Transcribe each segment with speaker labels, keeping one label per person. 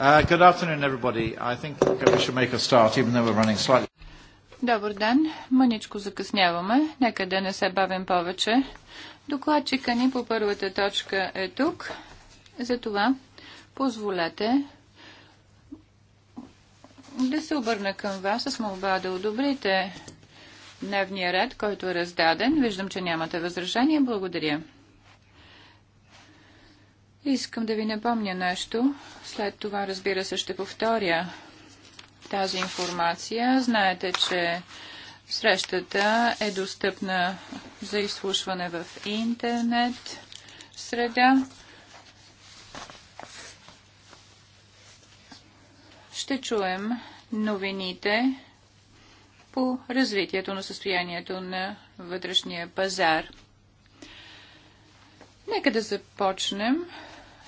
Speaker 1: Uh, good afternoon, everybody. I think we should make a start, even though
Speaker 2: we're running slightly.
Speaker 1: Добър ден. Мъничко закъсняваме. Нека да не се бавим повече. Докладчика ни по първата точка е тук. Затова позволете да се обърна към вас с молба да одобрите дневния ред, който е раздаден. Виждам, че нямате възражение. Благодаря. Искам да ви напомня нещо. След това, разбира се, ще повторя тази информация. Знаете, че срещата е достъпна за изслушване в интернет среда. Ще чуем новините по развитието на състоянието на вътрешния пазар. Нека да започнем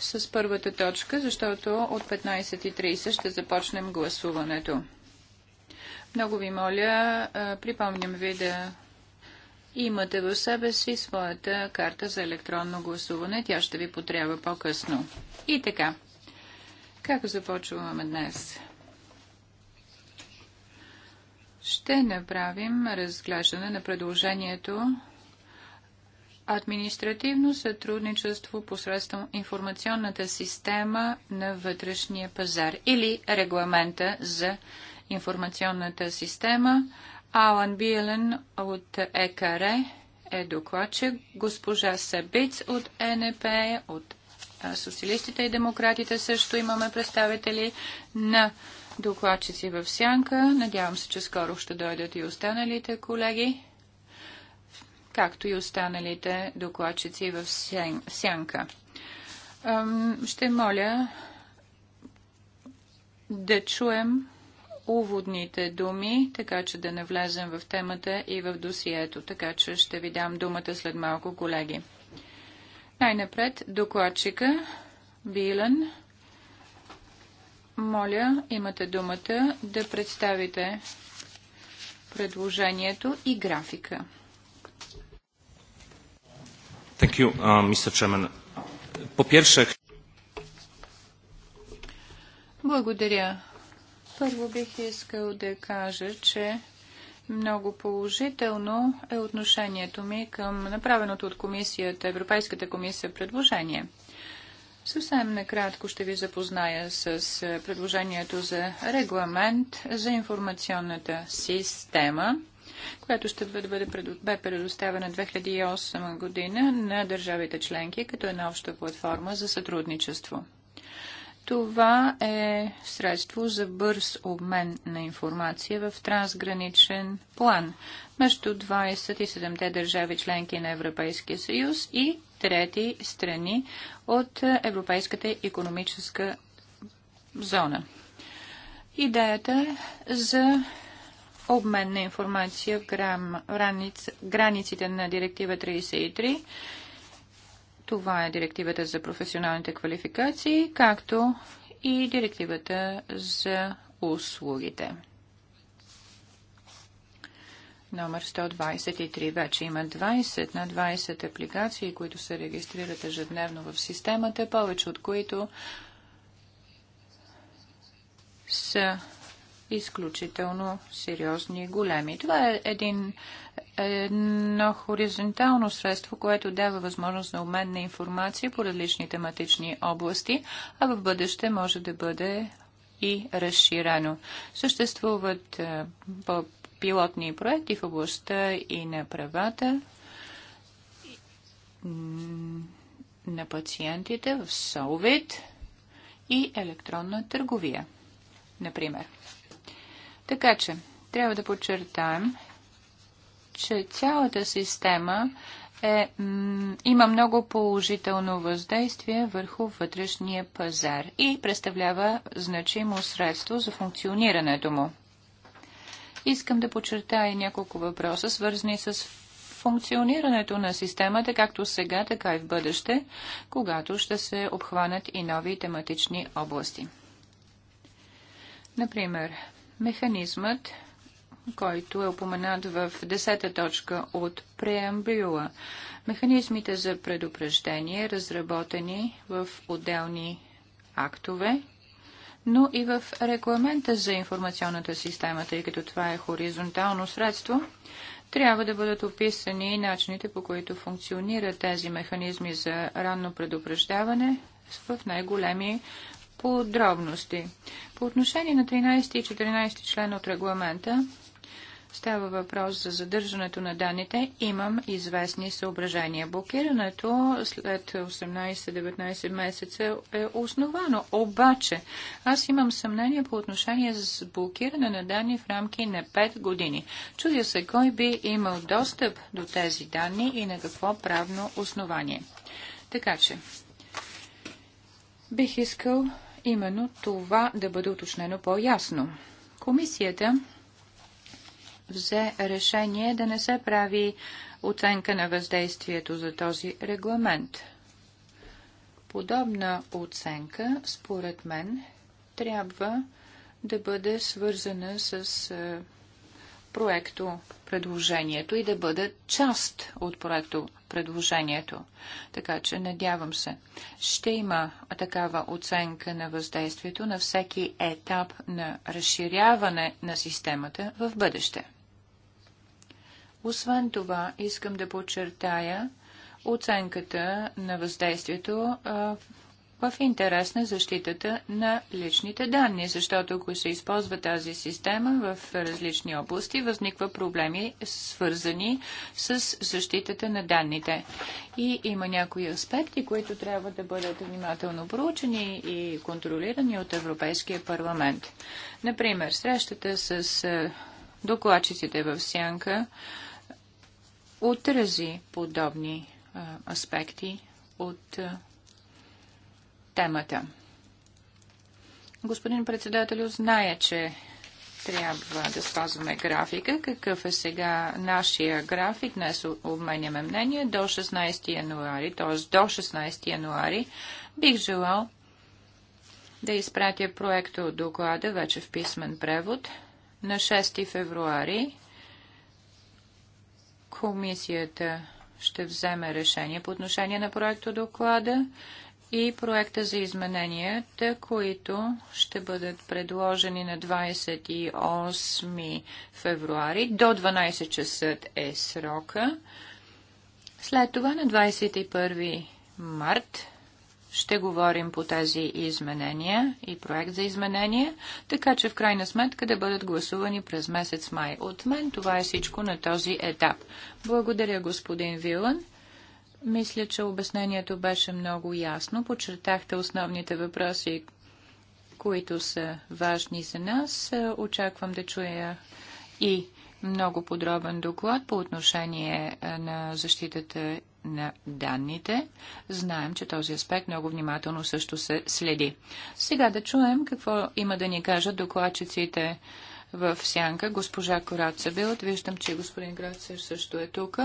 Speaker 1: с първата точка, защото от 15.30 ще започнем гласуването. Много ви моля, припомням ви да имате в себе си своята карта за електронно гласуване. Тя ще ви потрябва по-късно. И така, как започваме днес? Ще направим разглеждане на предложението административно сътрудничество посредством информационната система на вътрешния пазар или регламента за информационната система. Алан Биелен от ЕКР е докладчик, госпожа Сабиц от НП, от социалистите и демократите също имаме представители на докладчици в Сянка. Надявам се, че скоро ще дойдат и останалите колеги както и останалите докладчици в сянка. Ще моля да чуем уводните думи, така че да не влезем в темата и в досието, така че ще ви дам думата след малко, колеги. Най-напред докладчика Билен. Моля, имате думата да представите предложението и графика.
Speaker 2: Thank you, uh, Mr. Chairman. pierwsze...
Speaker 1: Благодаря. Първо бих искал да кажа, че много положително е отношението ми към направеното от комисията, Европейската комисия предложение. Съвсем накратко ще ви запозная с е, предложението за регламент за информационната система – която ще бъде, бъде бе предоставена 2008 година на държавите членки като една обща платформа за сътрудничество. Това е средство за бърз обмен на информация в трансграничен план между 27-те държави членки на Европейския съюз и трети страни от Европейската економическа зона. Идеята за обмен на информация в границите на директива 33. Това е директивата за професионалните квалификации, както и директивата за услугите. Номер 123. Вече има 20 на 20 апликации, които се регистрират ежедневно в системата, повече от които са изключително сериозни и големи. Това е един, едно хоризонтално средство, което дава възможност на обмен на информация по различни тематични области, а в бъдеще може да бъде и разширено. Съществуват е, по пилотни проекти в областта и на правата на пациентите в Солвит и електронна търговия, например. Така че, трябва да подчертаем, че цялата система е, има много положително въздействие върху вътрешния пазар и представлява значимо средство за функционирането му. Искам да подчертая няколко въпроса, свързани с функционирането на системата, както сега, така и в бъдеще, когато ще се обхванат и нови тематични области. Например, Механизмът, който е упоменат в 10-та точка от преамбюла. Механизмите за предупреждение, разработени в отделни актове, но и в регламента за информационната система, тъй като това е хоризонтално средство, трябва да бъдат описани начините по които функционират тези механизми за ранно предупреждаване в най-големи подробности. По отношение на 13 и 14 член от регламента, Става въпрос за задържането на данните. Имам известни съображения. Блокирането след 18-19 месеца е основано. Обаче, аз имам съмнение по отношение с блокиране на данни в рамки на 5 години. Чудя се кой би имал достъп до тези данни и на какво правно основание. Така че, бих искал именно това да бъде уточнено по-ясно. Комисията взе решение да не се прави оценка на въздействието за този регламент. Подобна оценка, според мен, трябва да бъде свързана с е, проекто предложението и да бъде част от проекто предложението. Така че надявам се, ще има такава оценка на въздействието на всеки етап на разширяване на системата в бъдеще. Освен това, искам да подчертая оценката на въздействието в интерес на защитата на личните данни, защото ако се използва тази система в различни области, възниква проблеми свързани с защитата на данните. И има някои аспекти, които трябва да бъдат внимателно проучени и контролирани от Европейския парламент. Например, срещата с е, докладчиците в Сянка отрази подобни е, аспекти от е, темата. Господин председателю, знае, че трябва да спазваме графика. Какъв е сега нашия график? Днес обменяме мнение до 16 януари, т.е. до 16 януари бих желал да изпратя проекта от доклада вече в писмен превод на 6 февруари. Комисията ще вземе решение по отношение на проекта доклада и проекта за измененията, които ще бъдат предложени на 28 февруари. До 12 часа е срока. След това на 21 март ще говорим по тези изменения и проект за изменения, така че в крайна сметка да бъдат гласувани през месец май. От мен това е всичко на този етап. Благодаря господин Вилан. Мисля, че обяснението беше много ясно. Подчертахте основните въпроси, които са важни за нас. Очаквам да чуя и много подробен доклад по отношение на защитата на данните. Знаем, че този аспект много внимателно също се следи. Сега да чуем какво има да ни кажат докладчиците в сянка. Госпожа Кораца Виждам, че господин Грацер също е тук.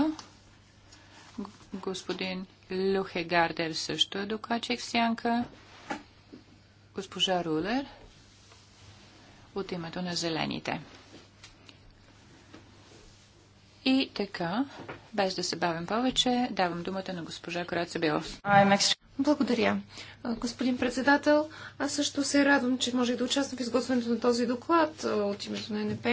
Speaker 1: Господин Люхегардер също е докачих сянка. Госпожа Рулер от името на Зелените. И така, без да се бавим повече, давам думата на госпожа Краца Белов.
Speaker 3: Благодаря. Господин председател, аз също се радвам, че можех да участвам в изготвянето на този доклад от името на НП.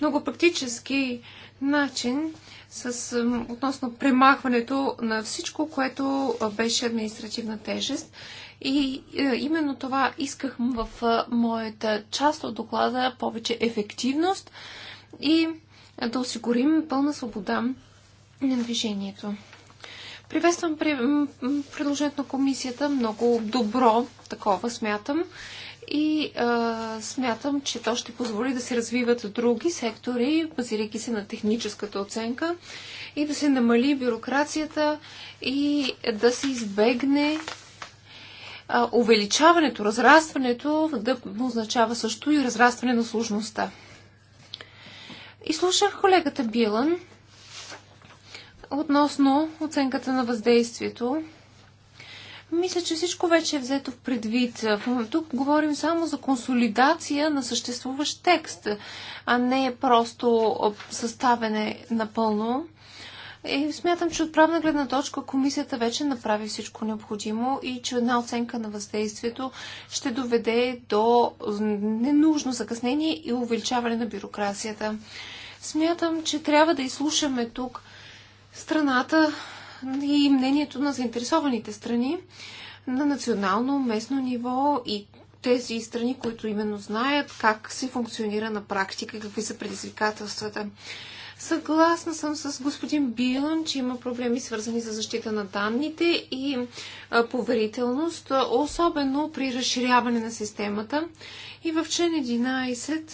Speaker 3: Много практически начин с, относно премахването на всичко, което беше административна тежест. И е, именно това исках в моята част от доклада повече ефективност и е, да осигурим пълна свобода на движението. Приветствам предложението на комисията, много добро такова смятам и а, смятам, че то ще позволи да се развиват други сектори, базирайки се на техническата оценка и да се намали бюрокрацията и да се избегне а, увеличаването, разрастването да означава също и разрастване на сложността. И слушах колегата Билан относно оценката на въздействието. Мисля, че всичко вече е взето в предвид. Тук говорим само за консолидация на съществуващ текст, а не просто съставяне напълно и смятам, че от правна гледна точка комисията вече направи всичко необходимо и че една оценка на въздействието ще доведе до ненужно закъснение и увеличаване на бюрокрацията. Смятам, че трябва да изслушаме тук страната и мнението на заинтересованите страни на национално, местно ниво и тези страни, които именно знаят как се функционира на практика какви са предизвикателствата. Съгласна съм с господин Билан, че има проблеми свързани с защита на данните и поверителност, особено при разширяване на системата. И в член 11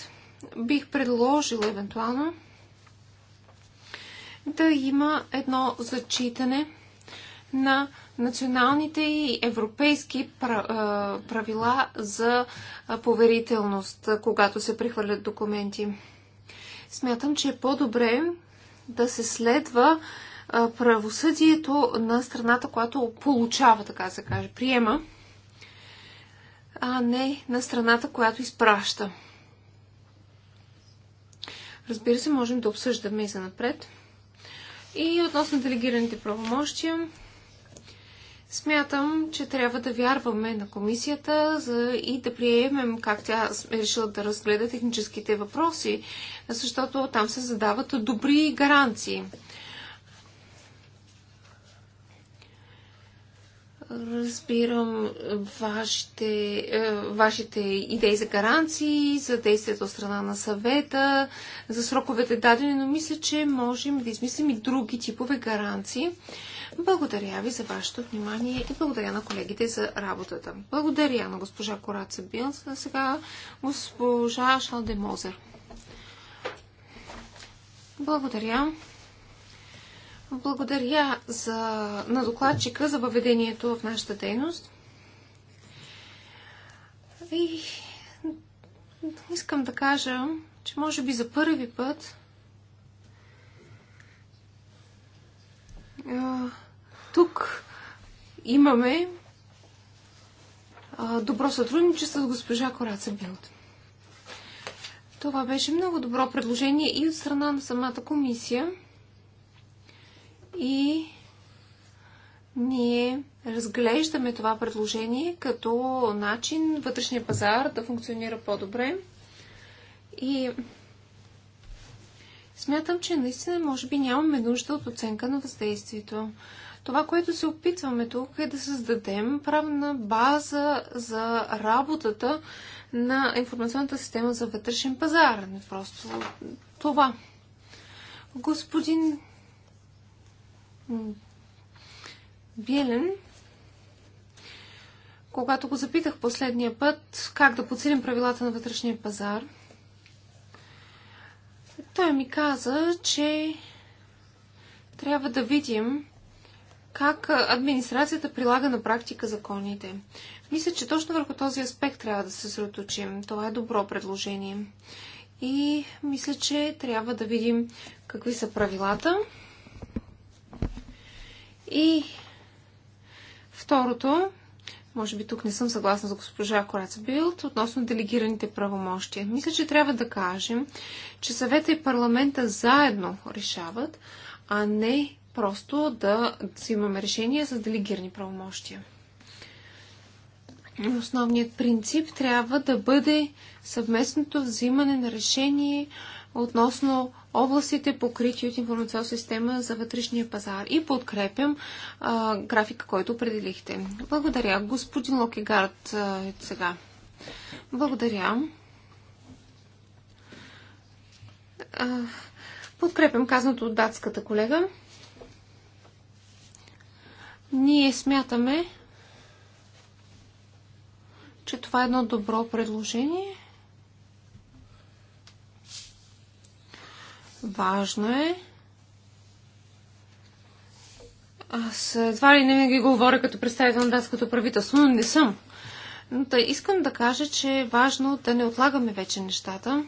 Speaker 3: бих предложила евентуално да има едно зачитане на националните и европейски правила за поверителност, когато се прехвърлят документи смятам, че е по-добре да се следва правосъдието на страната, която получава, така да се каже, приема, а не на страната, която изпраща. Разбира се, можем да обсъждаме и за напред. И относно делегираните правомощия, Смятам, че трябва да вярваме на комисията за и да приемем как тя е решила да разгледа техническите въпроси, защото там се задават добри гаранции. Разбирам е, вашите, е, вашите идеи за гаранции, за действията от страна на съвета, за сроковете дадени, но мисля, че можем да измислим и други типове гаранции. Благодаря ви за вашето внимание и благодаря на колегите за работата. Благодаря на госпожа Кораца Билнс, а сега госпожа Шалдемозер. Благодаря. Благодаря за, на докладчика за въведението в нашата дейност. И искам да кажа, че може би за първи път тук имаме добро сътрудничество с госпожа Кораца Билд. Това беше много добро предложение и от страна на самата комисия и ние разглеждаме това предложение като начин вътрешния пазар да функционира по-добре. И смятам, че наистина може би нямаме нужда от оценка на въздействието. Това, което се опитваме тук е да създадем правна база за работата на информационната система за вътрешен пазар. Не просто това. Господин Белен, когато го запитах последния път как да подсилим правилата на вътрешния пазар, той ми каза, че трябва да видим как администрацията прилага на практика законите. Мисля, че точно върху този аспект трябва да се съсредоточим. Това е добро предложение. И мисля, че трябва да видим какви са правилата и второто, може би тук не съм съгласна с госпожа Кораца Билт, относно делегираните правомощия. Мисля, че трябва да кажем, че съвета и парламента заедно решават, а не просто да взимаме решение с делегирани правомощия. Основният принцип трябва да бъде съвместното взимане на решение относно областите, покрити от информационна система за вътрешния пазар. И подкрепям а, графика, който определихте. Благодаря. Господин Локегард е сега. Благодаря. А, подкрепям казаното от датската колега. Ние смятаме, че това е едно добро предложение – Важно е. Аз едва ли не ги говоря като представител на датското правителство, но не съм. Но да искам да кажа, че е важно да не отлагаме вече нещата.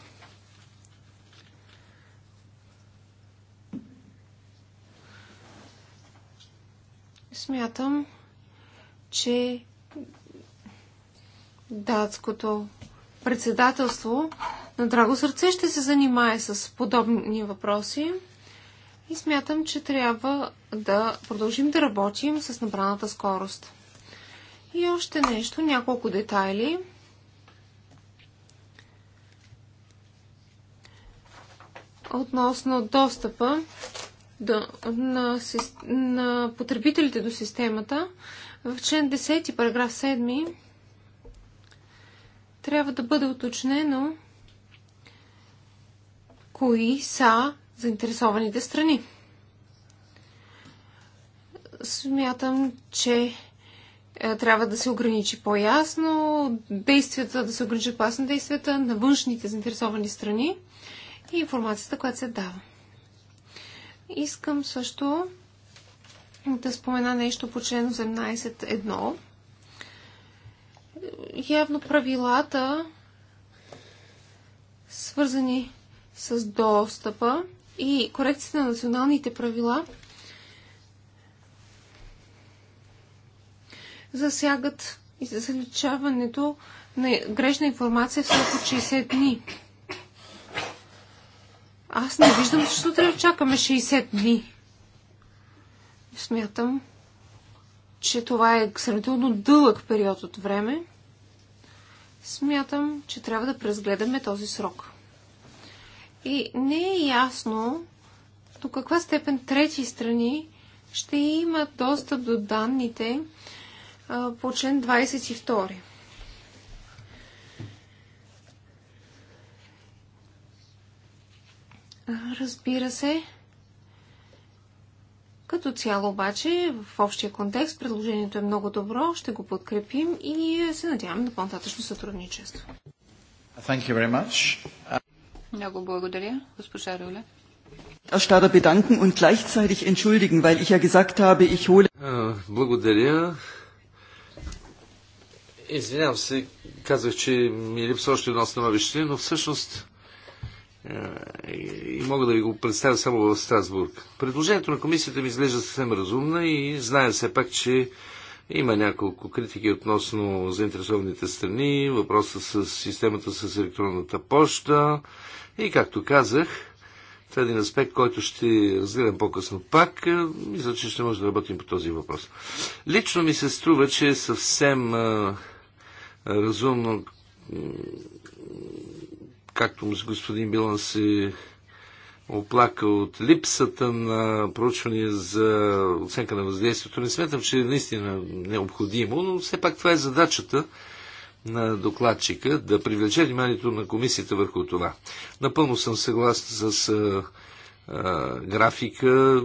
Speaker 3: Смятам, че датското председателство на Драго Сърце ще се занимае с подобни въпроси и смятам, че трябва да продължим да работим с набраната скорост. И още нещо, няколко детайли. Относно достъпа до, на, на потребителите до системата, в член 10, параграф 7 трябва да бъде уточнено кои са заинтересованите страни. Смятам, че е, трябва да се ограничи по-ясно действията, да се ограничат по-ясно действията на външните заинтересовани страни и информацията, която се дава. Искам също да спомена нещо по член 18.1 явно правилата, свързани с достъпа и корекцията на националните правила, засягат и заличаването на грешна информация в срок от 60 дни. Аз не виждам защото трябва да чакаме 60 дни. Смятам, че това е сравнително дълъг период от време смятам, че трябва да презгледаме този срок. И не е ясно до каква степен трети страни ще имат достъп до данните а, по член 22. Разбира се, като цяло обаче, в общия контекст, предложението е много добро, ще го подкрепим и се надявам на по-нататъчно
Speaker 1: сътрудничество.
Speaker 2: Thank you very much.
Speaker 1: Много благодаря,
Speaker 2: госпожа Руле. und gleichzeitig entschuldigen, weil ich ja gesagt habe, ich hole... Благодаря. Извинявам се, казах, че ми липсва още едно становище, но всъщност е, и мога да ви го представя само в Страсбург. Предложението на комисията ми изглежда съвсем разумна и знае все пак, че има няколко критики относно заинтересованите страни, въпроса с системата с електронната поща и, както казах, това е един аспект, който ще разгледам по-късно пак. Е, мисля, че ще може да работим по този въпрос. Лично ми се струва, че е съвсем а, е, разумно както с господин Билан се оплака от липсата на проучване за оценка на въздействието. Не смятам, че е наистина необходимо, но все пак това е задачата на докладчика да привлече вниманието на комисията върху това. Напълно съм съгласен с а, а, графика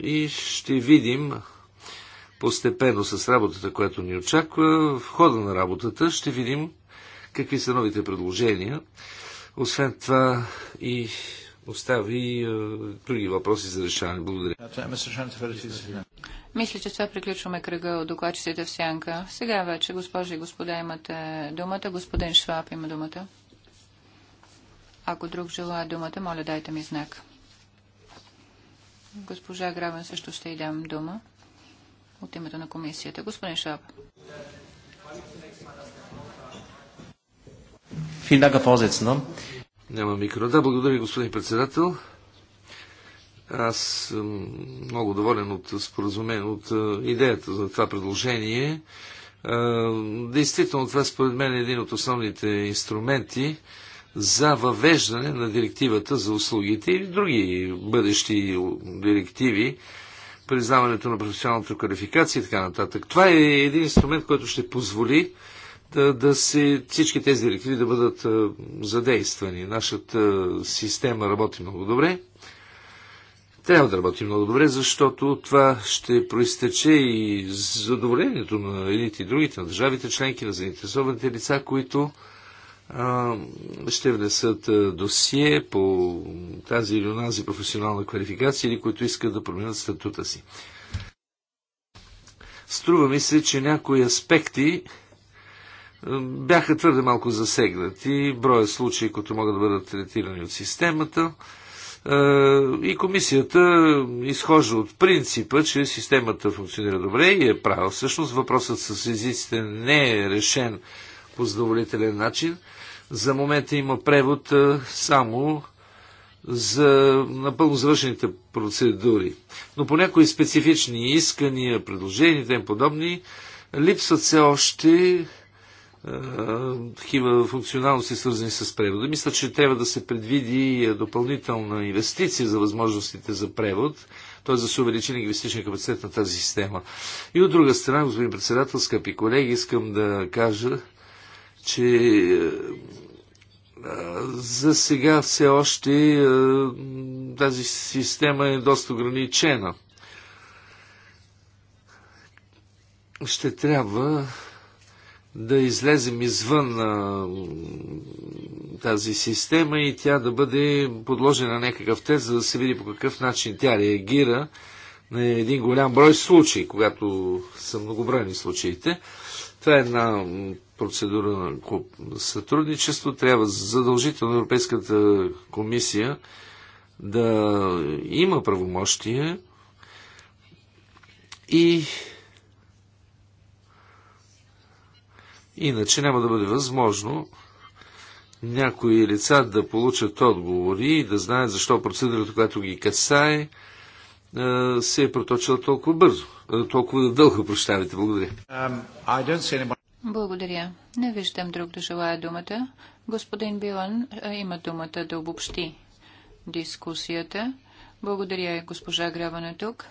Speaker 2: и ще видим постепенно с работата, която ни очаква, в хода на работата ще видим какви са новите предложения. Освен това и остави е, други въпроси за решаване. Благодаря.
Speaker 1: Мисля, че това приключваме кръга от докладчиците в сянка. Сега вече, госпожи и господа, имате думата. Господин Шваб има думата. Ако друг желая думата, моля дайте ми знак. Госпожа Гравен също ще й дам дума от името на комисията. Господин Шваб.
Speaker 2: Няма микро. Да, благодаря, господин председател. Аз съм много доволен от споразумение, от идеята за това предложение. Действително, това според мен е един от основните инструменти за въвеждане на директивата за услугите и други бъдещи директиви, признаването на професионалната квалификация и така нататък. Това е един инструмент, който ще позволи да се, всички тези директиви да бъдат задействани. Нашата система работи много добре. Трябва да работи много добре, защото това ще проистече и задоволението на едните и другите, на държавите членки, на заинтересованите лица, които ще внесат досие по тази или онази професионална квалификация или които искат да променят статута си. Струва ми се, че някои аспекти бяха твърде малко засегнати. Броя случаи, които могат да бъдат третирани от системата. Е, и комисията изхожда от принципа, че системата функционира добре и е правил. Всъщност въпросът с езиците не е решен по задоволителен начин. За момента има превод е, само за напълно завършените процедури. Но по някои специфични искания, предложения и тем подобни, липсват все още такива е, функционалности, свързани с превода. Мисля, че трябва да се предвиди е, допълнителна инвестиция за възможностите за превод, т.е. да се увеличи лингвистичния капацитет на тази система. И от друга страна, господин председател, скъпи колеги, искам да кажа, че е, за сега все още тази система е доста ограничена. Ще трябва да излезем извън а, тази система и тя да бъде подложена на някакъв тест, за да се види по какъв начин тя реагира на един голям брой случаи, когато са многобройни случаите. Това е една процедура на сътрудничество. Трябва задължително Европейската комисия да има правомощие и Иначе няма да бъде възможно някои лица да получат отговори и да знаят защо процедурата, която ги касае, е, се е проточила толкова бързо, е, толкова дълго, прощавайте. Благодаря. Um,
Speaker 1: Благодаря. Не виждам друг да желая думата. Господин Билан е, има думата да обобщи дискусията. Благодаря, госпожа Гравана тук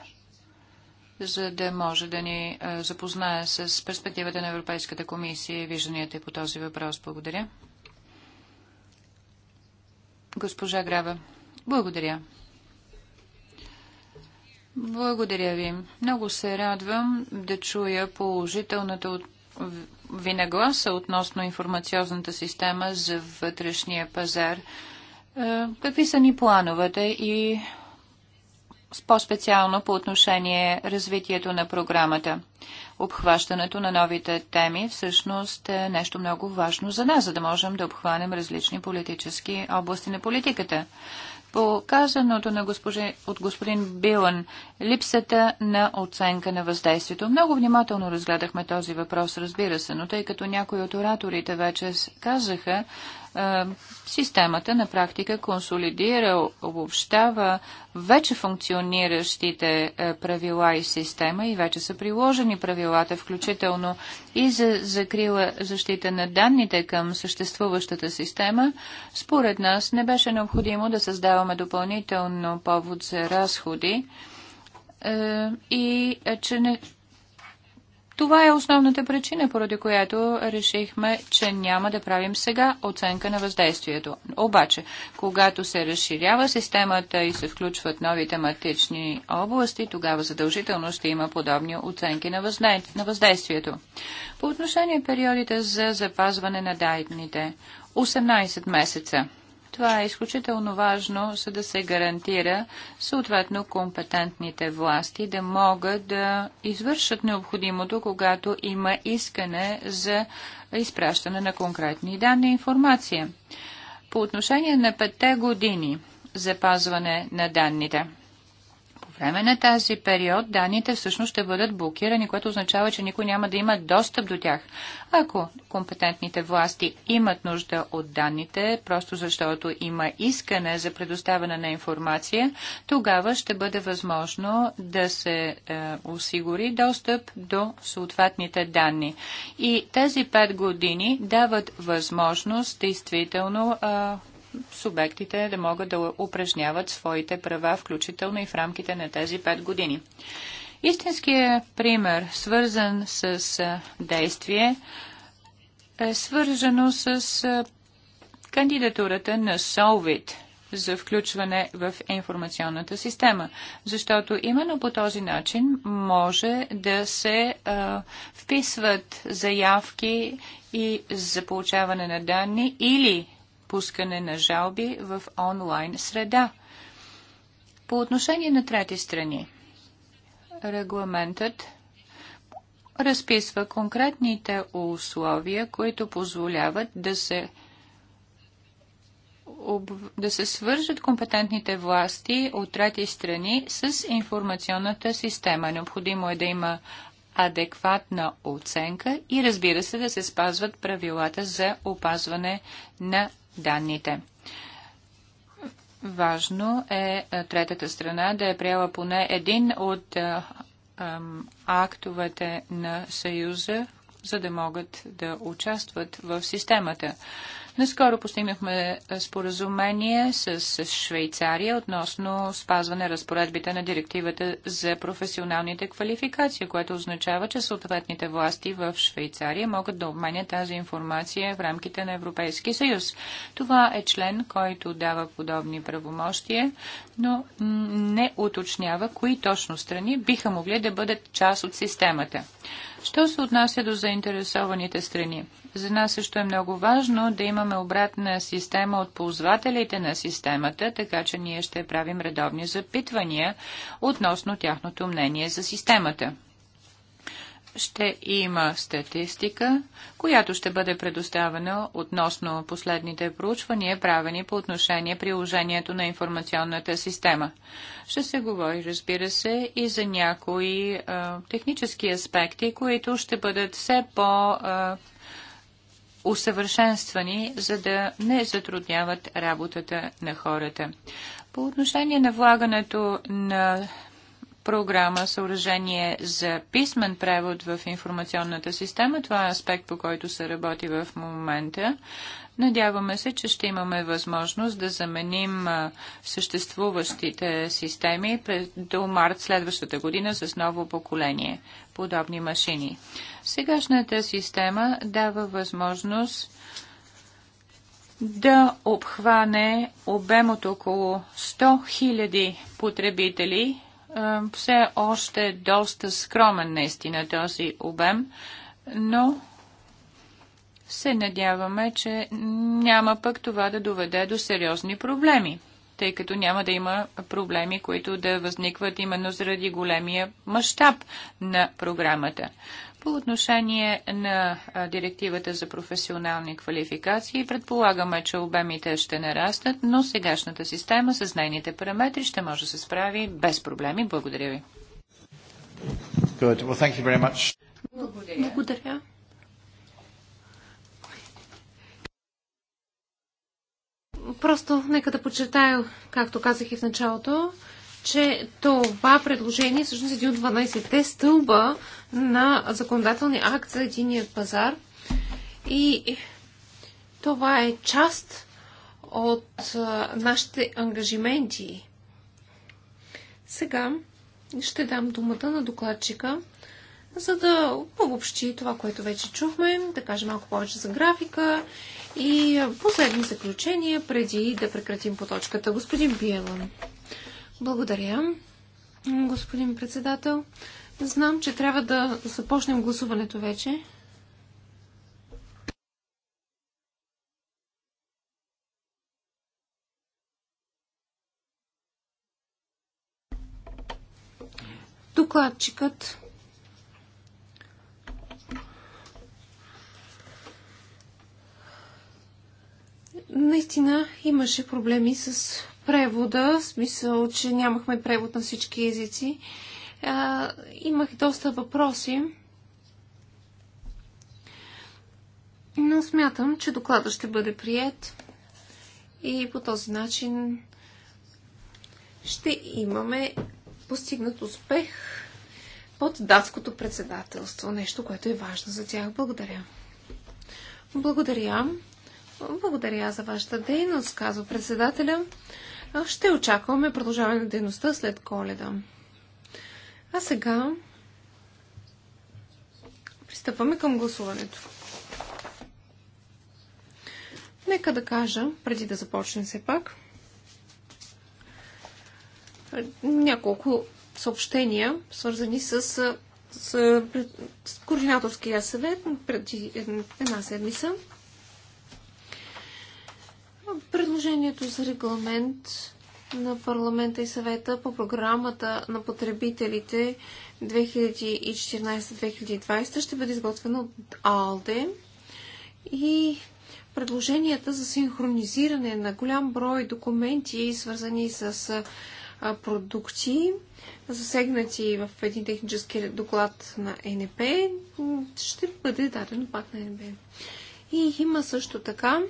Speaker 1: за да може да ни е, запознае с перспективата на Европейската комисия и вижданията по този въпрос. Благодаря. Госпожа Грава, благодаря. Благодаря ви. Много се радвам да чуя положителната от ви нагласа относно информационната система за вътрешния пазар. Е, какви са ни плановете и по-специално по отношение развитието на програмата. Обхващането на новите теми всъщност е нещо много важно за нас, за да можем да обхванем различни политически области на политиката. По казаното на госпожи, от господин Билан, липсата на оценка на въздействието. Много внимателно разгледахме този въпрос, разбира се, но тъй като някои от ораторите вече казаха, системата на практика консолидира, обобщава вече функциониращите правила и система и вече са приложени правилата, включително и за закрила защита на данните към съществуващата система. Според нас не беше необходимо да създаваме даваме допълнително повод за разходи е, и е, че не... Това е основната причина, поради която решихме, че няма да правим сега оценка на въздействието. Обаче, когато се разширява системата и се включват нови тематични области, тогава задължително ще има подобни оценки на въздействието. По отношение периодите за запазване на дайтните 18 месеца. Това е изключително важно, за да се гарантира съответно компетентните власти да могат да извършат необходимото, когато има искане за изпращане на конкретни данни и информация. По отношение на петте години запазване на данните – време на тази период данните всъщност ще бъдат блокирани, което означава, че никой няма да има достъп до тях. Ако компетентните власти имат нужда от данните, просто защото има искане за предоставяне на информация, тогава ще бъде възможно да се е, осигури достъп до съответните данни. И тези пет години дават възможност действително е, субектите да могат да упражняват своите права, включително и в рамките на тези 5 години. Истинският пример, свързан с действие, е свързано с кандидатурата на Solvit за включване в информационната система, защото именно по този начин може да се а, вписват заявки и за получаване на данни или пускане на жалби в онлайн среда. По отношение на трети страни, регламентът разписва конкретните условия, които позволяват да се да се свържат компетентните власти от трети страни с информационната система. Необходимо е да има адекватна оценка и разбира се да се спазват правилата за опазване на данните. Важно е, е третата страна да е приела поне един от е, актовете на Съюза, за да могат да участват в системата. Наскоро постигнахме е, споразумение с Швейцария относно спазване разпоредбите на директивата за професионалните квалификации, което означава, че съответните власти в Швейцария могат да обменят тази информация в рамките на Европейски съюз. Това е член, който дава подобни правомощия, но не уточнява кои точно страни биха могли да бъдат част от системата. Що се отнася до заинтересованите страни? За нас също е много важно да имаме обратна система от ползвателите на системата, така че ние ще правим редовни запитвания относно тяхното мнение за системата ще има статистика, която ще бъде предоставена относно последните проучвания, правени по отношение приложението на информационната система. Ще се говори, разбира се, и за някои а, технически аспекти, които ще бъдат все по- а, усъвършенствани, за да не затрудняват работата на хората. По отношение на влагането на програма съоръжение за писмен превод в информационната система. Това е аспект, по който се работи в момента. Надяваме се, че ще имаме възможност да заменим съществуващите системи до март следващата година с ново поколение подобни машини. Сегашната система дава възможност да обхване обем от около 100 000 потребители е, все още е доста скромен наистина този обем, но се надяваме, че няма пък това да доведе до сериозни проблеми, тъй като няма да има проблеми, които да възникват именно заради големия мащаб на програмата. По отношение на директивата за професионални квалификации, предполагаме, че обемите ще нарастат, но сегашната система с нейните параметри ще може да се справи без проблеми. Благодаря ви. Well, Благодаря. Благодаря.
Speaker 3: Просто нека да подчертая, както казах и в началото, че това предложение всъщност е един от 12-те стълба на законодателния акт за единия пазар. И това е част от нашите ангажименти. Сега ще дам думата на докладчика, за да обобщи това, което вече чухме, да каже малко повече за графика и последни заключения преди да прекратим по точката. Господин Биелан. Благодаря, господин председател. Знам, че трябва да започнем гласуването вече. Докладчикът наистина имаше проблеми с превода, в смисъл, че нямахме превод на всички езици, а, имах доста въпроси. Но смятам, че доклада ще бъде прият и по този начин ще имаме постигнат успех под датското председателство. Нещо, което е важно за тях. Благодаря. Благодаря. Благодаря за вашата дейност, казва председателя. Ще очакваме продължаване на дейността след коледа. А сега пристъпваме към гласуването. Нека да кажа, преди да започнем все пак, няколко съобщения, свързани с, с, с координаторския съвет преди една седмица. Предложението за регламент на парламента и съвета по програмата на потребителите 2014-2020 ще бъде изготвено от АЛДЕ и предложенията за синхронизиране на голям брой документи, свързани с продукти, засегнати в един технически доклад на НП, ще бъде даден пак на НП. И има също така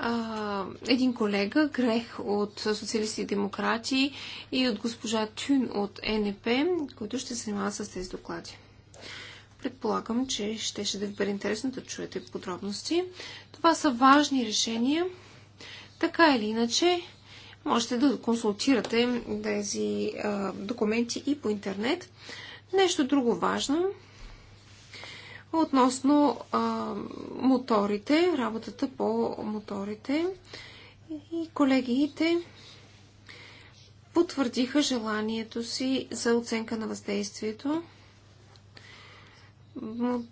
Speaker 3: а, един колега, Грех от Социалисти и демократи и от госпожа Тюн от НП, които ще се занимават с тези доклади. Предполагам, че ще, ще да ви бъде интересно да чуете подробности. Това са важни решения. Така или иначе, можете да консултирате тези а, документи и по интернет. Нещо друго важно относно а, моторите, работата по моторите и колегиите потвърдиха желанието си за оценка на въздействието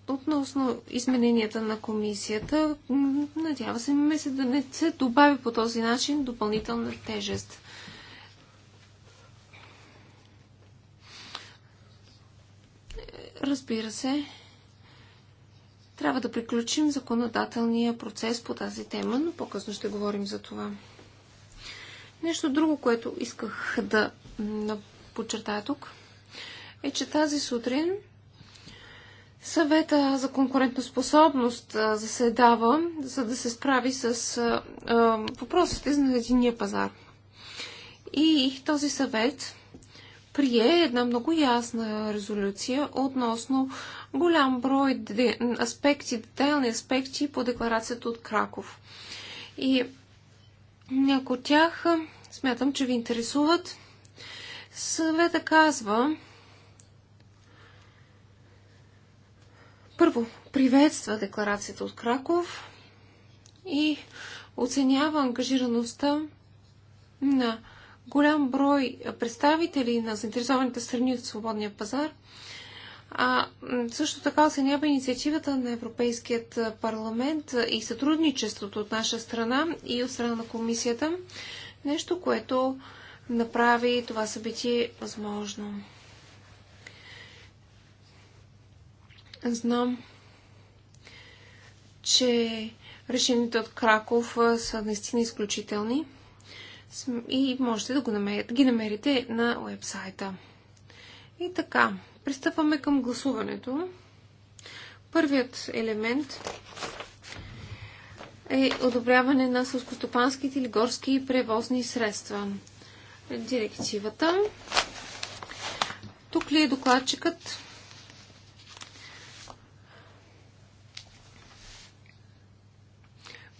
Speaker 3: относно измененията на комисията. Надява се ме се да не се добави по този начин допълнителна тежест. Разбира се, трябва да приключим законодателния процес по тази тема, но по-късно ще говорим за това. Нещо друго, което исках да, подчертая тук, е, че тази сутрин съвета за конкурентоспособност заседава, за да се справи с въпросите на единия пазар. И този съвет прие една много ясна резолюция относно голям брой аспекти, детайлни аспекти по декларацията от Краков. И някои от тях смятам, че ви интересуват. Съвета казва, първо, приветства декларацията от Краков и оценява ангажираността на голям брой представители на заинтересованите страни от свободния пазар. А, също така оценява инициативата на Европейският парламент и сътрудничеството от наша страна и от страна на комисията. Нещо, което направи това събитие възможно. Знам, че решените от Краков са наистина изключителни и можете да го намерите, ги намерите на вебсайта. И така, пристъпваме към гласуването. Първият елемент е одобряване на сълскостопанските или горски превозни средства. Директивата. Тук ли е докладчикът?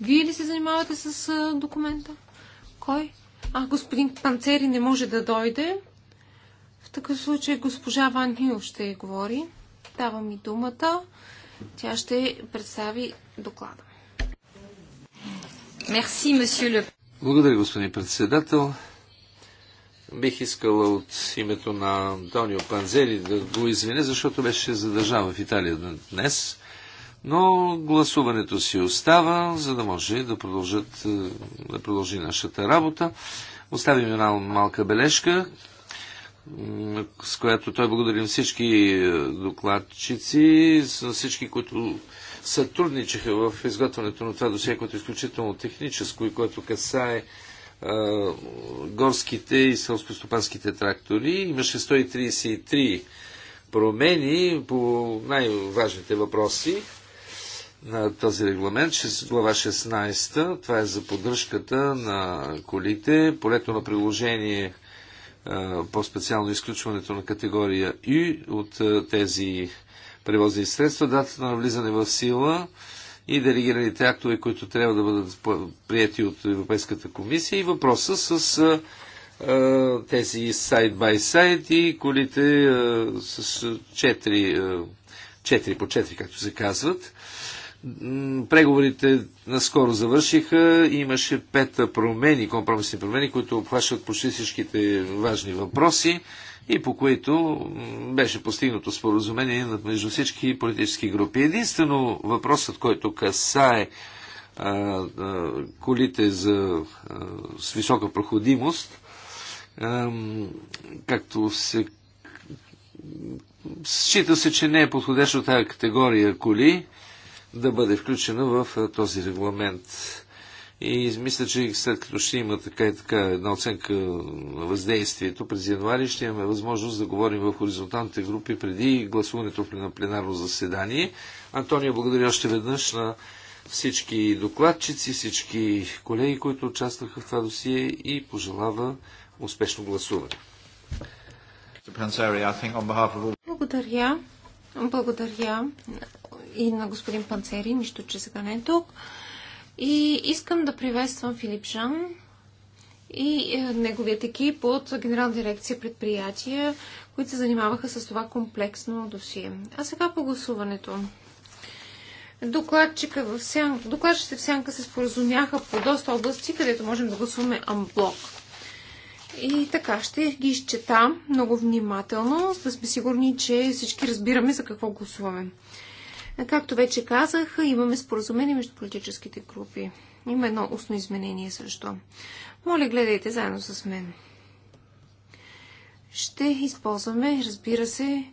Speaker 3: Вие ли се занимавате с документа? Кой? А господин Панцери не може да дойде. В такъв случай госпожа Ван Хил ще говори. Дава ми думата. Тя ще представи доклада. Мерси, месье
Speaker 2: Благодаря, господин председател. Бих искала от името на Антонио Панзели да го извиня, защото беше задържан в Италия днес но гласуването си остава, за да може да, продължат, е, да продължи нашата работа. Оставим една малка бележка, с която той благодарим всички е, докладчици, всички, които сътрудничаха в изготвянето на това досие, което е изключително техническо и което касае а, е, горските и селскостопанските трактори. Имаше 133 промени по най-важните въпроси на този регламент, глава 16, това е за поддръжката на колите, полето на приложение по-специално изключването на категория и от тези превозни средства, датата на влизане в сила и делегираните актове, които трябва да бъдат прияти от Европейската комисия и въпроса с тези сайт бай сайт и колите с 4, 4 по 4, както се казват. Преговорите наскоро завършиха. Имаше пет промени, компромисни промени, които обхващат почти всичките важни въпроси и по които беше постигнато споразумение между всички политически групи. Единствено въпросът, който касае а, а, колите за, а, с висока проходимост, а, както се Счита се, че не е подходящо тази категория коли да бъде включена в е, този регламент. И мисля, че след като ще има така и така една оценка на въздействието през януари, ще имаме възможност да говорим в хоризонталните групи преди гласуването на пленарно заседание. Антония, благодаря още веднъж на всички докладчици, всички колеги, които участваха в това досие и пожелава успешно гласуване.
Speaker 3: Благодаря. Благодаря и на господин Панцери, нищо, че сега не е тук. И искам да приветствам Филип Жан и е, неговият екип от Генерална дирекция предприятия, които се занимаваха с това комплексно досие. А сега по гласуването. Докладчика в сянка, докладчите в сянка се споразумяха по доста области, където можем да гласуваме амблок. И така, ще ги изчета много внимателно, за да сме сигурни, че всички разбираме за какво гласуваме. Както вече казах, имаме споразумение между политическите групи. Има едно устно изменение също. Моля, гледайте заедно с мен. Ще използваме, разбира се,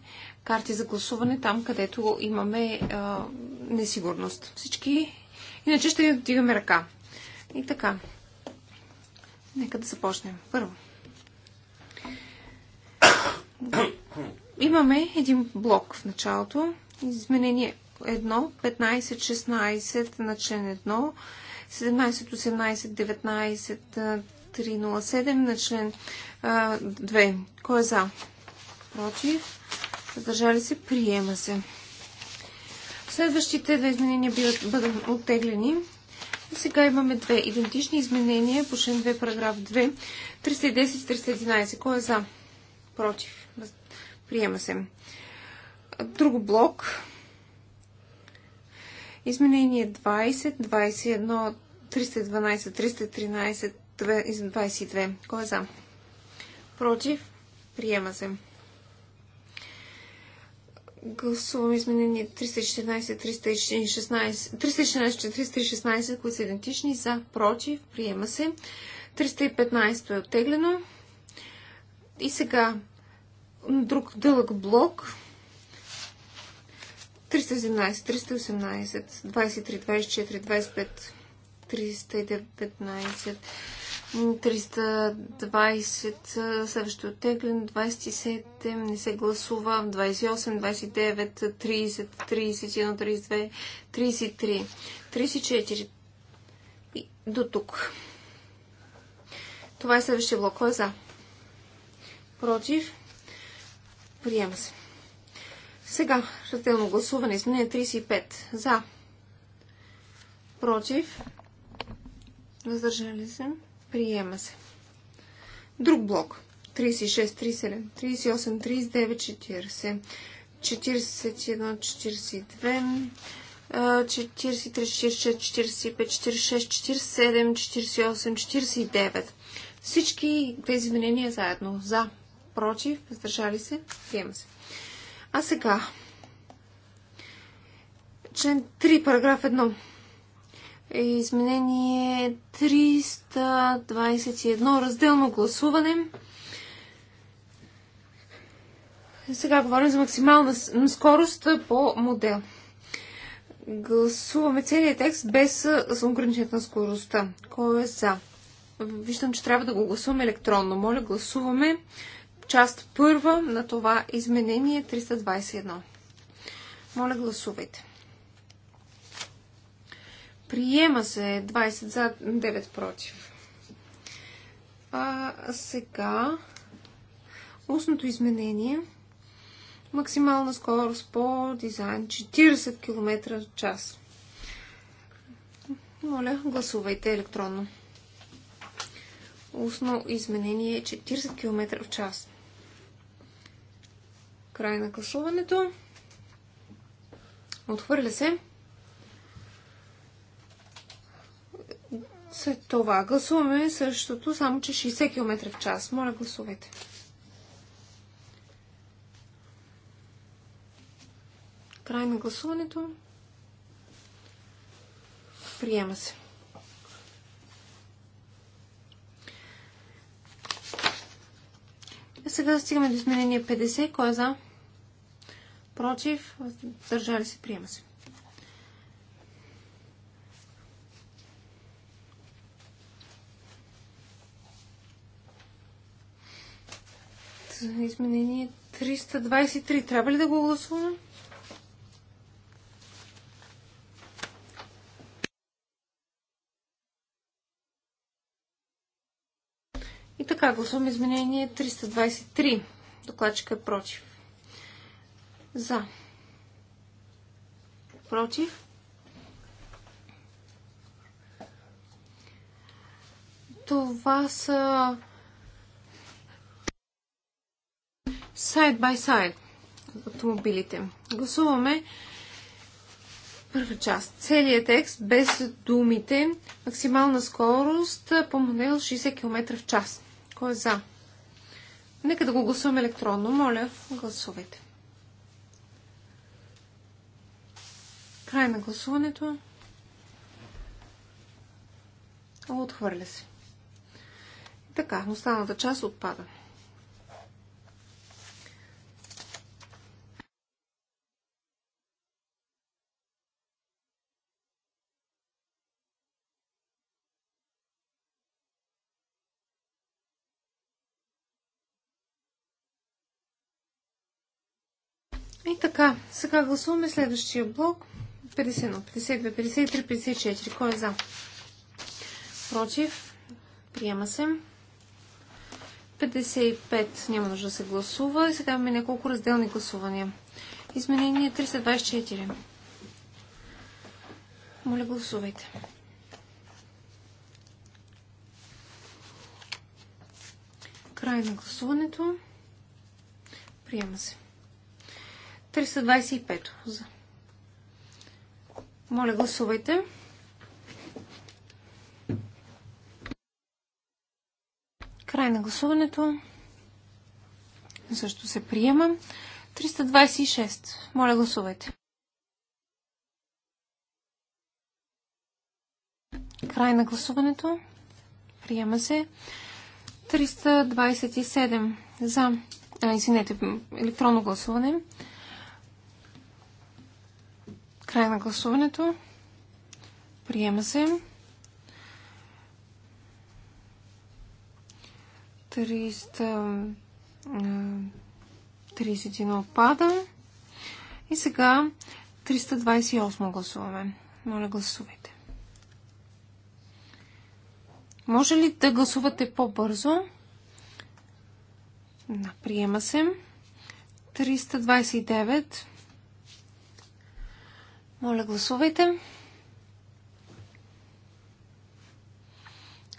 Speaker 3: карти за гласуване там, където имаме а, несигурност. Всички. Иначе ще вдигаме ръка. И така. Нека да започнем. Първо. Имаме един блок в началото. Изменение 1, 15, 16 на член 1, 17, 18, 19, 307 на член 2. Кой е за? Против? Задържали се? Приема се. Следващите две изменения биват, бъдат оттеглени. И сега имаме две идентични изменения по член 2, параграф 2. 310 311. Кой е за? Против? Приема се. Друг блок. Изменение 20, 21, 312, 313, 22. Кой е за? Против? Приема се. Гласувам изменение 314, 316, 316, които са идентични. За, против, приема се. 315 е оттеглено. И сега друг дълъг блок 317, 318, 23, 24, 25, 320, следващо оттеглен, 27, не се гласува, 28, 29, 30, 31, 32, 33, 34 и до тук. Това е следващия блок. Кой е за? Против? Приема се. Сега, разделно гласуване, изменение 35. За. Против. Въздържали се. Приема се. Друг блок. 36, 37, 38, 39, 40, 41, 42, 43, 44, 45, 46, 47, 48, 49. Всички тези изменения заедно. За, против, въздържали се, приема се. А сега. Член 3, параграф 1. Изменение 321. Разделно гласуване. Сега говорим за максимална скорост по модел. Гласуваме целият текст без ограничението на скоростта. Кой е за? Виждам, че трябва да го гласуваме електронно. Моля, гласуваме част първа на това изменение 321. Моля, гласувайте. Приема се 20 за 9 против. А сега устното изменение. Максимална скорост по дизайн 40 км в час. Моля, гласувайте електронно. Устно изменение 40 км в час. Край на гласуването. Отхвърля се. След това гласуваме същото, само че 60 км в час. Моля, гласувайте. Край на гласуването. Приема се. сега стигаме до изменение 50. Кой е за? Против. Държали се. Приема се. Изменение 323. Трябва ли да го гласуваме? И така, гласуваме изменение 323. Докладчика е против. За. Против. Това са side by side автомобилите. Гласуваме първа част. Целият текст без думите. Максимална скорост по модел 60 км в час. Кой е за? Нека да го гласуваме електронно. Моля, гласувайте. Край на гласуването. Отхвърля се. Така, останата част отпада. И така, сега гласуваме следващия блок. 51, 52, 53, 54. Кой е за? Против. Приема се. 55 няма нужда да се гласува. И сега имаме няколко разделни гласувания. Изменение 324. Моля, гласувайте. Край на гласуването. Приема се. 325 за. Моля, гласувайте. Край на гласуването. Също се приема. 326. Моля, гласувайте. Край на гласуването. Приема се. 327 за. А, извинете, електронно гласуване. Край на гласуването. Приема се. 331 отпада. И сега 328 гласуваме. Моля, гласувайте. Може ли да гласувате по-бързо? приема се. 329. Моля, гласувайте.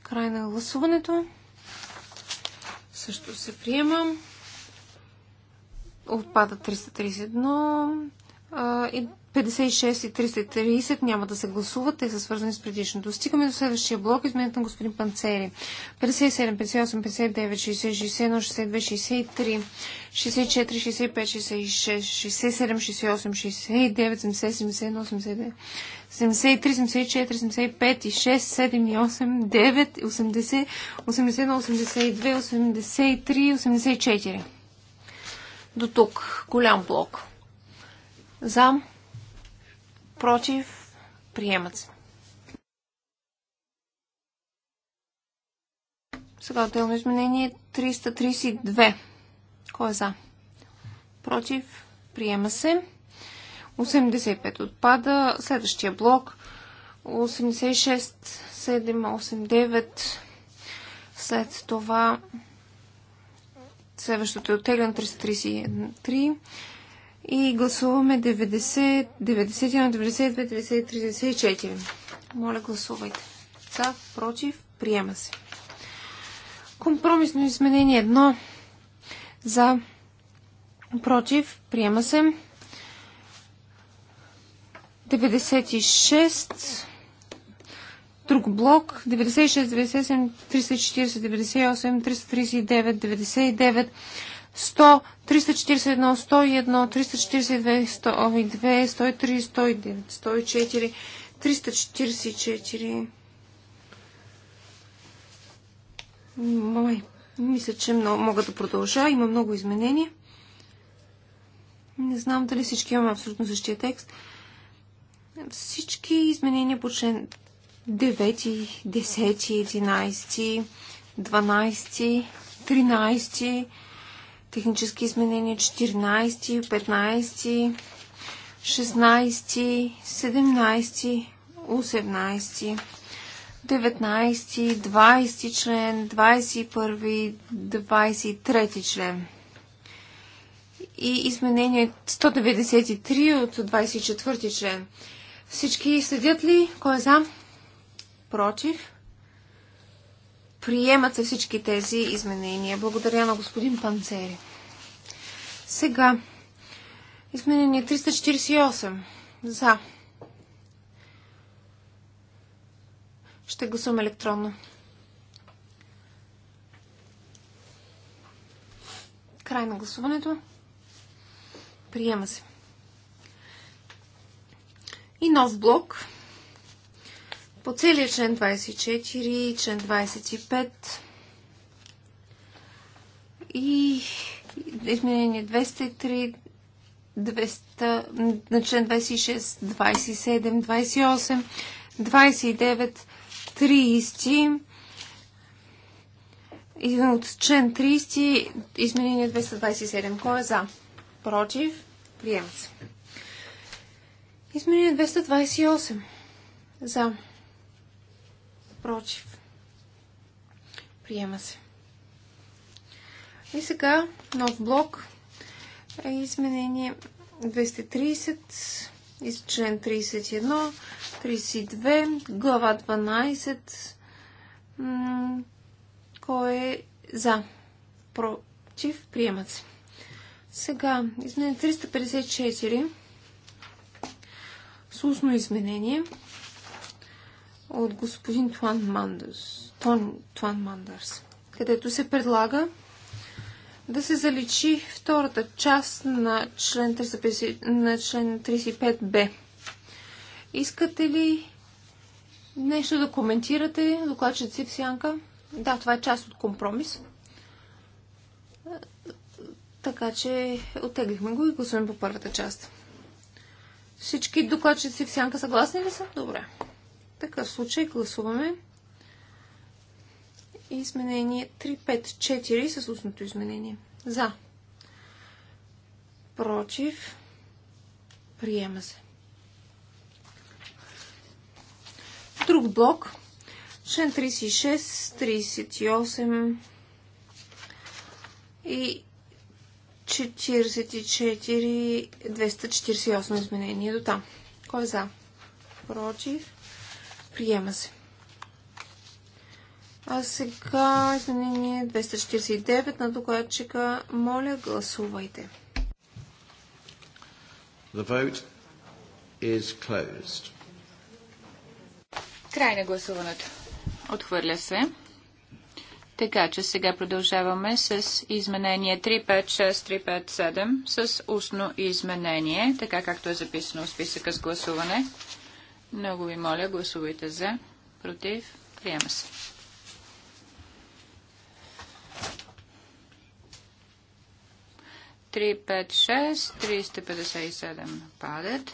Speaker 3: Край на гласуването. Също се приемам. Отпада 331 и 56 и 330 няма да се гласуват, те са свързани с предишното. Стигаме до следващия блок, изменят на господин Панцери. 57, 58, 59, 60, 61, 62, 63, 64, 65, 66, 67, 68, 69, 70, 71, 79, 73, 74, 75 и 6, 7 и 8, 9, 80, 81, 82, 83, 84. До тук. Голям блок. За. Против. Приемат се. Сега отделно изменение 332. Кой е за? Против. Приема се. 85 отпада. Следващия блок. 86, 7, 8, 9. След това следващото е оттеглен 333. И гласуваме 90, 91, 92, 93, 94. Моля, гласувайте. За, против, приема се. Компромисно изменение 1. За, против, приема се. 96. Друг блок. 96, 97, 340, 98, 339, 99. 100, 341, 101, 342, 102, 103, 109, 104, 344. Май, мисля, че много, мога да продължа. Има много изменения. Не знам дали всички имаме абсолютно същия текст. Всички изменения по член 9, 10, 11, 12, 13, технически изменения 14, 15, 16, 17, 18, 19, 20 член, 21, 23 член. И изменение 193 от 24 член. Всички следят ли? Кой е за? Против? приемат се всички тези изменения. Благодаря на господин Панцери. Сега, изменение 348. За. Ще гласувам електронно. Край на гласуването. Приема се. И нов блок по целия член 24 и член 25 и изменение 203 200, на член 26, 27, 28, 29, 30 и от член 30 изменение 227. Кой е за? Против? Приема се. Изменение 228. За. Против. Приема се. И сега нов блок е изменение 230 из член 31, 32, глава 12. кой е за? Против? приема се. Сега, изменение 354. С устно изменение от господин Туан Мандърс. Тон, Туан Мандърс, където се предлага да се заличи втората част на член, 35, на член 35б. Искате ли нещо да коментирате, докладчици в сянка? Да, това е част от компромис. Така че оттеглихме го и гласуваме по първата част. Всички докладчици в сянка съгласни ли са? Добре такъв случай гласуваме изменение 354 с устното изменение. За. Против. Приема се. Друг блок. Член 36, 38 и 44, 248 изменение до там. Кой е за? Против. Приема се. А сега изменение 249 на докладчика. Моля, гласувайте.
Speaker 1: The vote is closed. Край на гласуването. Отхвърля се. Така че сега продължаваме с изменение 356 357 с устно изменение, така както е записано в списъка с гласуване. Много ви моля, гласувайте за. Против. Приема се. Три, пет, шест, 357 падат.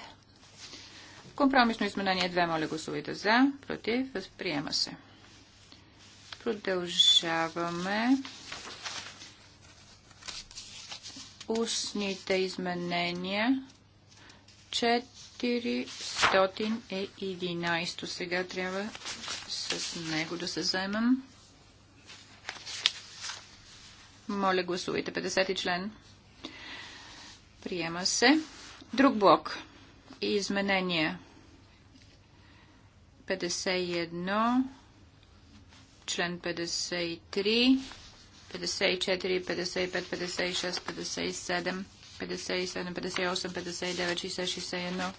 Speaker 1: Компромисно изменение Две, моля гласувайте за, против, приема се. Продължаваме. Устните изменения Чет. 411 сега трябва с него да се вземам. Моля, гласувайте. 50 член. Приема се. Друг блок. И изменения. 51, член 53, 54, 55, 56, 57. 57, 58, 59, 61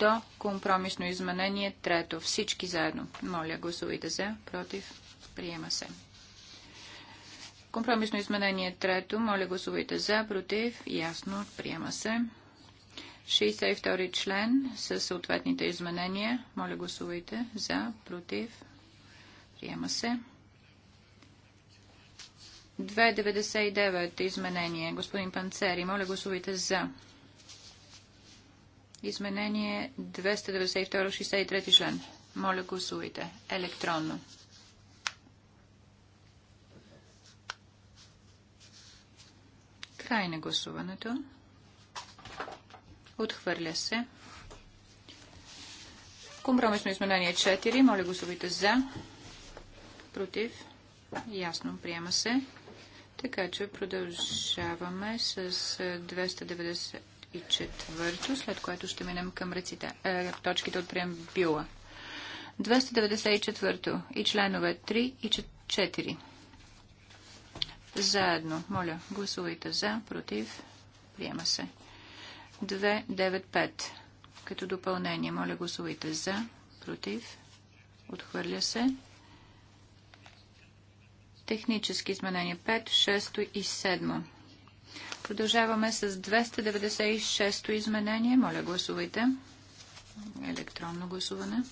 Speaker 1: до компромисно изменение трето. Всички заедно. Моля, гласувайте за, против, приема се. Компромисно изменение трето. Моля, гласувайте за, против, ясно, приема се. 62 член с съответните изменения. Моля, гласувайте за, против, приема се. 299 изменение. Господин Панцери, моля гласувайте за. Изменение 292-63 член. Моля гласувайте електронно. Край на гласуването. Отхвърля се. Компромисно изменение 4. Моля гласувайте за. Против. Ясно. Приема се. Така че продължаваме с 294, след което ще минем към реците, е, точките от прием Била. 294 и членове 3 и 4. Заедно. Моля, гласувайте за, против. Приема се. 295. Като допълнение, моля, гласувайте за, против. Отхвърля се. Технически изменения 5, 6 и 7. Продължаваме с 296 то изменение. Моля, гласувайте. Електронно гласуване.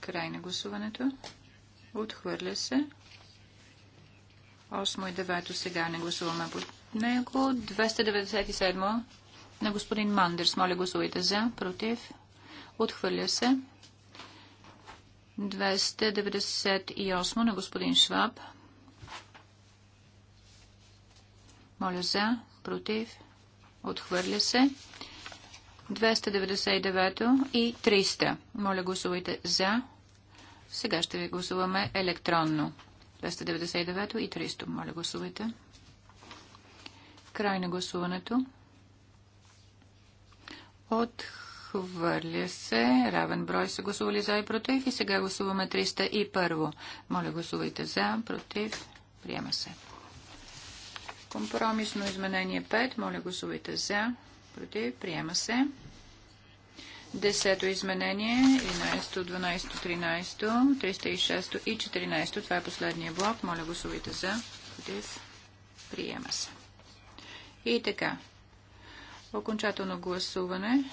Speaker 1: Край на гласуването. Отхвърля се. 8 и 9 сега не гласуваме по него. 297 на господин Мандерс. Моля, гласувайте за. Против. Отхвърля се. 298 на господин Шваб. Моля за, против, отхвърля се. 299 и 300. Моля гласувайте за. Сега ще ви гласуваме електронно. 299 и 300. Моля гласувайте. Край на гласуването. Отхвърля Отхвърля се. Равен брой са гласували за и против. И сега гласуваме 301. Моля, гласувайте за, против. Приема се. Компромисно изменение 5. Моля, гласувайте за, против. Приема се. Десето изменение, 11, 12, 13, 306 и 14. Това е последния блок. Моля, гласувайте за, против. Приема се. И така. Окончателно гласуване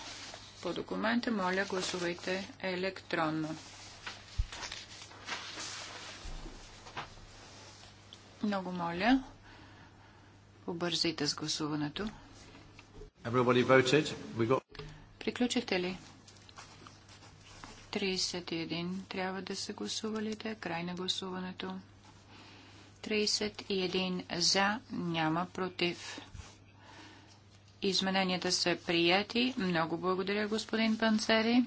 Speaker 1: по документа. Моля, гласувайте електронно. Много моля, побързайте с гласуването. Got... Приключихте ли? 31 трябва да са гласувалите. Край на гласуването. 31 за, няма против. Измененията са прияти. Много благодаря, господин Панцери.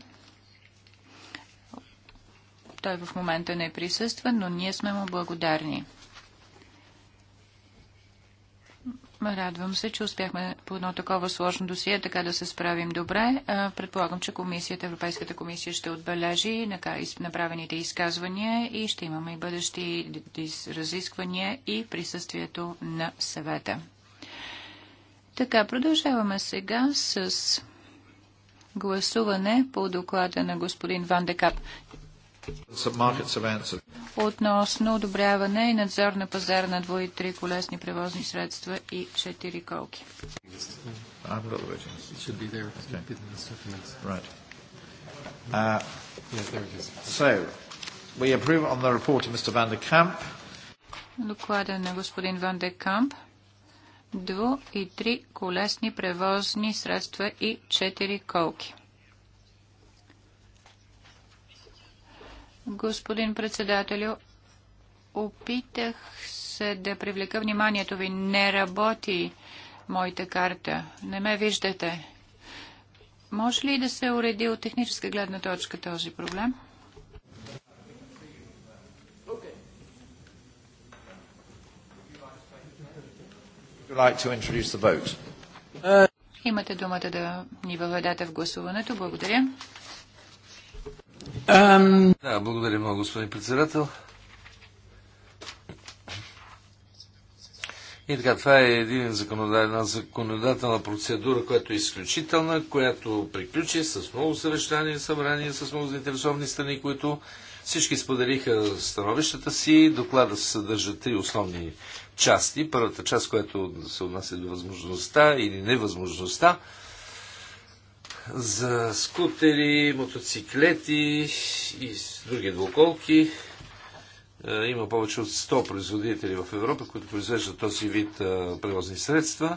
Speaker 1: Той в момента не присъства, но ние сме му благодарни. Радвам се, че успяхме по едно такова сложно досие така да се справим добре. Предполагам, че комисията, Европейската комисия ще отбележи направените изказвания и ще имаме и бъдещи разисквания и присъствието на съвета. Така, продължаваме сега с гласуване по доклада на господин Ван Декап. Относно одобряване и надзор на пазар на дво и три колесни превозни средства и четири колки. Доклада на господин Ван Декамп дво- и три колесни превозни средства и четири колки. Господин председателю, опитах се да привлека вниманието ви. Не работи моята карта. Не ме виждате. Може ли да се уреди от техническа гледна точка този проблем? Like uh, Имате думата да ни въведете в гласуването. Благодаря.
Speaker 2: Um... Да, благодаря много, господин председател. И така, това е един законодателна, законодателна процедура, която е изключителна, която приключи с много съвещание, събрание, с много заинтересовани страни, които всички споделиха становищата си. Доклада се съдържа три основни части. Първата част, която се отнася до възможността или невъзможността за скутери, мотоциклети и други двуколки. Е, има повече от 100 производители в Европа, които произвеждат този вид е, превозни средства.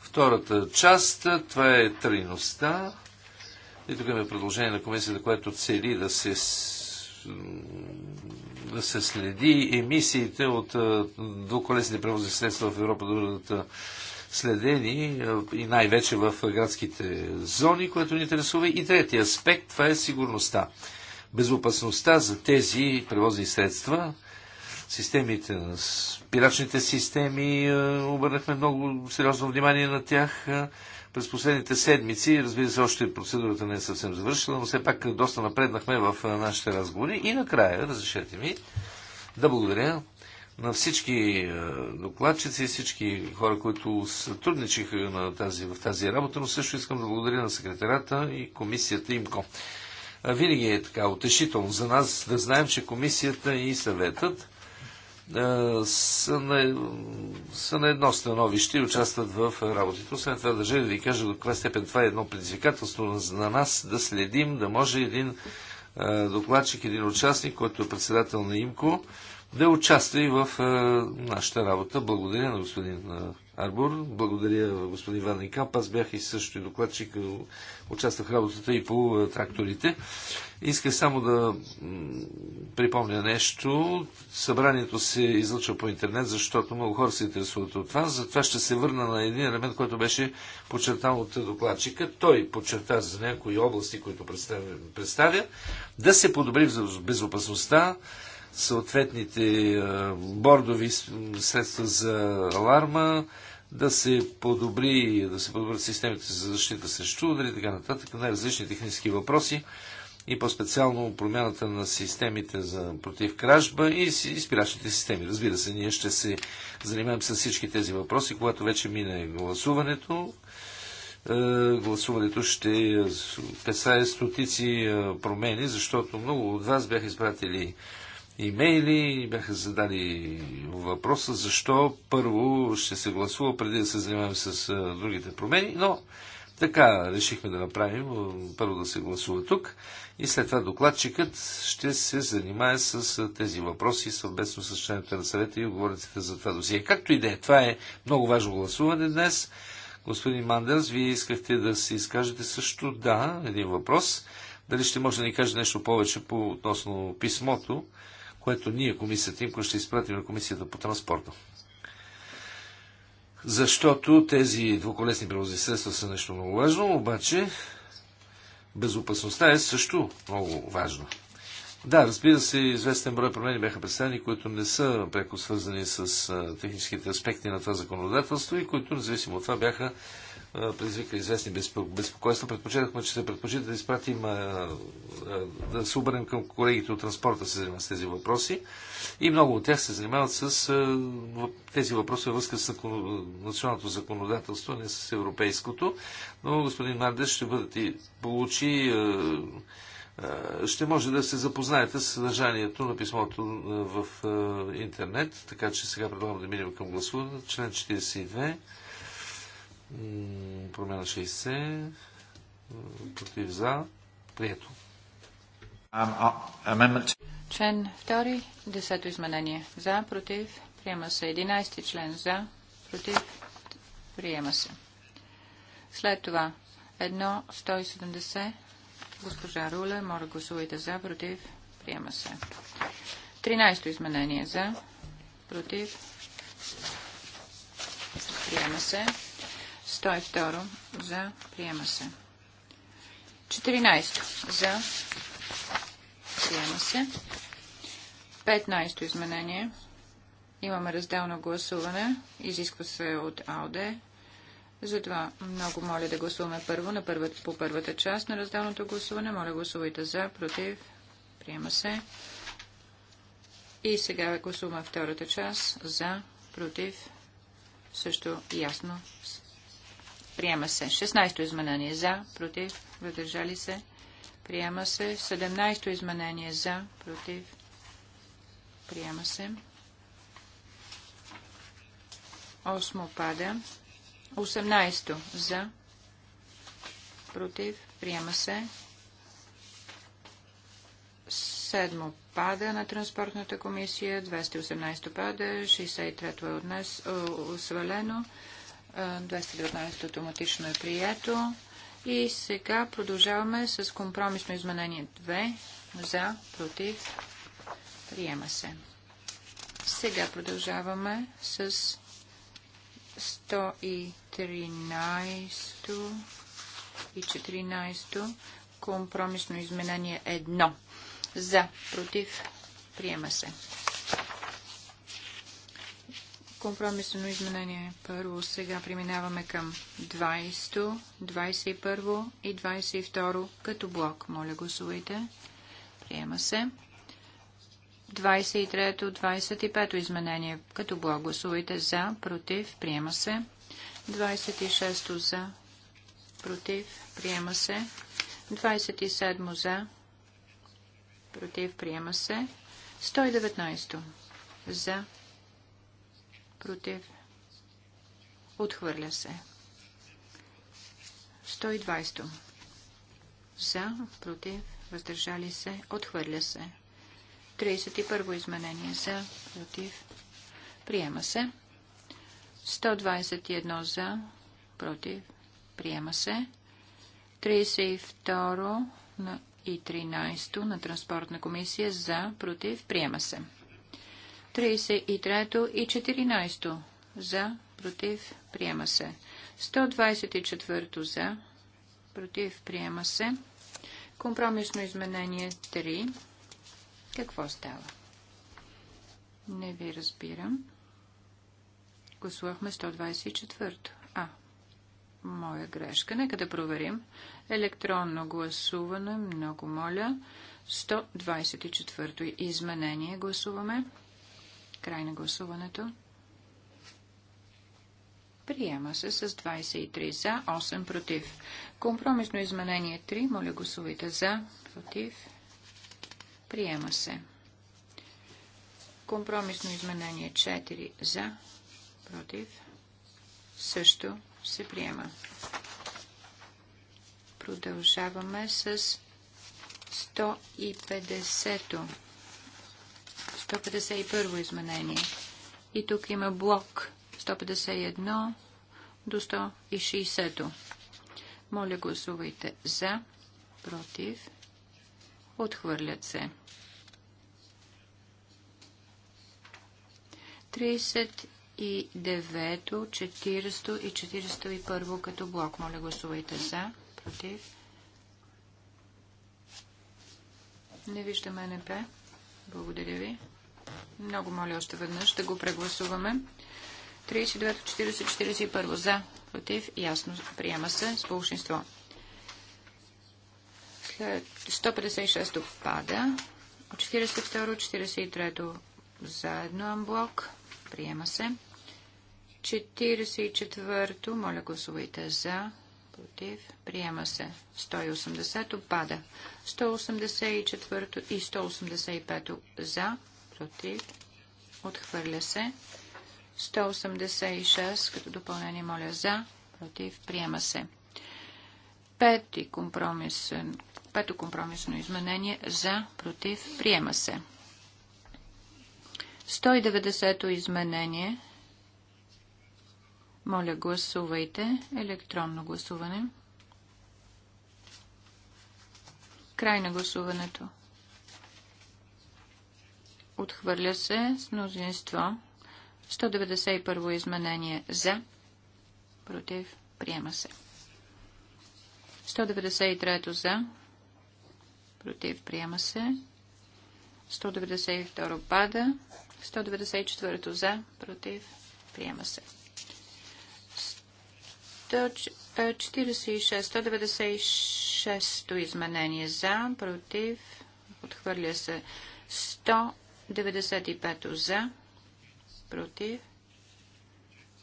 Speaker 2: Втората част, е, това е трайността. И тук има предложение на комисията, което цели да се се следи емисиите от двуколесните превозни средства в Европа да бъдат следени и най-вече в градските зони, което ни интересува. И третия аспект, това е сигурността. Безопасността за тези превозни средства, системите на спирачните системи, обърнахме много сериозно внимание на тях. През последните седмици, разбира се, още процедурата не е съвсем завършила, но все пак доста напреднахме в нашите разговори. И накрая, разрешете ми да благодаря на всички докладчици, всички хора, които сътрудничиха на тази, в тази работа, но също искам да благодаря на секретарата и комисията ИМКО. Винаги е така утешително за нас да знаем, че комисията и съветът е, са на, са на едно становище и участват в работите. Освен това, държа да ви кажа до каква степен това е едно предизвикателство на нас да следим, да може един е, докладчик, един участник, който е председател на ИМКО, да участва и в е, нашата работа. Благодаря на господин Арбор. Благодаря, господин Ван Никамп. Аз бях и също и докладчик, участвах в работата и по е, тракторите. Иска само да припомня нещо. Събранието се излъчва по интернет, защото много хора се интересуват от това. Затова ще се върна на един елемент, който беше подчертан от докладчика. Той подчерта за някои области, които представя, представя да се подобри в безопасността, съответните е, бордови средства за аларма, да се подобри, да се подобрят системите за защита срещу удари и така нататък, най-различни технически въпроси и по-специално промяната на системите за против кражба и изпирачните системи. Разбира се, ние ще се занимаем с всички тези въпроси, когато вече мине гласуването. Е, гласуването ще касае стотици е, промени, защото много от вас бяха изпратили имейли, бяха задали въпроса защо първо ще се гласува преди да се занимаваме с другите промени, но така решихме да направим, първо да се гласува тук и след това докладчикът ще се занимае с тези въпроси съвместно с членовете на съвета и отговорниците за това досие. Както и да е, това е много важно гласуване днес. Господин Мандерс, вие искахте да се изкажете също, да, един въпрос. Дали ще може да ни каже нещо повече по относно писмото? което ние, комисията Имко, ще изпратим на комисията по транспорта. Защото тези двуколесни превозни средства са нещо много важно, обаче безопасността е също много важна. Да, разбира се, известен брой промени бяха представени, които не са преко свързани с техническите аспекти на това законодателство и които, независимо от това, бяха предизвика известни безпокойства. Предпочитахме, че се предпочита да изпратим, да се обърнем към колегите от транспорта се занимават с тези въпроси. И много от тях се занимават с тези въпроси във връзка с националното законодателство, не с европейското. Но господин Мардеш ще и получи ще може да се запознаете с съдържанието на писмото в интернет, така че сега предлагам да минем към гласуване. Член 42. Промяна 60. Против за. Прието. Um, uh,
Speaker 1: член 2. Десето изменение. За. Против. Приема се. 11 член. За. Против. Приема се. След това. 1. 170. Госпожа Руле. Моля гласувайте за. Против. Приема се. 13 изменение. За. Против. Приема се. 102 за. Приема се. 14 за. Приема се. 15 изменение. Имаме разделно гласуване. Изисква се от АОДЕ. Затова много моля да гласуваме първо на първата, по първата част на разделното гласуване. Моля гласувайте за, против. Приема се. И сега гласуваме втората част за, против. Също ясно Приема се. 16-то изменение за, против, въздържали се. Приема се. 17-то изменение за, против. Приема се. 8 пада. 18-то за, против. Приема се. 7 пада на транспортната комисия. 218 пада. 63-то е отнес, е, свалено. 219 автоматично е прието. И сега продължаваме с компромисно изменение 2. За, против, приема се. Сега продължаваме с 113 и 14 компромисно изменение 1. За, против, приема се. Компромисно изменение първо. Сега преминаваме към 20, 21 и 22 като блок. Моля гласувайте. Приема се. 23-то, 25-то изменение като блок. Гласувайте за, против, приема се. 26-то за, против, приема се. 27 за, против, приема се. 119 за, против, отхвърля се. 120. За, против, въздържали се, отхвърля се. 31 изменение за, против, приема се. 121 за, против, приема се. 32 и 13 на транспортна комисия за, против, приема се. 33 то и 14 за, против, приема се. 124 то за, против, приема се. Компромисно изменение 3. Какво става? Не ви разбирам. Гласувахме 124. то А, моя грешка. Нека да проверим. Електронно гласуване, много моля. 124 то изменение гласуваме. Край на гласуването. Приема се с 23 за, 8 против. Компромисно изменение 3. Моля гласувайте за, против. Приема се. Компромисно изменение 4 за, против. Също се приема. Продължаваме с 150-то 151 изменение. И тук има блок 151 до 160. Моля, гласувайте за, против, отхвърлят се. 39, 40 и 41 като блок. Моля, гласувайте за, против. Не виждаме НП. Благодаря ви. Много моля още веднъж. Ще го прегласуваме. 39, 40, 41 за, против, ясно, приема се с полушинство. 156 пада. От 42, 43 то за едно амблок, приема се. 44 то моля гласувайте за, против, приема се. 180 пада. 184 то и 185 за, против, отхвърля се. 186 като допълнение моля за, против, приема се. Пети компромис, пето компромисно изменение за, против, приема се. 190-то изменение. Моля, гласувайте. Електронно гласуване. Край на гласуването. Отхвърля се с мнозинство. 191 изменение за. Против. Приема се. 193 за. Против. Приема се. 192 пада. 194 за. Против. Приема се. 146, 196 изменение за, против, отхвърля се 100 95 за, против,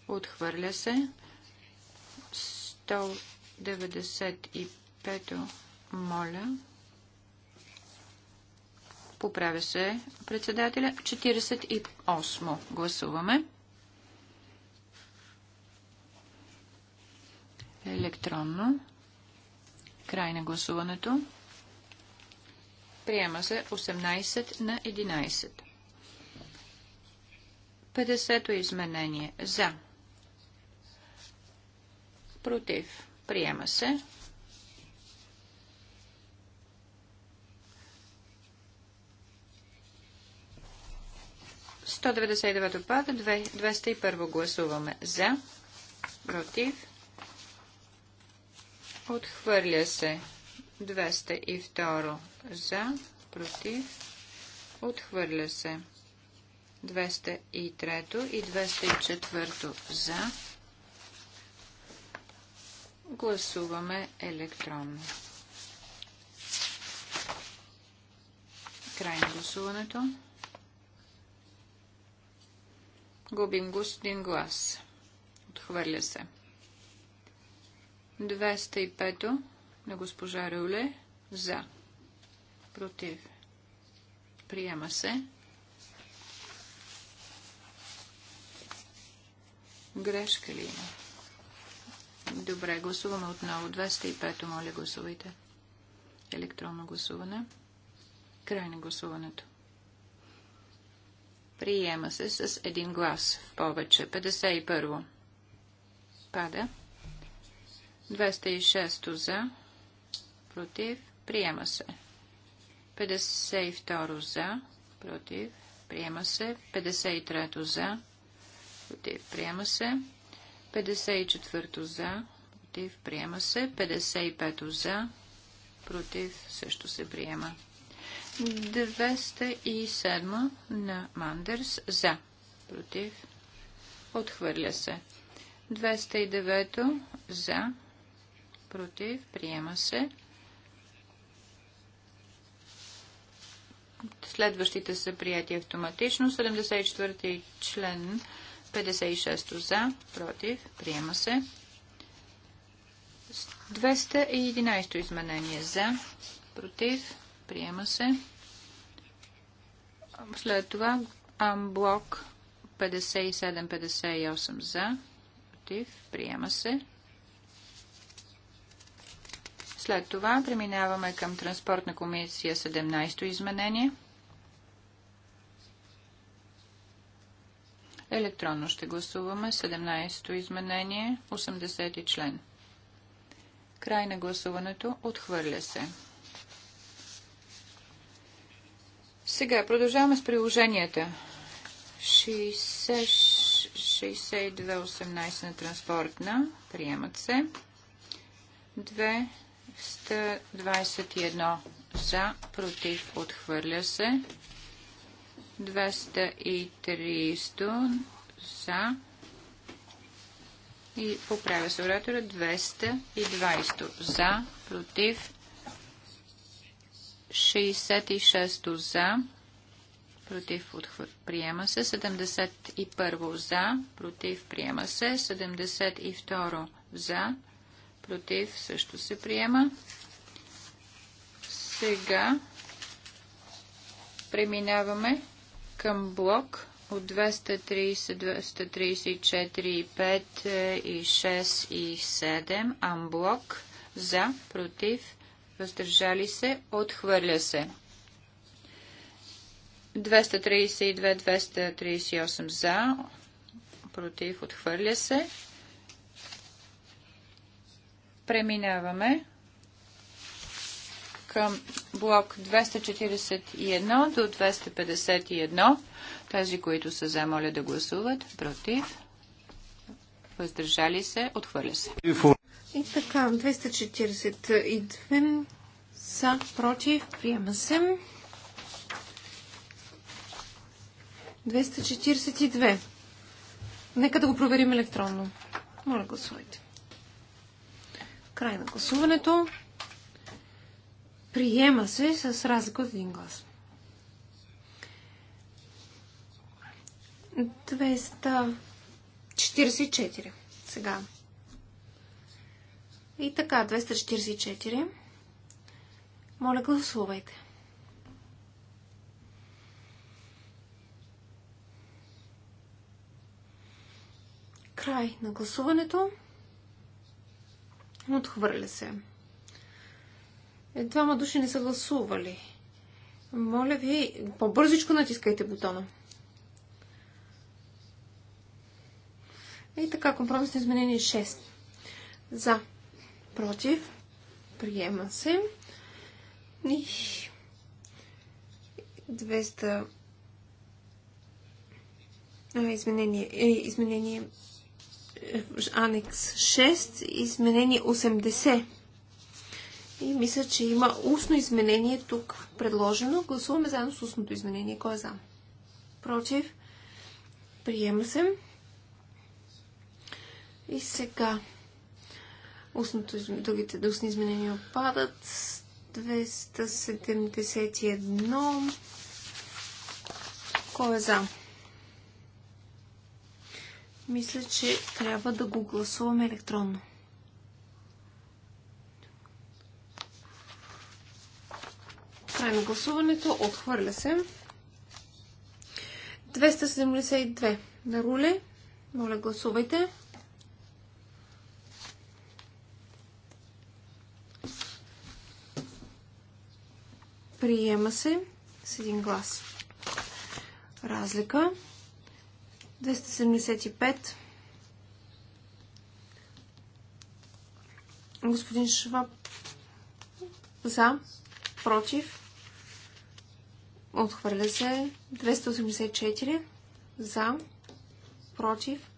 Speaker 1: отхвърля се. 195 моля. Поправя се председателя. 48 гласуваме. Електронно. Край на гласуването. Приема се 18 на 11. 50-то изменение. За. Против. Приема се. Сто деветдесет и девето пада, двеста и първо гласуваме за, против, отхвърля се. 202 за, против, отхвърля се. 203 и 204 за. Гласуваме електронно. Край на гласуването. Губим господин глас. Отхвърля се. 205 на госпожа Рюле за. Против. Приема се. Грешка ли има? Е? Добре, гласуваме отново. 205, моля гласувайте. Електронно гласуване. Край на гласуването. Приема се с един глас в повече. 51. Пада. 206 за против, приема се. 52 за, против, приема се. 53 за, против, приема се. 54 за, против, приема се. 55 за, против, също се приема. 207 на Мандерс за, против, отхвърля се. 209 за, против, приема се. Следващите са прияти автоматично. 74 член 56 за, против, приема се. 211 изменение за, против, приема се. След това амблок 57-58 за, против, приема се. След това преминаваме към транспортна комисия 17-то изменение. Електронно ще гласуваме 17-то изменение, 80-ти член. Край на гласуването отхвърля се. Сега продължаваме с приложенията. 62 18 на транспортна. Приемат се. 2 121 за, против, отхвърля се. 230 за. И поправя се оратора. 220 за, против. 66 за, против отхвър... приема се. 71 за, против приема се. 72 за, против, също се приема. Сега преминаваме към блок от 230, 234 и 5 и 6 и 7 амблок за, против, въздържали се, отхвърля се. 232, 238 за, против, отхвърля се. Преминаваме към блок 241 до 251. Тези, които са за, моля да гласуват. Против. Въздържали се. Отхвърля се.
Speaker 3: И така, 242 са против. Приема се. 242. Нека да го проверим електронно. Моля, гласувайте. Край на гласуването. Приема се с разлика от един глас. 244. Сега. И така, 244. Моля, гласувайте. Край на гласуването. Отхвърля се. Е, двама души не са гласували. Моля ви, по-бързичко натискайте бутона. И така, компромисно изменение 6. За. Против. Приема се. И 200. А, изменение. Е, изменение анекс 6, изменение 80. И мисля, че има устно изменение тук предложено. Гласуваме заедно с устното изменение. Кой е за? Против? Приема се. И сега устното, другите устни изменения отпадат. 271. Кой е за? Мисля, че трябва да го гласуваме електронно. Край на гласуването. Отхвърля се. 272 на руле. Моля, гласувайте. Приема се с един глас. Разлика. 275. Господин Шваб. За. Против. Отхвърля се. 284. За. Против.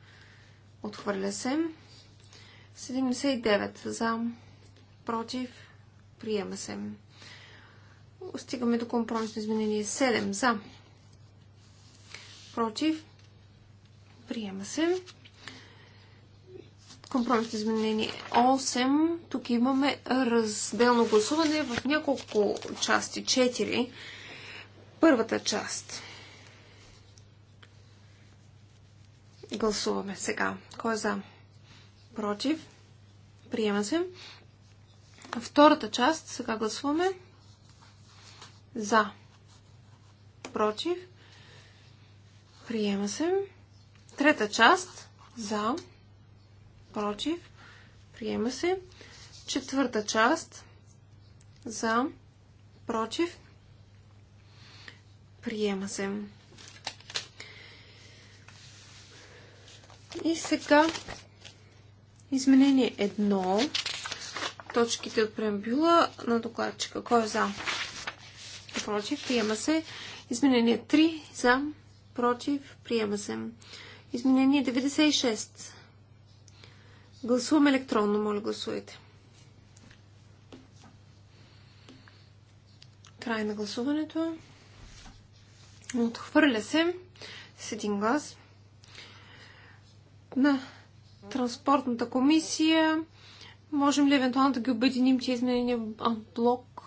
Speaker 3: Отхвърля се. 79. За. Против. Приема се. Стигаме до компромисно изменение 7. За. Против. Приема се. Компромисно изменение 8. Тук имаме разделно гласуване в няколко части. 4. Първата част. Гласуваме сега. Кой е за? Против. Приема се. Втората част. Сега гласуваме. За. Против. Приема се. Трета част за, против, приема се. Четвърта част за, против, приема се. И сега изменение едно. точките от преамбюла на докладчика. Кой е за? Против, приема се. Изменение 3, за, против, приема се. Изменение 96. Гласуваме електронно, моля гласувайте. Край на гласуването. Отхвърля се с един глас на транспортната комисия. Можем ли евентуално да ги обединим тези изменения блок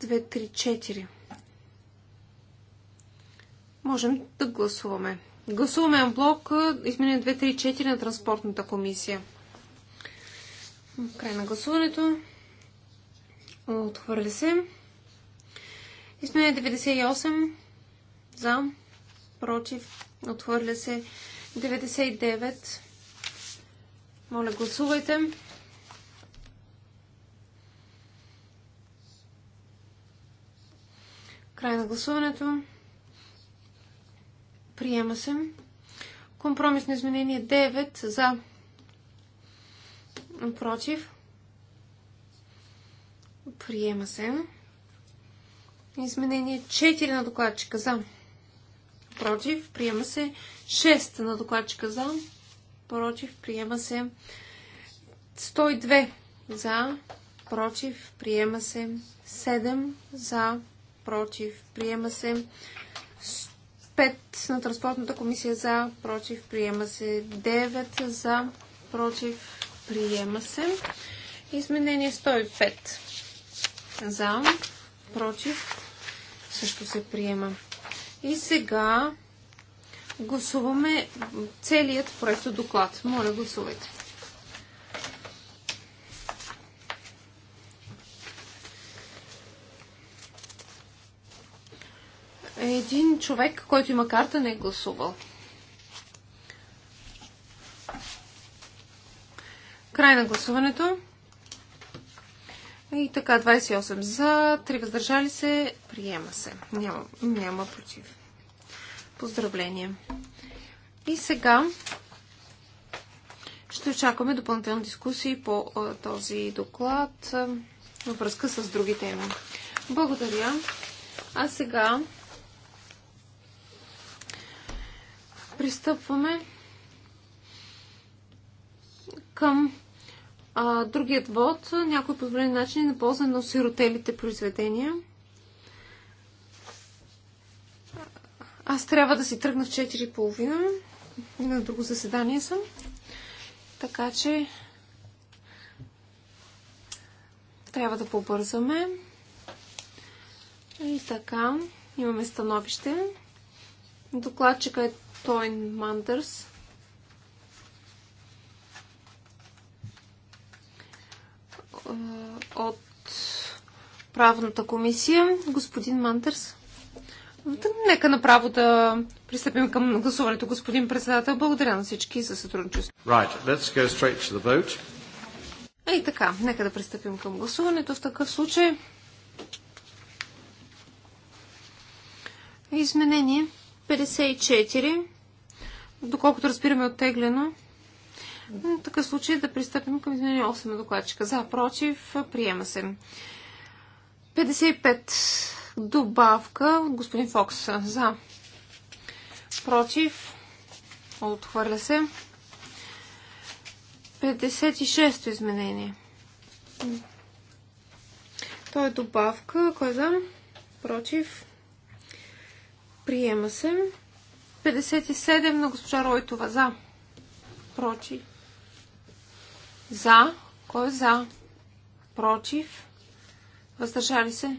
Speaker 3: 2, 3, 4? Можем да гласуваме. Гласуваме блок изменение 234 на Транспортната комисия. Край на гласуването. Отхвърля се. Изменение 98. За. Против. Отхвърля се. 99. Моля, гласувайте. Край на гласуването. Приема се. на изменение 9 за против. Приема се. Изменение 4 на докладчика за против. Приема се. 6 на докладчика за против. Приема се. 102 за против. Приема се. 7 за против. Приема се. 5 на Транспортната комисия за, против, приема се. 9 за, против, приема се. Изменение 105 за, против, също се приема. И сега гласуваме целият проект доклад. Моля, гласувайте. един човек, който има карта, не е гласувал. Край на гласуването. И така, 28 за, 3 въздържали се, приема се. Няма, няма против. Поздравление. И сега ще очакваме допълнителни дискусии по този доклад във връзка с други теми. Благодаря. А сега пристъпваме към а, другият вод, някои позволени начини на ползване на сиротелите произведения. Аз трябва да си тръгна в 4.30. На друго заседание съм. Така че трябва да побързаме. И така, имаме становище. Докладчика е Тойн Мандърс. Е, от правната комисия, господин Мандърс. Нека направо да пристъпим към гласуването, господин председател. Благодаря на всички за сътрудничество.
Speaker 1: Right, let's go straight to the vote.
Speaker 3: И така, нека да пристъпим към гласуването в такъв случай. Изменение 54. Доколкото разбираме е оттеглено. Е, в такъв случай да пристъпим към изменение 8 на докладчика. За, против, приема се. 55. Добавка от господин Фокс. За. Против. Отхвърля се. 56 изменение. То е добавка. Кой е за? Против. Приема се. 57 на госпожа Ройтова. За. Прочи. За. Кой е за? Против. Въздържали се?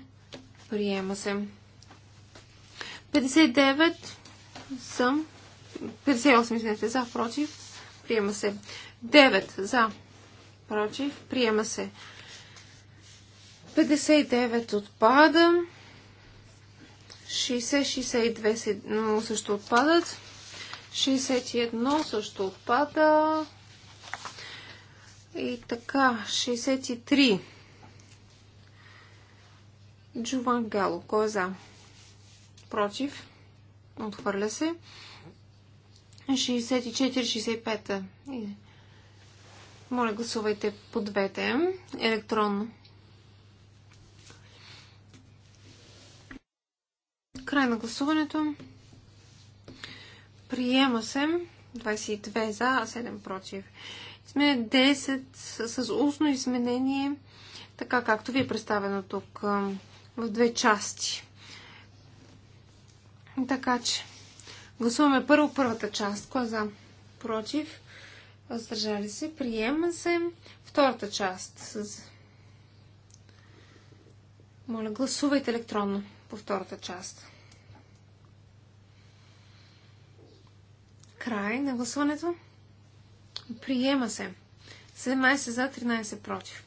Speaker 3: Приема се. 59 съм. 58, извинете, за, против. Приема се. 9 за. Против. Приема се. 59 отпада. 60-62 също отпадат. 61 също отпада. И така, 63. Джуван Гало. Кой е за? Против. Отхвърля се. 64-65. Моля, гласувайте по двете електронно. Край на гласуването. Приема се. 22 за, 7 против. Сме 10 с, с устно изменение, така както ви е представено тук в две части. Така че, гласуваме първо първата част. Кой е за? Против. Въздържали се. Приема се. Втората част. С... Моля, гласувайте електронно по втората част. Край на гласуването. Приема се. 17 за, 13 против.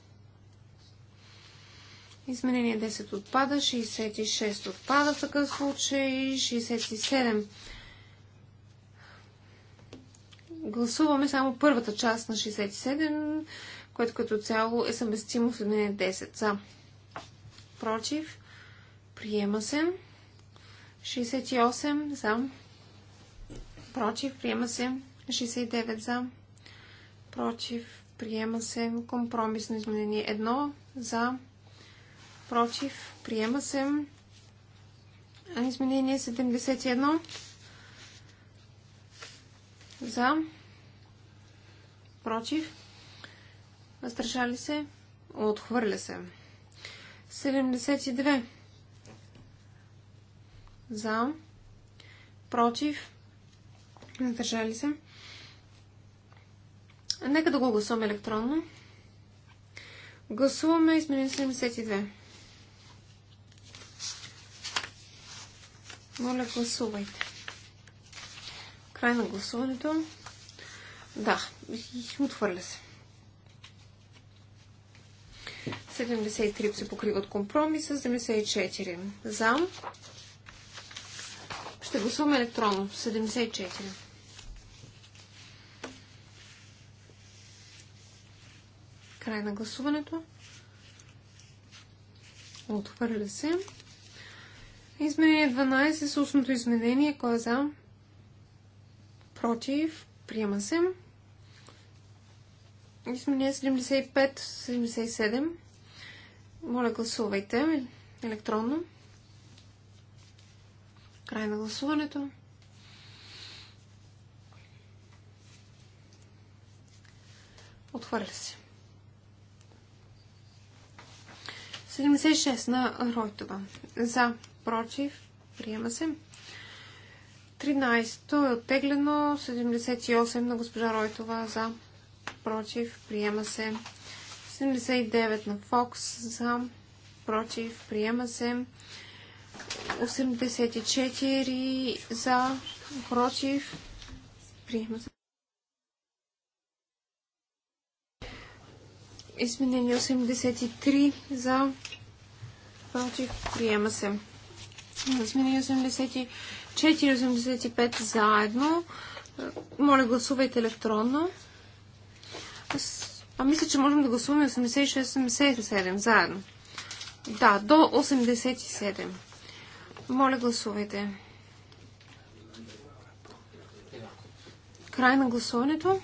Speaker 3: Изменение 10 отпада, 66 отпада в такъв случай, 67. Гласуваме само първата част на 67, което като цяло е съвместимо с изменение 10 за. Против. Приема се. 68 за против, приема се. 69 за, против, приема се. Компромисно изменение 1 за, против, приема се. Изменение 71 за, против, въздържали се, отхвърля се. 72 за, против, Въздържали се. Нека да го гласуваме електронно. Гласуваме изменение 72. Моля, гласувайте. Край на гласуването. Да, Отвърля се. 73 се покриват компромиса, 74 за, ще гласуваме електронно. 74. Край на гласуването. Отхвърля се. Изменение 12 с устното изменение. Кой е за? Против. Приема се. Изменение 75-77. Моля, гласувайте електронно. 75 Край на гласуването. Отхвърля се. 76 на Ройтова. За, против, приема се. 13 е оттеглено. 78 на госпожа Ройтова. За, против, приема се. 79 на Фокс. За, против, приема се. 84 за, против, приема се. Изменение 83 за, против, приема се. Изменение 84, 85 заедно. Моля, гласувайте електронно. А мисля, че можем да гласуваме 86-87 заедно. Да, до 87. Моля, гласувайте. Край на гласуването.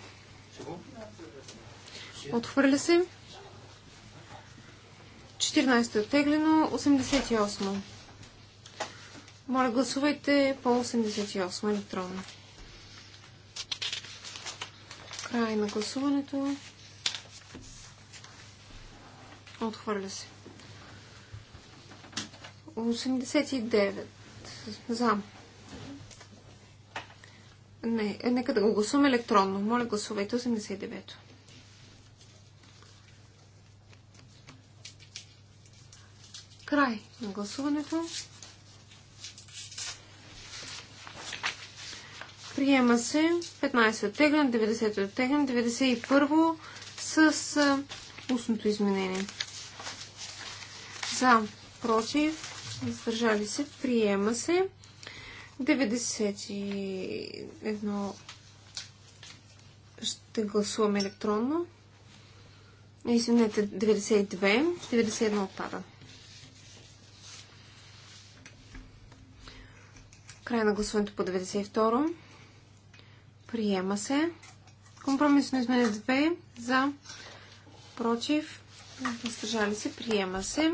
Speaker 3: Отхвърля се. 14 е оттеглено. 88. Моля, гласувайте по 88 електронно. Край на гласуването. Отхвърля се. 89. За. Не, е, нека да го гласуваме електронно. Моля, гласувайте 89-то. Край на гласуването. Приема се 15 оттеглен, 90 оттеглен, 91 с устното изменение. За, против, въздържали се, приема се. 91 ще гласуваме електронно. Е, извинете, 92. 91 отпада. Край на гласуването по 92. Приема се. Компромисно измене 2. За. Против. Въздържали се. Приема се.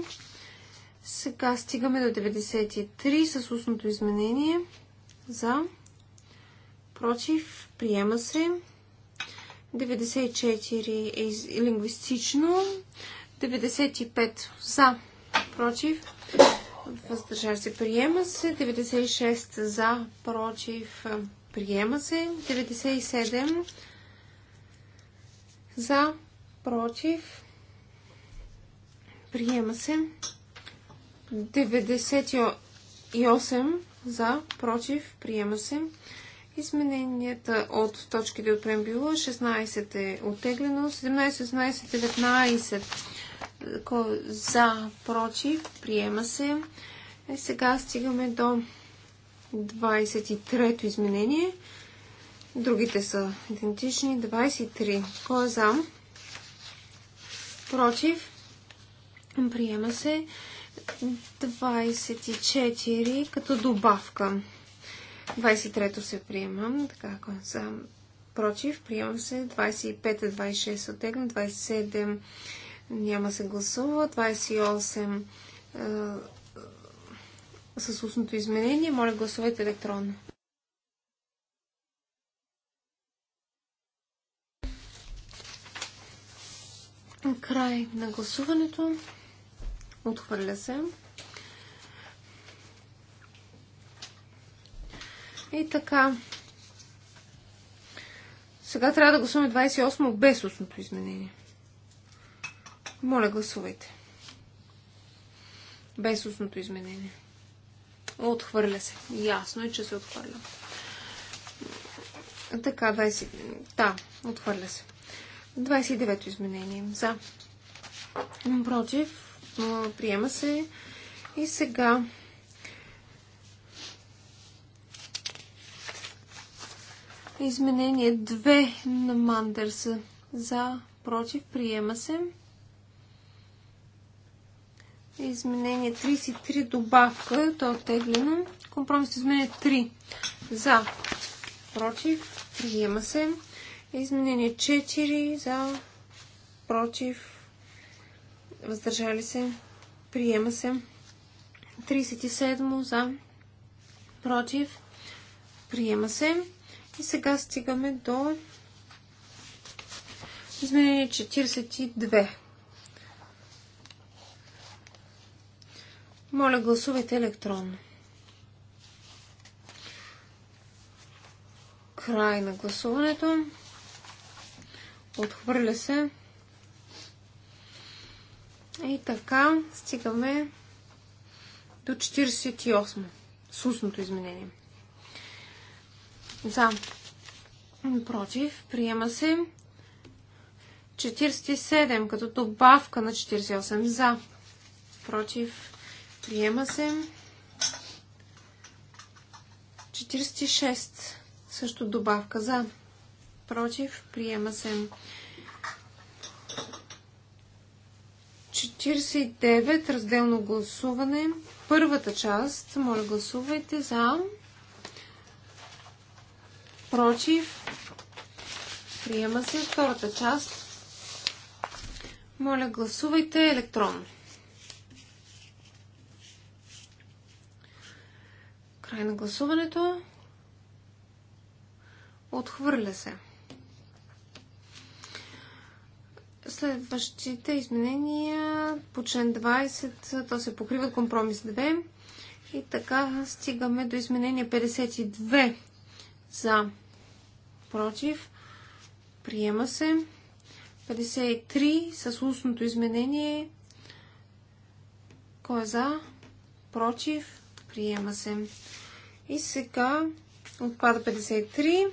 Speaker 3: Сега стигаме до 93 с устното изменение. За. Против. Приема се. 94 е лингвистично. 95 за. Против. Въздържа се. Приема се. 96 за. Против. Приема се. 97 за. Против. Приема се. 98 за, против, приема се. Измененията от точките от преамбюла 16 е оттеглено, 17, 18, 19 за, против, приема се. Е, сега стигаме до 23-то изменение. Другите са идентични. 23. Кой е за? Против. Приема се. 24 като добавка. 23-то се приемам. Така, съм против, приемам се. 25-26 оттегна. 27 няма се гласува. 28 е, с устното изменение. Моля, гласувайте електронно. Край на гласуването. Отхвърля се. И така. Сега трябва да гласуваме 28 без устното изменение. Моля, гласувайте. Без устното изменение. Отхвърля се. Ясно е, че се отхвърля. Така, 20... Да, отхвърля се. 29-то изменение. За. Против. Приема се. И сега. Изменение 2 на Мандърса. За, против, приема се. Изменение 33 добавка, то е оттеглено. Компромис изменение 3 за, против, приема се. Изменение 4 за, против, въздържали се, приема се. 37 за, против, приема се. И сега стигаме до изменение 42. Моля, гласувайте електронно. Край на гласуването. Отхвърля се. И така, стигаме до 48. Сусното изменение. За. Против. Приема се. 47 като добавка на 48. За. Против. Приема се. 46. Също добавка за. Против. Приема се. 49, разделно гласуване. Първата част, моля гласувайте за. Против. Приема се втората част. Моля гласувайте електронно. Край на гласуването. Отхвърля се. Следващите изменения по член 20, то се покрива компромис 2. И така стигаме до изменение 52 за против. Приема се. 53 с устното изменение. Кой е за? Против. Приема се. И сега отпада 53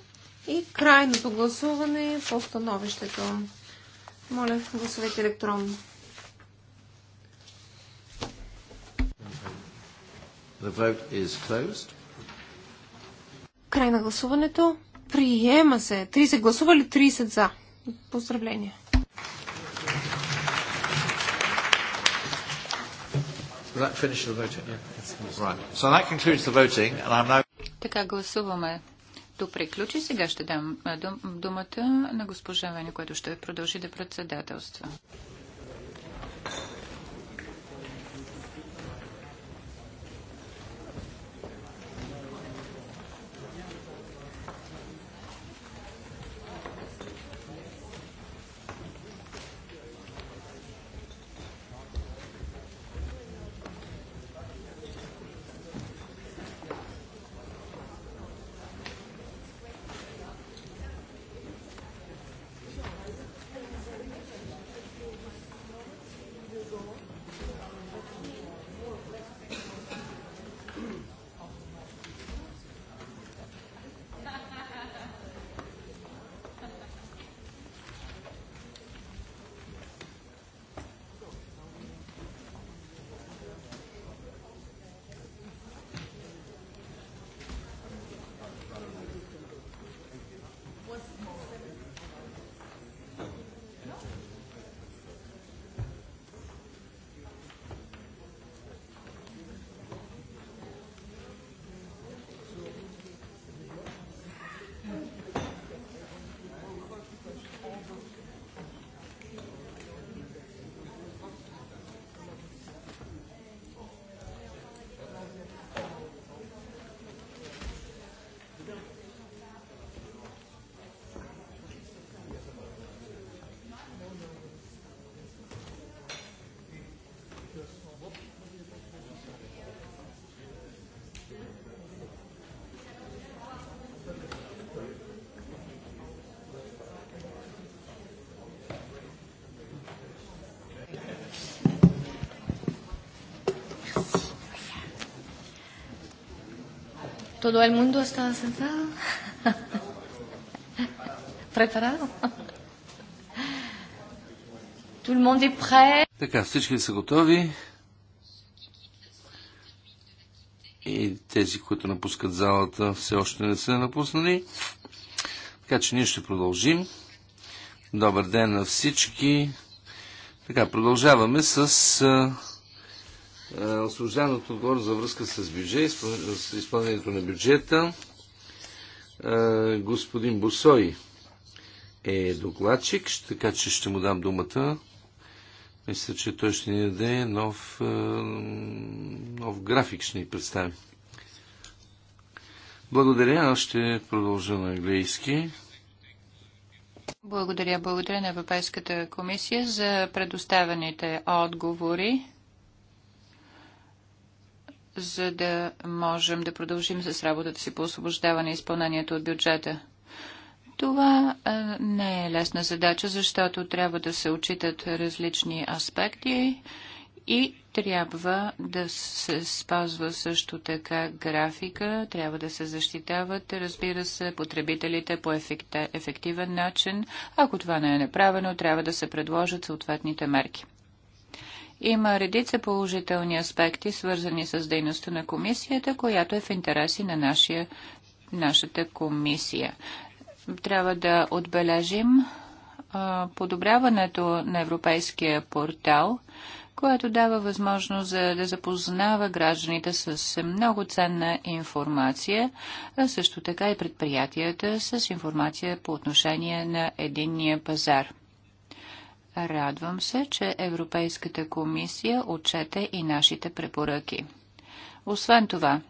Speaker 3: и крайното гласуване по становището. Моля, гласувайте електронно.
Speaker 2: The vote is closed.
Speaker 3: Край на гласуването. Приема се. 30 гласували, 30 за. Поздравления.
Speaker 1: Така гласуваме като приключи, сега ще дам думата на госпожа Вене, която ще продължи да председателства.
Speaker 3: ¿Todo el mundo está
Speaker 1: sentado? ¿Preparado? Tout le monde est prêt?
Speaker 2: Така, всички са готови. И тези, които напускат залата, все още не са напуснали. Така че ние ще продължим. Добър ден на всички. Така, продължаваме с е, освобождаването отговорност за връзка с бюджет, с изпълнението на бюджета. Е, господин Босой е докладчик, така че ще му дам думата. Мисля, че той ще ни даде нов, е, нов график, ще ни представи. Благодаря, аз ще продължа на английски.
Speaker 1: Благодаря, благодаря на Европейската комисия за предоставените отговори за да можем да продължим с работата си по освобождаване и изпълнението от бюджета. Това а, не е лесна задача, защото трябва да се отчитат различни аспекти и трябва да се спазва също така графика, трябва да се защитават, разбира се, потребителите по ефективен начин. Ако това не е направено, трябва да се предложат съответните мерки. Има редица положителни аспекти, свързани с дейността на комисията, която е в интереси на нашия, нашата комисия. Трябва да отбележим подобряването на европейския портал, което дава възможност за да запознава гражданите с много ценна информация, а също така и предприятията с информация по отношение на единния пазар. Радвам се, че Европейската комисия отчете и нашите препоръки. Освен това,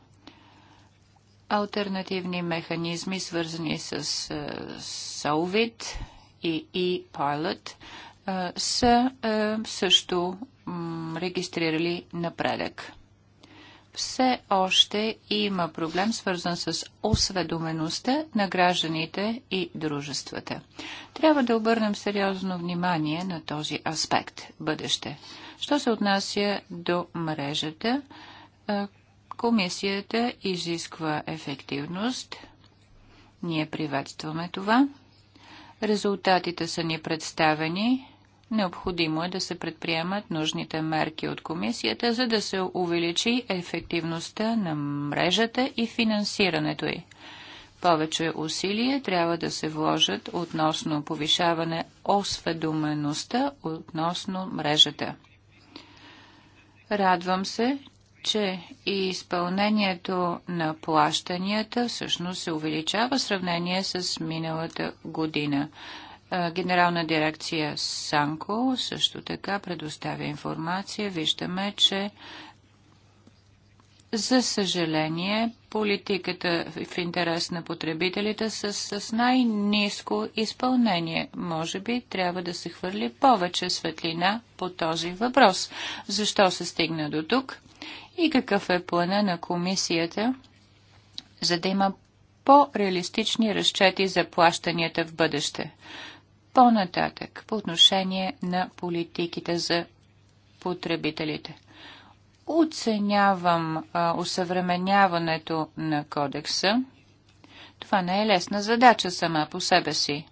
Speaker 1: альтернативни механизми, свързани с е, Solvit и e-Pilot, е, са е, също регистрирали напредък все още има проблем, свързан с осведомеността на гражданите и дружествата. Трябва да обърнем сериозно внимание на този аспект бъдеще. Що се отнася до мрежата, комисията изисква ефективност. Ние приветстваме това. Резултатите са ни представени Необходимо е да се предприемат нужните мерки от комисията, за да се увеличи ефективността на мрежата и финансирането й. Повече усилия трябва да се вложат относно повишаване осведомеността относно мрежата. Радвам се, че и изпълнението на плащанията всъщност се увеличава в сравнение с миналата година. Генерална дирекция Санко също така предоставя информация. Виждаме, че за съжаление, политиката в интерес на потребителите са с най-низко изпълнение. Може би трябва да се хвърли повече светлина по този въпрос. Защо се стигна до тук и какъв е плана на комисията, за да има по-реалистични разчети за плащанията в бъдеще? По-нататък, по отношение на политиките за потребителите. Оценявам а, усъвременяването на кодекса. Това не е лесна задача сама по себе си.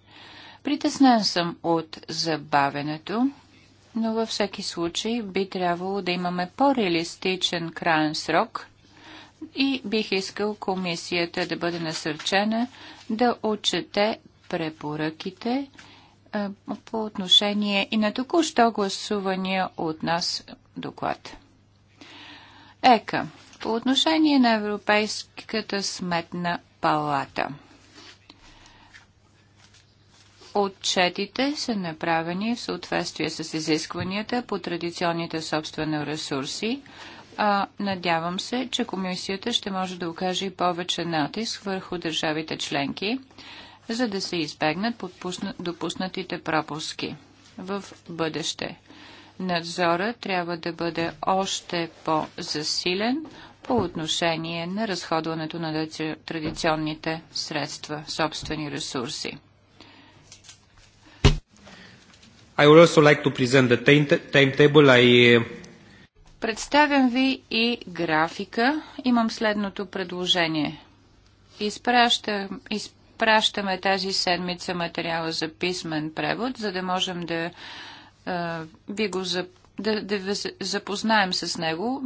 Speaker 1: Притеснен съм от забавенето, но във всеки случай би трябвало да имаме по-реалистичен крайен срок и бих искал комисията да бъде насърчена да отчете препоръките, по отношение и на току-що гласувания от нас доклад. ЕКА. По отношение на Европейската сметна палата. Отчетите са направени в съответствие с изискванията по традиционните собствени ресурси. А, надявам се, че комисията ще може да окаже и повече натиск върху държавите членки за да се избегнат допуснатите пропуски в бъдеще. Надзора трябва да бъде още по-засилен по отношение на разходването на традиционните средства, собствени ресурси.
Speaker 3: I would also like to present the timetable. I... Uh,
Speaker 1: Представям ви и графика. Имам следното предложение. Изпращам, изпращам изпращаме тази седмица материала за писмен превод, за да можем да ви го да, да ви запознаем с него.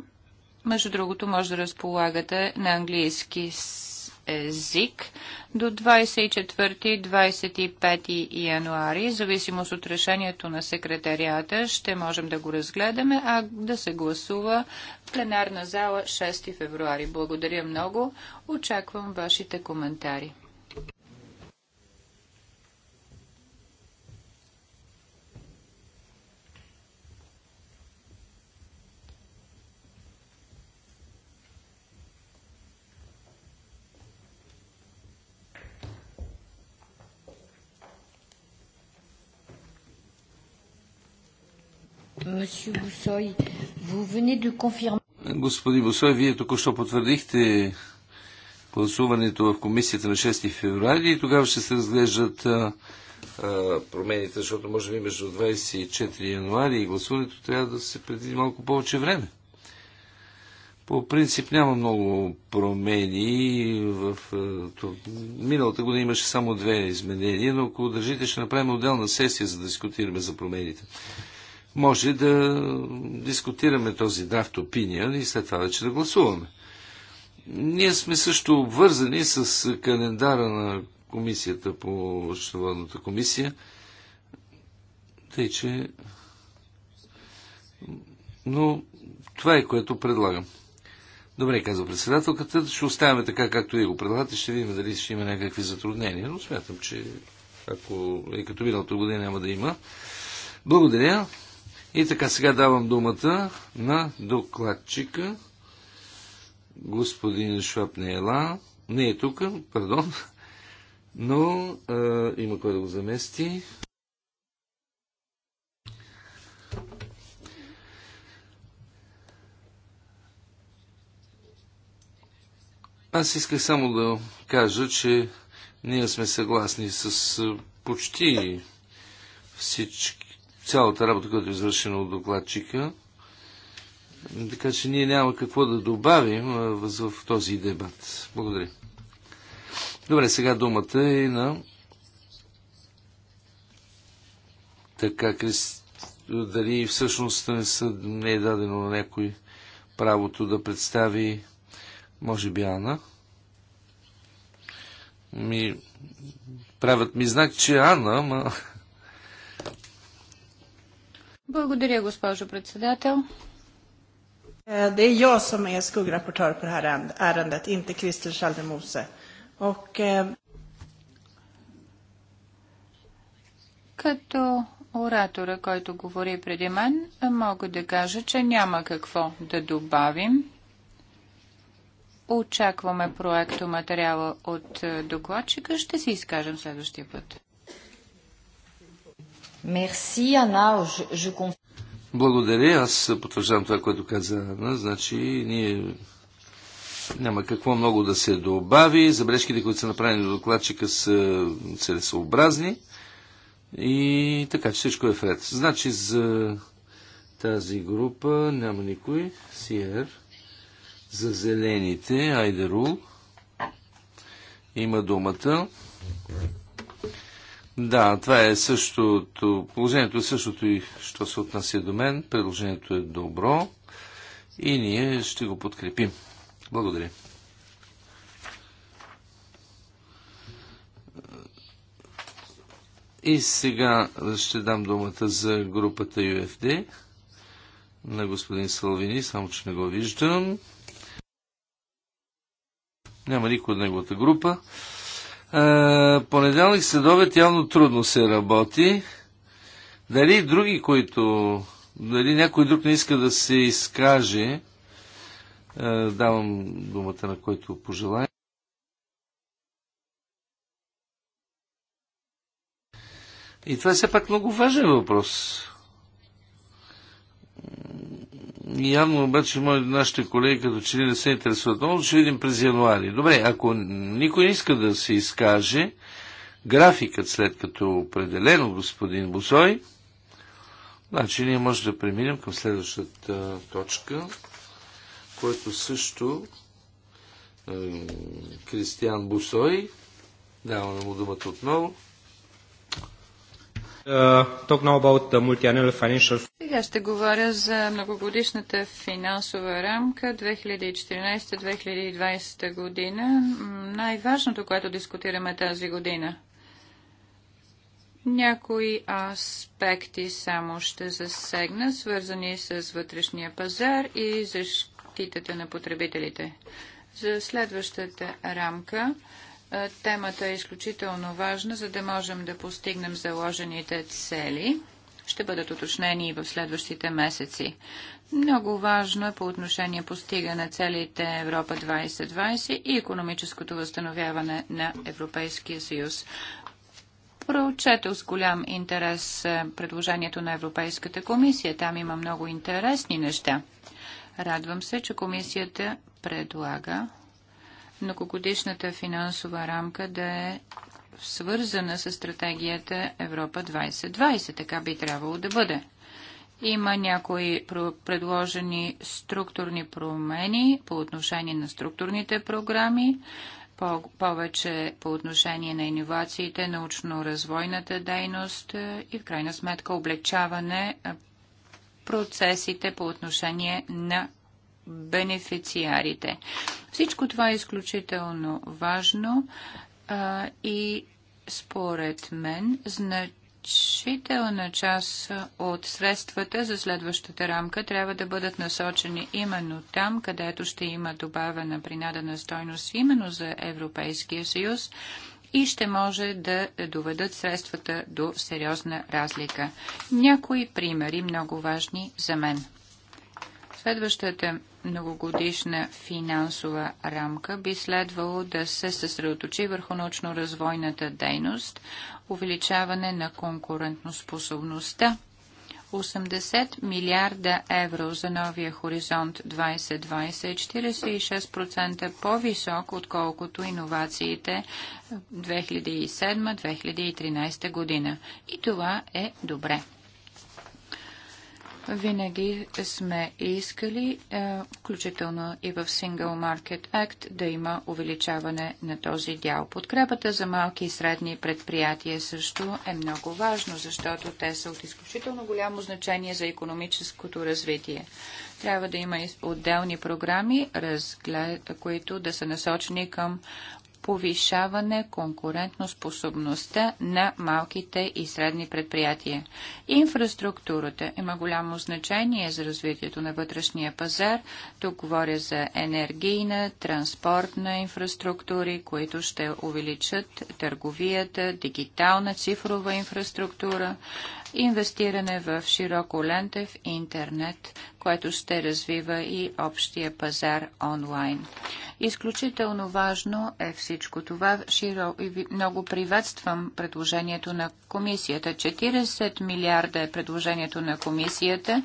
Speaker 1: Между другото, може да разполагате на английски език до 24-25 януари. Зависимост от решението на секретарията ще можем да го разгледаме, а да се гласува в пленарна зала 6 февруари. Благодаря много. Очаквам вашите коментари.
Speaker 2: Господин Босой, вие току-що потвърдихте гласуването в комисията на 6 февруари и тогава ще се разглеждат а, а, промените, защото може би между 24 януари и гласуването трябва да се предвиди малко повече време. По принцип няма много промени. В, то, миналата година имаше само две изменения, но ако държите, ще направим отделна сесия, за да дискутираме за промените може да дискутираме този драфт опиния и след това вече да гласуваме. Ние сме също обвързани с календара на комисията по Щеводната комисия, тъй че... Но това е което предлагам. Добре, казва председателката, ще оставяме така, както и го предлагате, ще видим дали ще има някакви затруднения, но смятам, че ако и като миналото година няма да има. Благодаря. И така сега давам думата на докладчика, господин Шваб не е, ла, не е тук, пардон, но е, има кой да го замести. Аз исках само да кажа, че ние сме съгласни с почти всички цялата работа, която е извършена от докладчика. Така че ние няма какво да добавим в този дебат. Благодаря. Добре, сега думата е на така, дали всъщност не, са... не е дадено на някой правото да представи, може би, Ана. Ми... Правят ми знак, че Ана, ма...
Speaker 1: Благодаря, госпожо председател. Е, det är jag som är skuggrapportör på det här ärendet, inte Christer Schaldemose. Och, eh, Като оратора, който говори преди мен, мога да кажа, че няма какво да добавим. Очакваме проекто материала от е, докладчика. Ще си изкажем следващия път. Мерси, Ана.
Speaker 2: Благодаря. Аз потвърждавам това, което каза Ана. Значи, ние няма какво много да се добави. Забележките, които са направени до докладчика, са целесообразни. И така, че всичко е вред. Значи, за тази група няма никой. Сиер. За зелените, айдеру, Има думата. Да, това е същото. Положението е същото и що се отнася до мен. Предложението е добро и ние ще го подкрепим. Благодаря. И сега ще дам думата за групата UFD на господин Салвини, само че не го виждам. Няма никой от неговата група. Е, понеделник следобед явно трудно се работи. Дали други, които... Дали някой друг не иска да се изкаже, е, давам думата на който пожелая. И това е все пак много важен въпрос. Явно обаче моите нашите колеги като че ли не се интересуват много, ще видим през януари. Добре, ако никой не иска да се изкаже, графикът след като определено господин Босой, значи ние може да преминем към следващата точка, което също е, Кристиан Бусой, даваме му думата отново. Uh,
Speaker 1: Сега ще говоря за многогодишната финансова рамка 2014-2020 година. Най-важното, което дискутираме тази година. Някои аспекти само ще засегна, свързани с вътрешния пазар и защитата на потребителите. За следващата рамка е, темата е изключително важна, за да можем да постигнем заложените цели. Ще бъдат уточнени и в следващите месеци. Много важно е по отношение постигане целите Европа 2020 и економическото възстановяване на Европейския съюз. Прочетох с голям интерес е, предложението на Европейската комисия. Там има много интересни неща. Радвам се, че комисията предлага многогодишната финансова рамка да е свързана с стратегията Европа 2020. Така би трябвало да бъде. Има някои предложени структурни промени по отношение на структурните програми, по повече по отношение на иновациите, научно-развойната дейност и в крайна сметка облегчаване процесите по отношение на бенефициарите. Всичко това е изключително важно а, и според мен значителна част от средствата за следващата рамка трябва да бъдат насочени именно там, където ще има добавена принадена стойност именно за Европейския съюз и ще може да доведат средствата до сериозна разлика. Някои примери много важни за мен. Следващата многогодишна финансова рамка би следвало да се съсредоточи върху научно-развойната дейност, увеличаване на конкурентноспособността, 80 милиарда евро за новия хоризонт 2020 46% по-висок, отколкото иновациите 2007-2013 година. И това е добре. Винаги сме искали, е, включително и в Single Market Act, да има увеличаване на този дял. Подкрепата за малки и средни предприятия също е много важно, защото те са от изключително голямо значение за економическото развитие. Трябва да има отделни програми, които да са насочени към повишаване конкурентноспособността на малките и средни предприятия. Инфраструктурата има голямо значение за развитието на вътрешния пазар. Тук говоря за енергийна, транспортна инфраструктури, които ще увеличат търговията, дигитална цифрова инфраструктура, инвестиране в широко лентев интернет, което ще развива и общия пазар онлайн. Изключително важно е всичко това. Широ... Много приветствам предложението на комисията. 40 милиарда е предложението на комисията,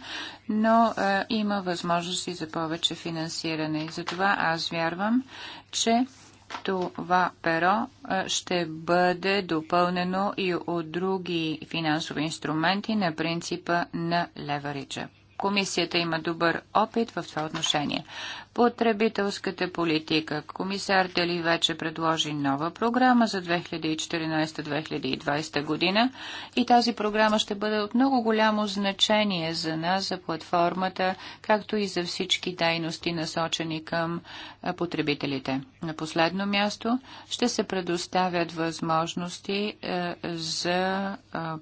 Speaker 1: но е, има възможности за повече финансиране. Затова аз вярвам, че това перо ще бъде допълнено и от други финансови инструменти на принципа на левериджа. Комисията има добър опит в това отношение потребителската политика. Комисар Дели вече предложи нова програма за 2014-2020 година и тази програма ще бъде от много голямо значение за нас, за платформата, както и за всички дейности насочени към потребителите. На последно място ще се предоставят възможности за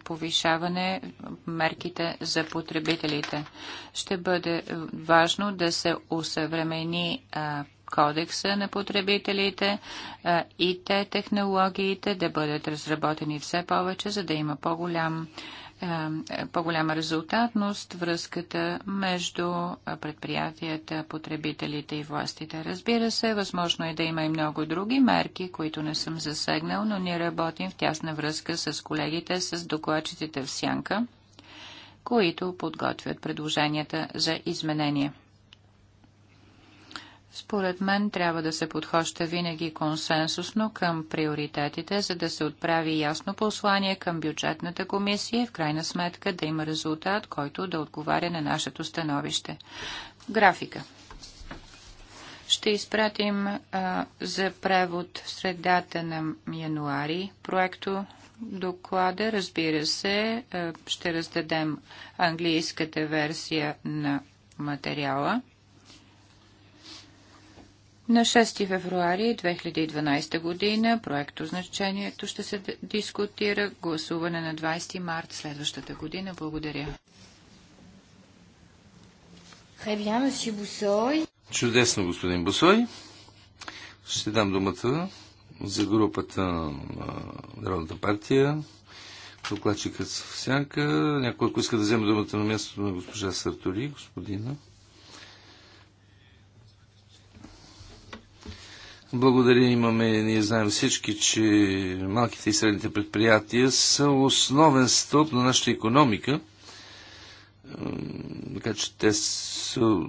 Speaker 1: повишаване мерките за потребителите. Ще бъде важно да се усъвремени промени а, кодекса на потребителите, а, и те технологиите да бъдат разработени все повече, за да има по-голям по-голяма резултатност връзката между предприятията, потребителите и властите. Разбира се, възможно е да има и много други мерки, които не съм засегнал, но ние работим в тясна връзка с колегите, с докладчиците в Сянка, които подготвят предложенията за изменения. Според мен трябва да се подхоща винаги консенсусно към приоритетите, за да се отправи ясно послание към бюджетната комисия и в крайна сметка да има резултат, който да отговаря на нашето становище. Графика. Ще изпратим а, за превод в средата на януари проекто доклада. Разбира се, а, ще раздадем английската версия на материала. На 6 февруари 2012 година проекто значението ще се дискутира гласуване на 20 март следващата година. Благодаря.
Speaker 2: Чудесно, господин Босой. Ще дам думата за групата на Народната партия. Докладчикът в сянка. Някой, ако иска да вземе думата на мястото на госпожа Сартори, господина. Благодаря, имаме, ние знаем всички, че малките и средните предприятия са основен стълб на нашата економика. Така че те са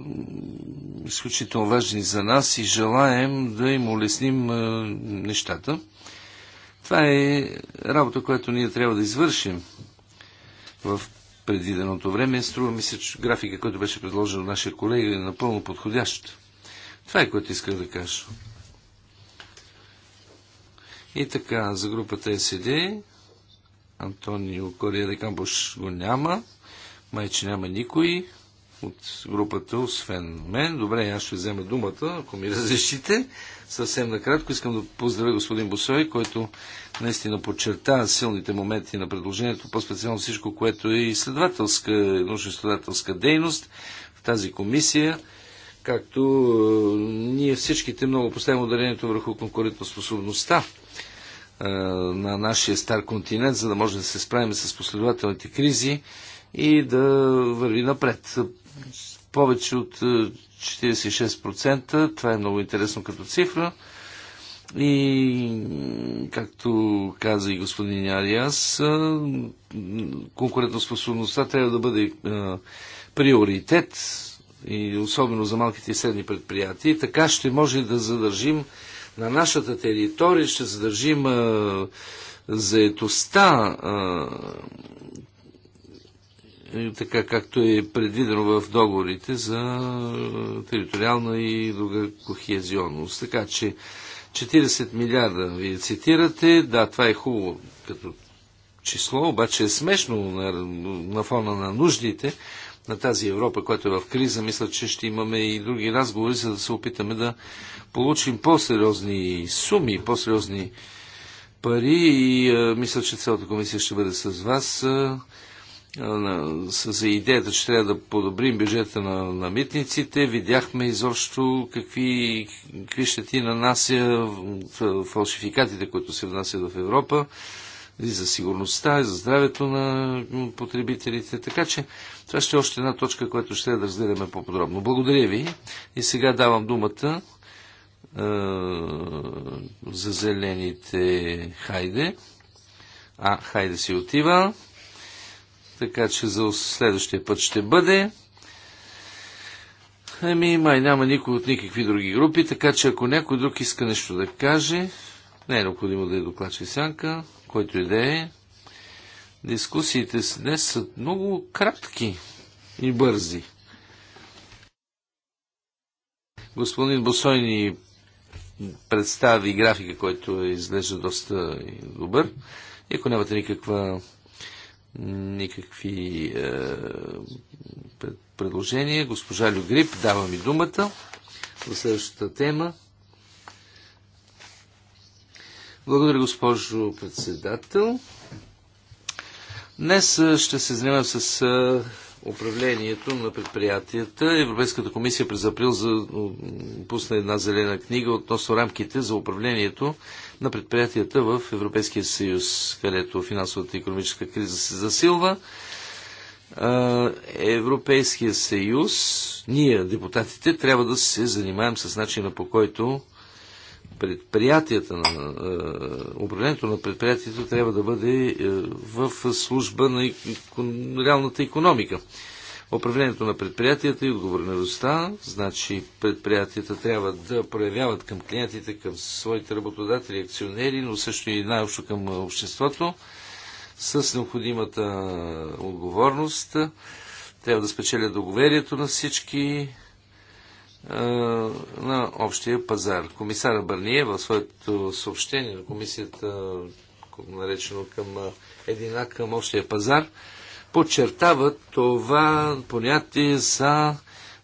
Speaker 2: изключително важни за нас и желаем да им улесним нещата. Това е работа, която ние трябва да извършим в предвиденото време. Струва ми се, че графика, който беше предложен от нашия колега, е напълно подходяща. Това е което исках да кажа. И така, за групата СД Антонио Кория де Камбош го няма. майче няма никой от групата, освен мен. Добре, аз ще взема думата, ако ми разрешите. Съвсем накратко искам да поздравя господин Босой, който наистина подчерта силните моменти на предложението, по-специално всичко, което е изследователска, научно-изследователска дейност в тази комисия, както е, ние всичките много поставим ударението върху конкурентоспособността е, на нашия стар континент, за да може да се справим с последователните кризи и да върви напред. Повече от 46%, е, това е много интересно като цифра. И, както каза и господин Ариас, е, конкурентоспособността трябва да бъде приоритет, и особено за малките и средни предприятия. Така ще може да задържим на нашата територия, ще задържим а, заетостта, а, така както е предвидено в договорите за териториална и друга кохезионност. Така че 40 милиарда вие цитирате, да, това е хубаво като число, обаче е смешно на, на фона на нуждите, на тази Европа, която е в криза, мисля, че ще имаме и други разговори, за да се опитаме да получим по-сериозни суми, по-сериозни пари и а, мисля, че цялата комисия ще бъде с вас а, а, за идеята, че трябва да подобрим бюджета на, на митниците. Видяхме изобщо какви, какви щети нанася фалшификатите, които се внасят в Европа и за сигурността, и за здравето на потребителите. Така че това ще е още една точка, която ще да разгледаме по-подробно. Благодаря ви и сега давам думата е, за зелените хайде. А, хайде си отива. Така че за следващия път ще бъде. Еми май няма никой от никакви други групи, така че ако някой друг иска нещо да каже, не е необходимо да е докладчи сянка който и да е, дискусиите днес са много кратки и бързи. Господин Босой ни представи графика, който е изглежда доста добър. И ако нямате никаква, никакви е, предложения, госпожа Люгрип, давам и думата за следващата тема. Благодаря, госпожо председател. Днес ще се занимавам с управлението на предприятията. Европейската комисия през април за... пусна една зелена книга относно рамките за управлението на предприятията в Европейския съюз, където финансовата и економическа криза се засилва. Европейския съюз, ние, депутатите, трябва да се занимаем с начина по който предприятията, на е, управлението на предприятието трябва да бъде е, в служба на реалната економика. Управлението на предприятията и отговорността, значи предприятията трябва да проявяват към клиентите, към своите работодатели, акционери, но също и най-общо към е, обществото, с необходимата отговорност. Трябва да спечелят доверието на всички на общия пазар. Комисара Бърние в своето съобщение на комисията, наречено към едина към общия пазар, подчертава това понятие за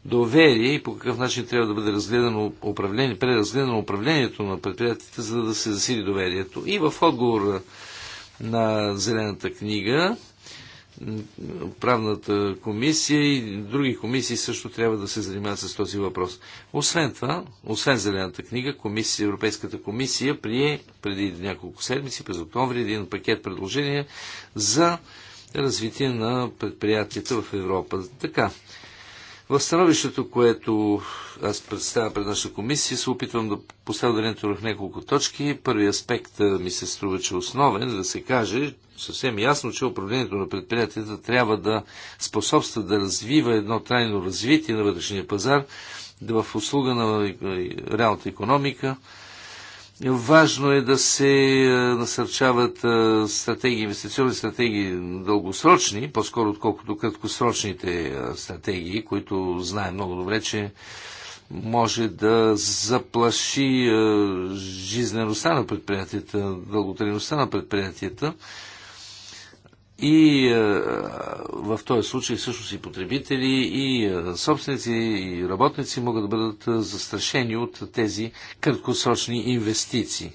Speaker 2: доверие и по какъв начин трябва да бъде разгледано управление, преразгледано управлението на предприятията, за да се засили доверието. И в отговор на Зелената книга правната комисия и други комисии също трябва да се занимават с този въпрос. Освен това, освен Зелената книга, комисия, Европейската комисия прие преди няколко седмици, през октомври, един пакет предложения за развитие на предприятията в Европа. Така, в становището, което аз представя пред нашата комисия, се опитвам да поставя дарението в няколко точки. Първият аспект ми се струва, че е основен, да се каже съвсем ясно, че управлението на предприятията трябва да способства да развива едно трайно развитие на вътрешния пазар в услуга на реалната економика, е, важно е да се е, насърчават е, стратегии, инвестиционни стратегии дългосрочни, по-скоро отколкото краткосрочните стратегии, които знаем много добре, че може да заплаши жизнеността на предприятията, дълготрайността на предприятията и е, в този случай всъщност и потребители, и е, собственици, и работници могат да бъдат е, застрашени от тези краткосрочни инвестиции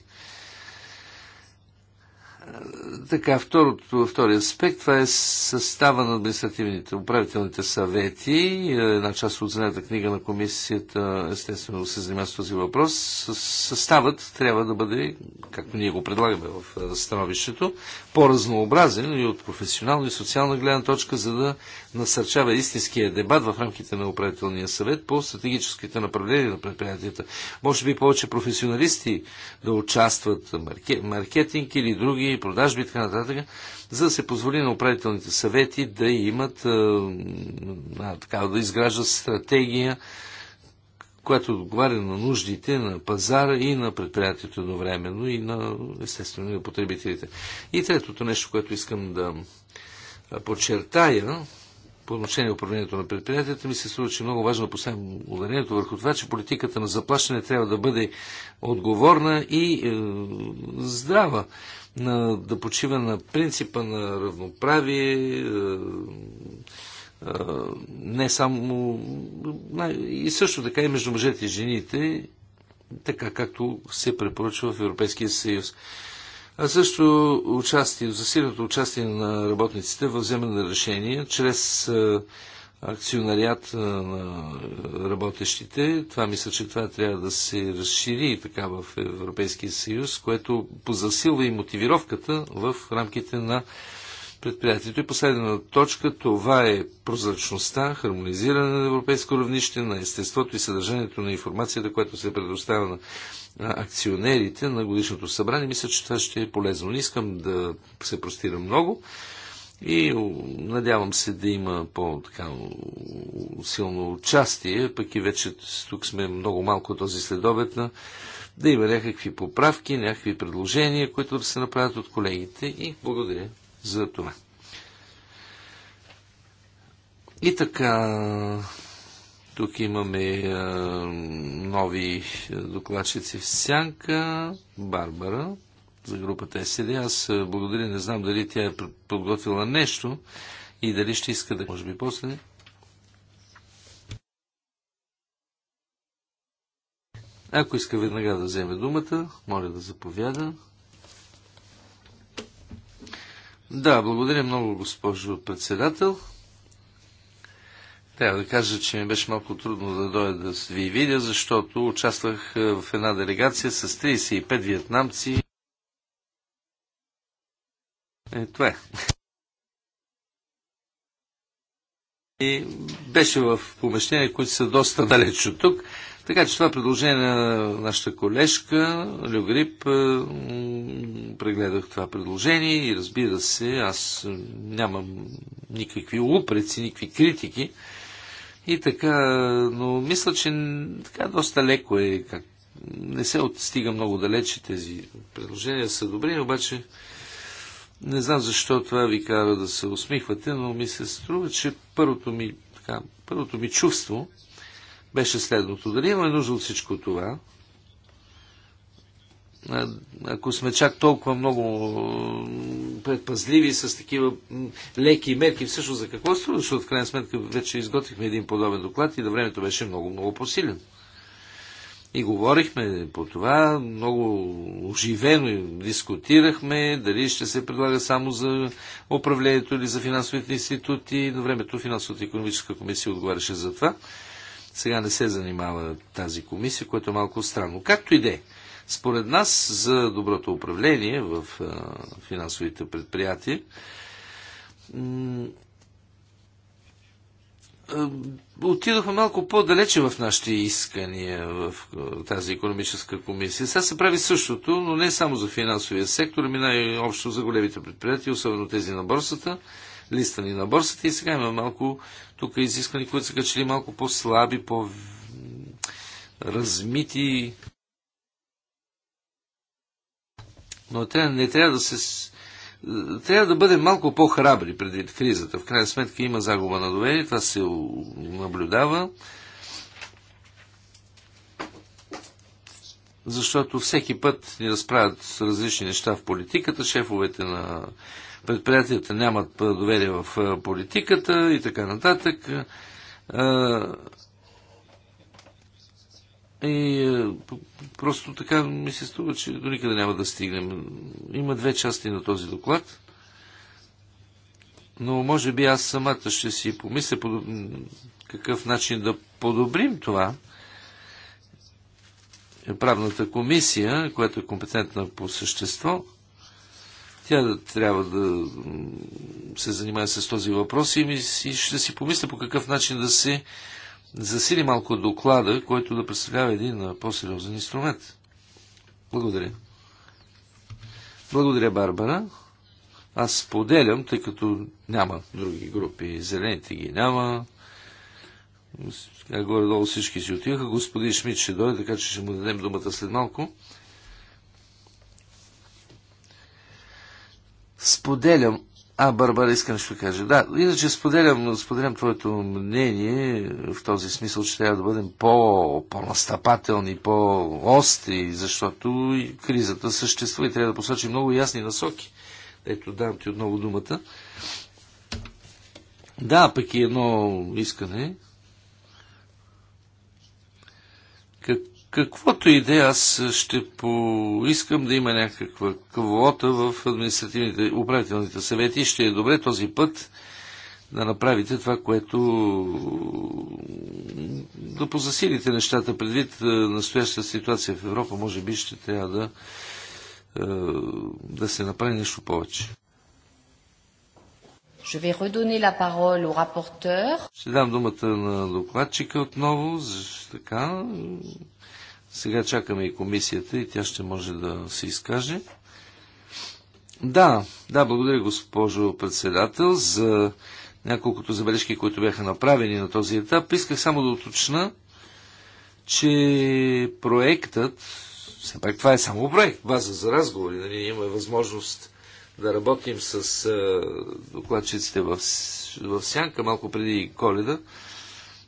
Speaker 2: така, второто, втори аспект, това е състава на административните управителните съвети. Е, една част от знаята книга на комисията, естествено, се занимава с този въпрос. Съставът трябва да бъде, както ние го предлагаме в е, становището, по-разнообразен и от професионална и социална гледна точка, за да насърчава истинския дебат в рамките на управителния съвет по стратегическите направления на предприятията. Може би повече професионалисти да участват, маркетинг или други и продажби и така нататък, за да се позволи на управителните съвети да имат, е, а, така, да изграждат стратегия, която отговаря на нуждите на пазара и на предприятието едновременно и на, естествено, и на потребителите. И третото нещо, което искам да е, подчертая, по отношение на управлението на предприятията, ми се струва, че е много важно да поставим ударението върху това, че политиката на заплащане трябва да бъде отговорна и е, здрава на, да почива на принципа на равноправие, е, е, не само. И също така и между мъжете и жените, така както се препоръчва в Европейския съюз. А също участие, засиленото участие на работниците в вземане на решения чрез е, акционарият на работещите. Това мисля, че това трябва да се разшири и така в Европейския съюз, което позасилва и мотивировката в рамките на предприятието. И последна точка, това е прозрачността, хармонизиране на европейско равнище, на естеството и съдържанието на информацията, която се предоставя на акционерите на годишното събрание. Мисля, че това ще е полезно. Не искам да се простира много. И надявам се да има по-силно участие, пък и вече тук сме много малко този следобед на да има някакви поправки, някакви предложения, които да се направят от колегите и благодаря за това. И така, тук имаме нови докладчици в сянка. Барбара, за групата СД. Аз благодаря, не знам дали тя е подготвила нещо и дали ще иска да... Може би после. Ако иска веднага да вземе думата, моля да заповяда. Да, благодаря много, госпожо председател. Трябва да кажа, че ми беше малко трудно да дойда да ви видя, защото участвах в една делегация с 35 вьетнамци. Е, това е. И беше в помещения, които са доста далеч от тук. Така че това е предложение на нашата колежка Люгрип, е, прегледах това предложение и разбира се, аз нямам никакви упреци, никакви критики. И така, но мисля, че така доста леко е, как, не се отстига много далече тези предложения са добри, обаче не знам защо това ви кара да се усмихвате, но ми се струва, че първото ми, така, първото ми чувство беше следното. Дали имаме нужда от всичко това? ако сме чак толкова много предпазливи с такива леки мерки, всъщност за какво струва? Защото в крайна сметка вече изготвихме един подобен доклад и да времето беше много, много посилен. И говорихме по това, много оживено дискутирахме дали ще се предлага само за управлението или за финансовите институти. До времето финансовата економическа комисия отговаряше за това. Сега не се занимава тази комисия, което е малко странно. Както и де, според нас за доброто управление в финансовите предприятия е, отидохме малко по-далече в нашите искания в е, тази економическа комисия. Сега се прави същото, но не само за финансовия сектор, ами най-общо за големите предприятия, особено тези на борсата, листа ни на борсата. И сега има малко тук изискани, които са качели малко по-слаби, по-размити. Но не трябва да се трябва да бъдем малко по-храбри преди кризата. В крайна сметка има загуба на доверие, това се наблюдава. Защото всеки път ни разправят различни неща в политиката, шефовете на предприятията нямат доверие в политиката и така нататък. И е, просто така ми се струва, че до никъде няма да стигнем. Има две части на този доклад. Но може би аз самата ще си помисля по какъв начин да подобрим това. Правната комисия, която е компетентна по същество, тя трябва да се занимава с този въпрос и, и ще си помисля по какъв начин да се засили малко доклада, който да представлява един по-сериозен инструмент. Благодаря. Благодаря, Барбара. Аз поделям, тъй като няма други групи. Зелените ги няма. Горе-долу всички си отиваха. Господин Шмидт ще дойде, така че ще му дадем думата след малко. Споделям а, Барбара, искам да кажа. Да, иначе споделям, споделям твоето мнение в този смисъл, че трябва да бъдем по, по-настъпателни, по-остри, защото и кризата съществува и трябва да посочи много ясни насоки. Ето, дам ти отново думата. Да, пък и едно искане, Каквото и да е, аз ще поискам да има някаква квота в административните, управителните съвети. Ще е добре този път да направите това, което да позасилите нещата предвид е, настоящата ситуация в Европа. Може би ще трябва да, е, да се направи нещо повече. Ще дам думата на докладчика отново, така, сега чакаме и комисията и тя ще може да се изкаже. Да, да, благодаря госпожо председател за няколкото забележки, които бяха направени на този етап. Исках само да уточна, че проектът, все пак това е само проект, база за разговори, нали, имаме възможност да работим с докладчиците в, в сянка малко преди коледа.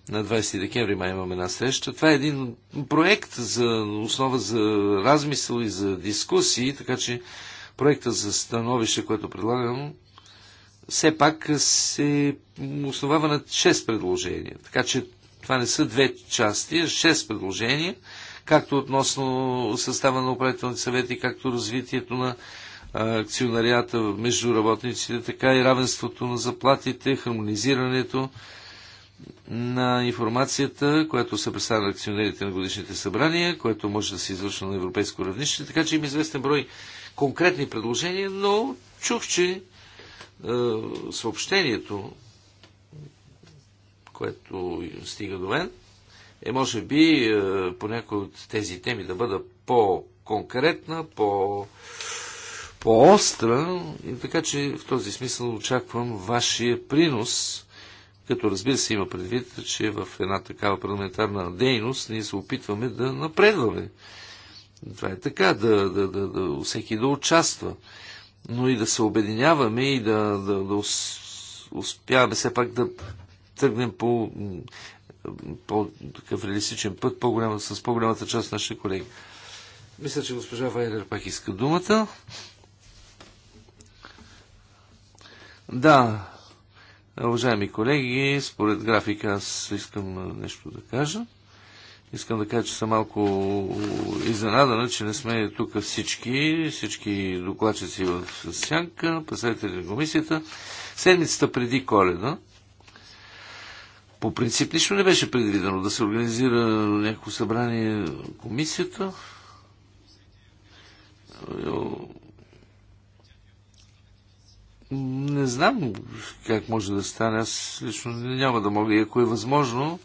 Speaker 2: На 20 декември май имаме една среща. Това е един проект за основа за размисъл и за дискусии, така че проекта за становище, което предлагам, все пак се основава на 6 предложения. Така че това не са две части, а 6 предложения, както относно състава на управителни съвети, както развитието на акционарията между работниците, така и равенството на заплатите, хармонизирането на информацията, която се представя на акционерите на годишните събрания, което може да се извършва на европейско равнище. Така че има известен брой конкретни предложения, но чух, че е, съобщението, което стига до мен, е може би е, по някои от тези теми да бъда по-конкретна, по- по-остра. И така че в този смисъл очаквам вашия принос като разбира се има предвид, че в една такава парламентарна дейност ние се опитваме да напредваме. Това е така, да, да, да, да всеки да участва, но и да се обединяваме и да, да, да успяваме все пак да тръгнем по, по такъв реалистичен път, по с по-голямата част на нашите колеги. Мисля, че госпожа Вайлер пак иска думата. Да, Уважаеми колеги, според графика аз искам нещо да кажа. Искам да кажа, че съм малко изненадана, че не сме тук всички, всички докладчици в сянка, представители на комисията. Седмицата преди коледа, по принцип нищо не беше предвидено да се организира някакво събрание комисията. Не знам как може да стане. Аз лично няма да мога. И ако е възможно,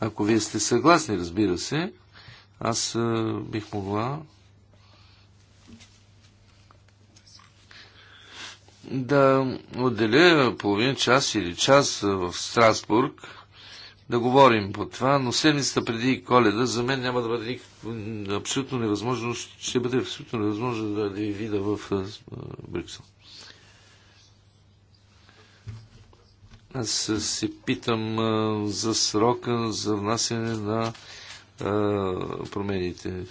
Speaker 2: ако вие сте съгласни, разбира се, аз бих могла да отделя половин час или час в Страсбург да говорим по това, но седмицата преди коледа за мен няма да бъде никакво, абсолютно невъзможно, ще бъде абсолютно невъзможно да ви вида в Брюксел. Аз се питам а, за срока за внасяне на а, промените.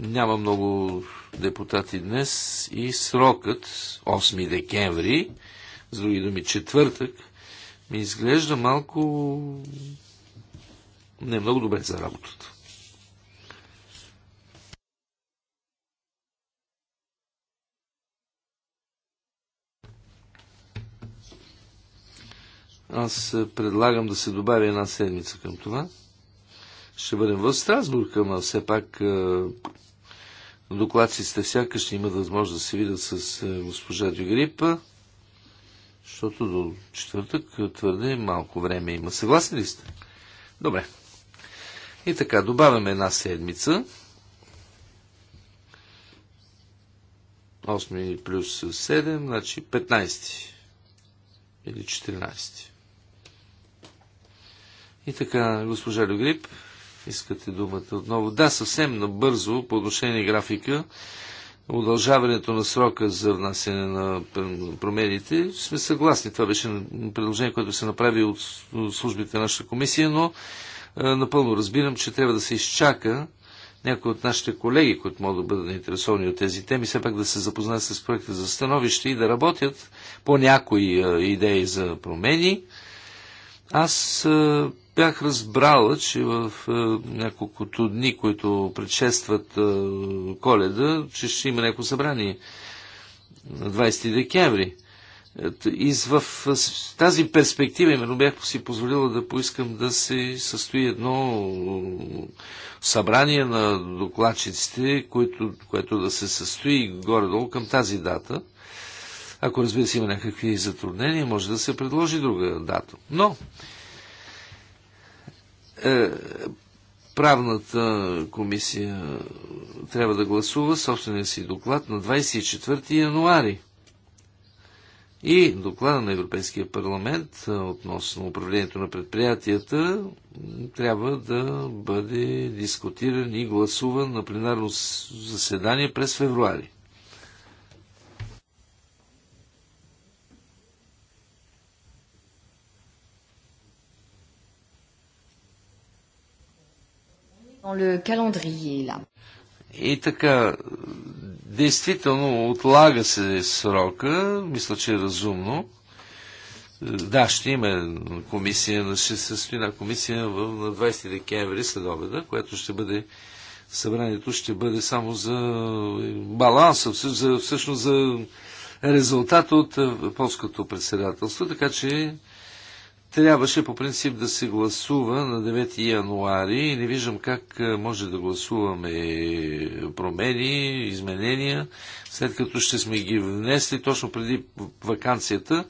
Speaker 2: Няма много депутати днес и срокът 8 декември, с други думи четвъртък, ми изглежда малко не е много добре за работата. Аз предлагам да се добавя една седмица към това. Ще бъдем в Страсбург, ама все пак е, докладците, сякаш ще имат възможност да се видят с е, госпожа Дюгрипа защото до четвъртък твърде малко време има. Съгласни ли сте? Добре. И така, добавяме една седмица. 8 плюс 7, значи 15 или 14. И така, госпожа Люгрип, искате думата отново. Да, съвсем набързо по отношение графика удължаването на срока за внасяне на промените, сме съгласни. Това беше предложение, което се направи от службите на нашата комисия, но е, напълно разбирам, че трябва да се изчака някои от нашите колеги, които могат да бъдат интересовани от тези теми, все пак да се запознаят с проекта за становище и да работят по някои е, идеи за промени аз е, бях разбрала, че в е, няколкото дни, които предшестват е, коледа, че ще има някакво събрание на 20 декември. И в тази перспектива, именно бях си позволила да поискам да се състои едно събрание на докладчиците, което, което да се състои горе-долу към тази дата – ако разбира се има някакви затруднения, може да се предложи друга дата. Но е, правната комисия трябва да гласува собствения си доклад на 24 януари. И доклада на Европейския парламент е, относно управлението на предприятията трябва да бъде дискутиран и гласуван на пленарно заседание през февруари. И така, действително отлага се срока, мисля, че е разумно. Да, ще има комисия, ще се състои на комисия на 20 декември след обеда, което ще бъде събранието ще бъде само за баланса, за, всъщност за резултата от е, полското председателство, така че трябваше по принцип да се гласува на 9 януари и не виждам как може да гласуваме промени, изменения, след като ще сме ги внесли точно преди вакансията,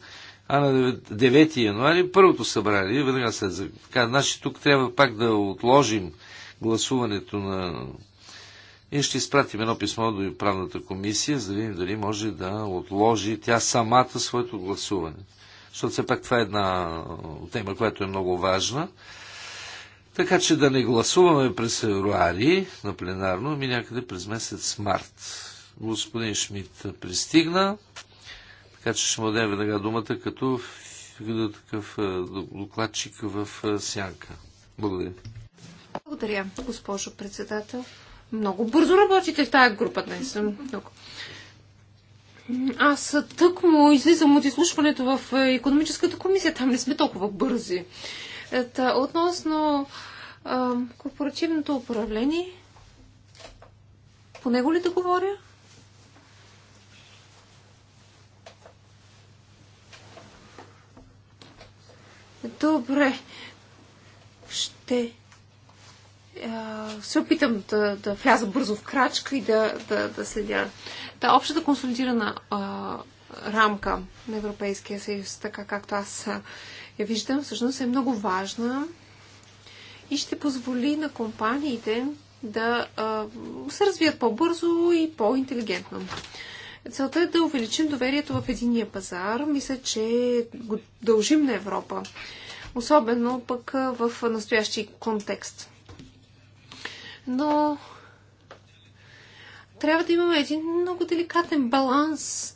Speaker 2: а на 9 януари първото събрание, веднага след така, значи тук трябва пак да отложим гласуването на и ще изпратим едно писмо до правната комисия, за да видим дали може да отложи тя самата своето гласуване защото все пак това е една тема, която е много важна. Така че да не гласуваме през февруари на пленарно, ми някъде през месец март. Господин Шмидт пристигна, така че ще му дадем веднага думата като такъв е, докладчик в е, сянка. Благодаря.
Speaker 3: Благодаря, госпожо председател. Много бързо работите в тази група днес. Много. Аз тък му излизам от изслушването в е, економическата комисия. Там не сме толкова бързи. Е, та, относно а, корпоративното управление, по него ли да говоря? Добре. Ще се опитам да, да вляза бързо в крачка и да, да, да следя. Та общата консолидирана а, рамка на Европейския съюз, така както аз я виждам, всъщност е много важна и ще позволи на компаниите да а, се развият по-бързо и по-интелигентно. Целта е да увеличим доверието в единия пазар. Мисля, че го дължим на Европа. Особено пък в настоящия контекст но трябва да имаме един много деликатен баланс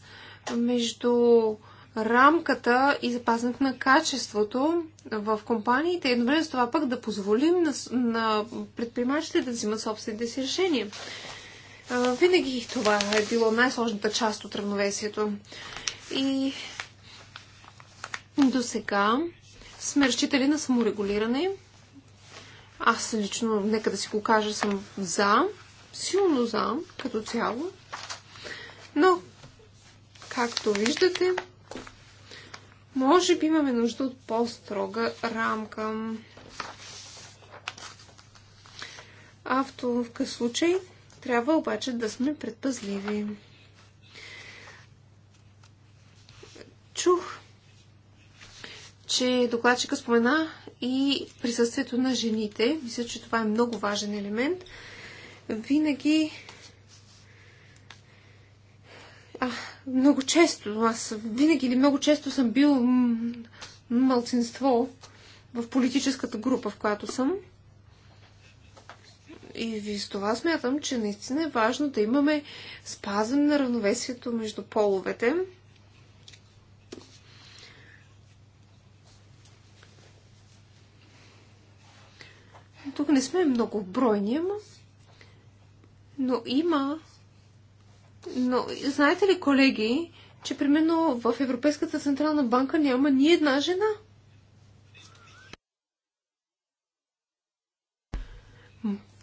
Speaker 3: между рамката и запазването на качеството в компаниите. Едновременно с това пък да позволим на, на предприемачите да взимат собствените си решения. Винаги това е било най-сложната част от равновесието. И до сега сме разчитали на саморегулиране, аз лично, нека да си го кажа, съм за, силно за, като цяло. Но, както виждате, може би имаме нужда от по-строга рамка. А в такъв случай трябва обаче да сме предпазливи. Чух, че докладчика спомена, и присъствието на жените. Мисля, че това е много важен елемент. Винаги. А, много често, аз винаги или много често съм бил мълцинство в политическата група, в която съм. И ви с това смятам, че наистина е важно да имаме спазване на равновесието между половете Тук не сме много бройни, ама... Но има... Но знаете ли, колеги, че примерно в Европейската Централна банка няма ни една жена?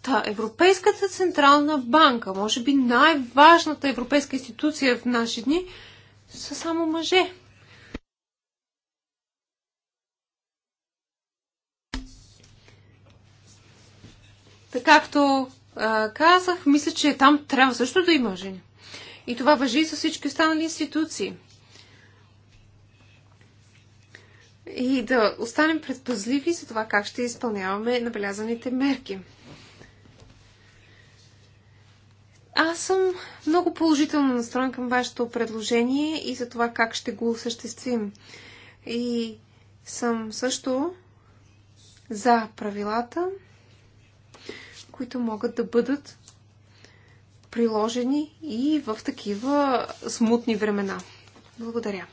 Speaker 3: Та, Европейската Централна банка, може би най-важната европейска институция в наши дни, са само мъже. Както а, казах, мисля, че там трябва също да има жени. И това въжи и за всички останали институции. И да останем предпазливи за това как ще изпълняваме набелязаните мерки. Аз съм много положително настроен към вашето предложение и за това как ще го осъществим. И съм също за правилата, които могат да бъдат приложени и в такива смутни времена. Благодаря.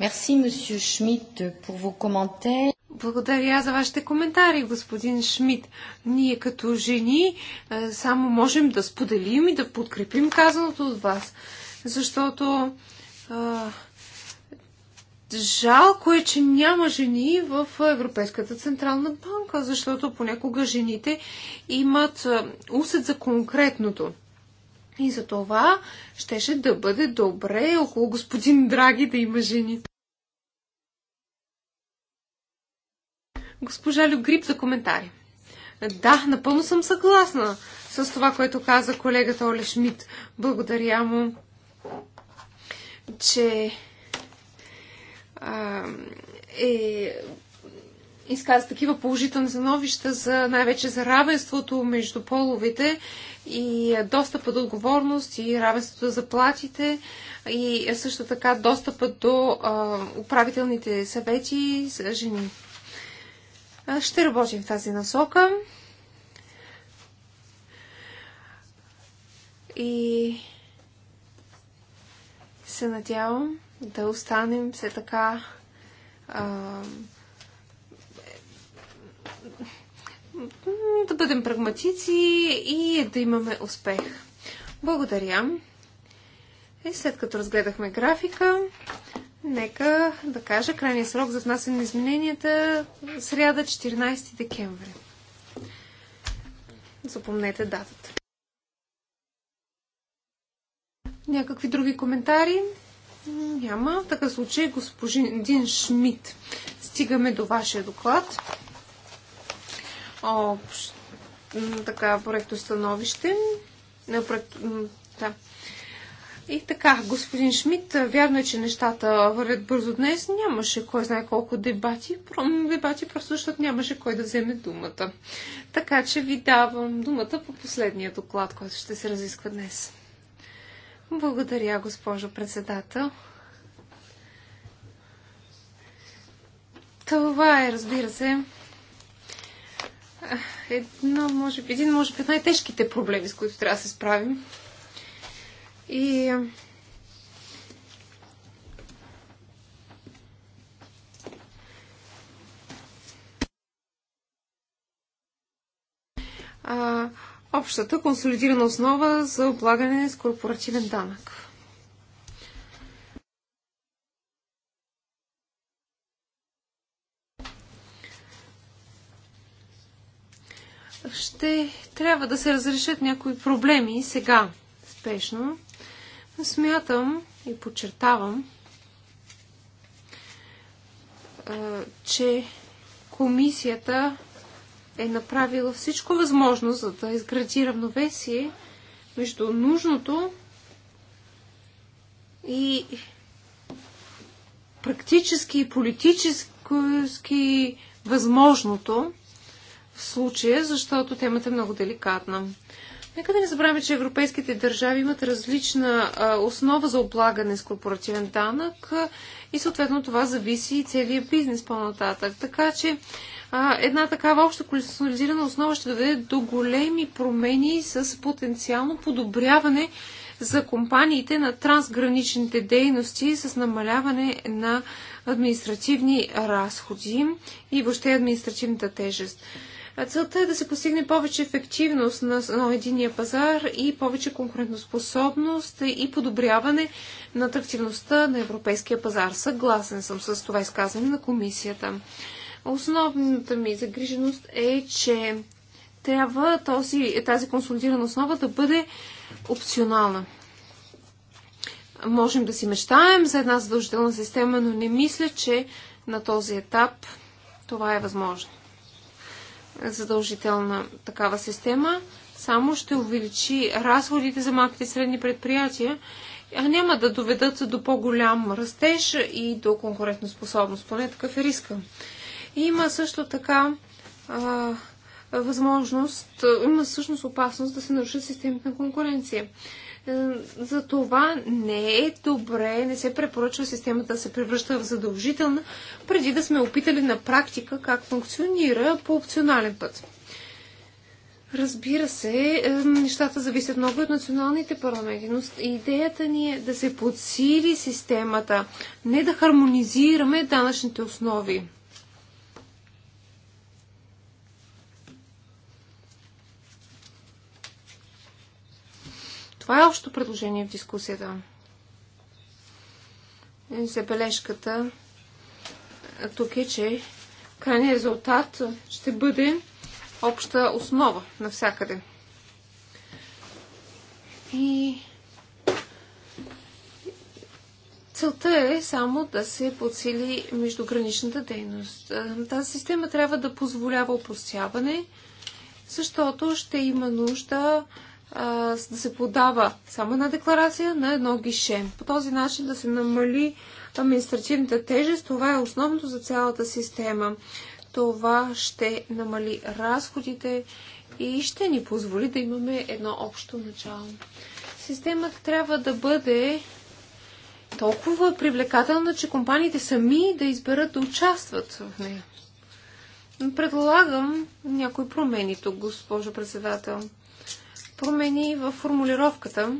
Speaker 3: Merci, monsieur Schmidt, pour vos commentaires. Благодаря за вашите коментари, господин Шмидт. Ние като жени е, само можем да споделим и да подкрепим казаното от вас, защото а, е, Жалко е, че няма жени в Европейската централна банка, защото понякога жените имат усет за конкретното. И за това щеше да бъде добре около господин Драги да има жени. Госпожа Люгрип за коментари. Да, напълно съм съгласна с това, което каза колегата Оле Шмидт. Благодаря му, че е изказа такива положителни становища за най-вече за равенството между половите и е, достъпа до отговорност и равенството за платите и е, също така достъпа до а, управителните съвети за жени. А, ще работим в тази насока. И се надявам да останем все така а, да бъдем прагматици и да имаме успех. Благодаря. И след като разгледахме графика, нека да кажа крайния срок за внасяне на измененията сряда 14 декември. Запомнете датата. Някакви други коментари? Няма. В такъв случай, господин Шмидт, стигаме до вашия доклад. така, проекто становище. На проект, да. И така, господин Шмидт, вярно е, че нещата вървят бързо днес. Нямаше кой знае колко дебати. Дебати просто защото нямаше кой да вземе думата. Така че ви давам думата по последния доклад, който ще се разисква днес. Благодаря, госпожо председател. Това е, разбира се, едно, може би, един, може би, от най-тежките проблеми, с които трябва да се справим. И а, общата консолидирана основа за облагане с корпоративен данък. Ще трябва да се разрешат някои проблеми сега, спешно. Смятам и подчертавам, че комисията е направила всичко възможно, за да изгради равновесие между нужното и практически и политически възможното в случая, защото темата е много деликатна. Нека да не забравяме, че европейските държави имат различна а, основа за облагане с корпоративен данък и съответно това зависи и целият бизнес по-нататък. Така че а, една такава обща колесонализирана основа ще доведе до големи промени с потенциално подобряване за компаниите на трансграничните дейности с намаляване на административни разходи и въобще административната тежест. Целта е да се постигне повече ефективност на, единия пазар и повече конкурентоспособност и подобряване на атрактивността на европейския пазар. Съгласен съм с това изказване на комисията. Основната ми загриженост е, че трябва този, тази консолидирана основа да бъде опционална. Можем да си мечтаем за една задължителна система, но не мисля, че на този етап това е възможно задължителна такава система, само ще увеличи разходите за малките и средни предприятия, а няма да доведат до по-голям растеж и до конкурентоспособност. Поне такъв е риска. Има също така а, възможност, има всъщност опасност да се нарушат системите на конкуренция. За това не е добре, не се препоръчва системата да се превръща в задължителна, преди да сме опитали на практика как функционира по опционален път. Разбира се, нещата зависят много от националните парламенти, но идеята ни е да се подсили системата, не да хармонизираме данъчните основи. Това е общо предложение в дискусията. Забележката тук е, че крайният резултат ще бъде обща основа навсякъде. И целта е само да се подсили междуграничната дейност. Тази система трябва да позволява опростяване, защото ще има нужда да се подава само една декларация на едно гише. По този начин да се намали административната тежест, това е основното за цялата система. Това ще намали разходите и ще ни позволи да имаме едно общо начало. Системата трябва да бъде толкова привлекателна, че компаниите сами да изберат да участват в нея. Предлагам някои промени тук, госпожо председател промени в формулировката.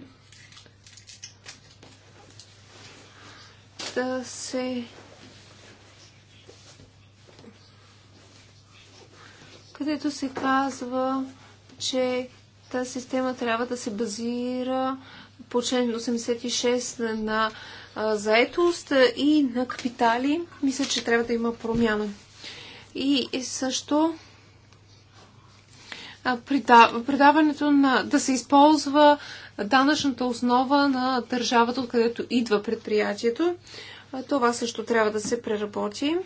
Speaker 3: Да се. където се казва, че тази система трябва да се базира по член 86 на заетост и на капитали. Мисля, че трябва да има промяна. И също предаването на, да се използва данъчната основа на държавата, откъдето идва предприятието. Това също трябва да се преработи.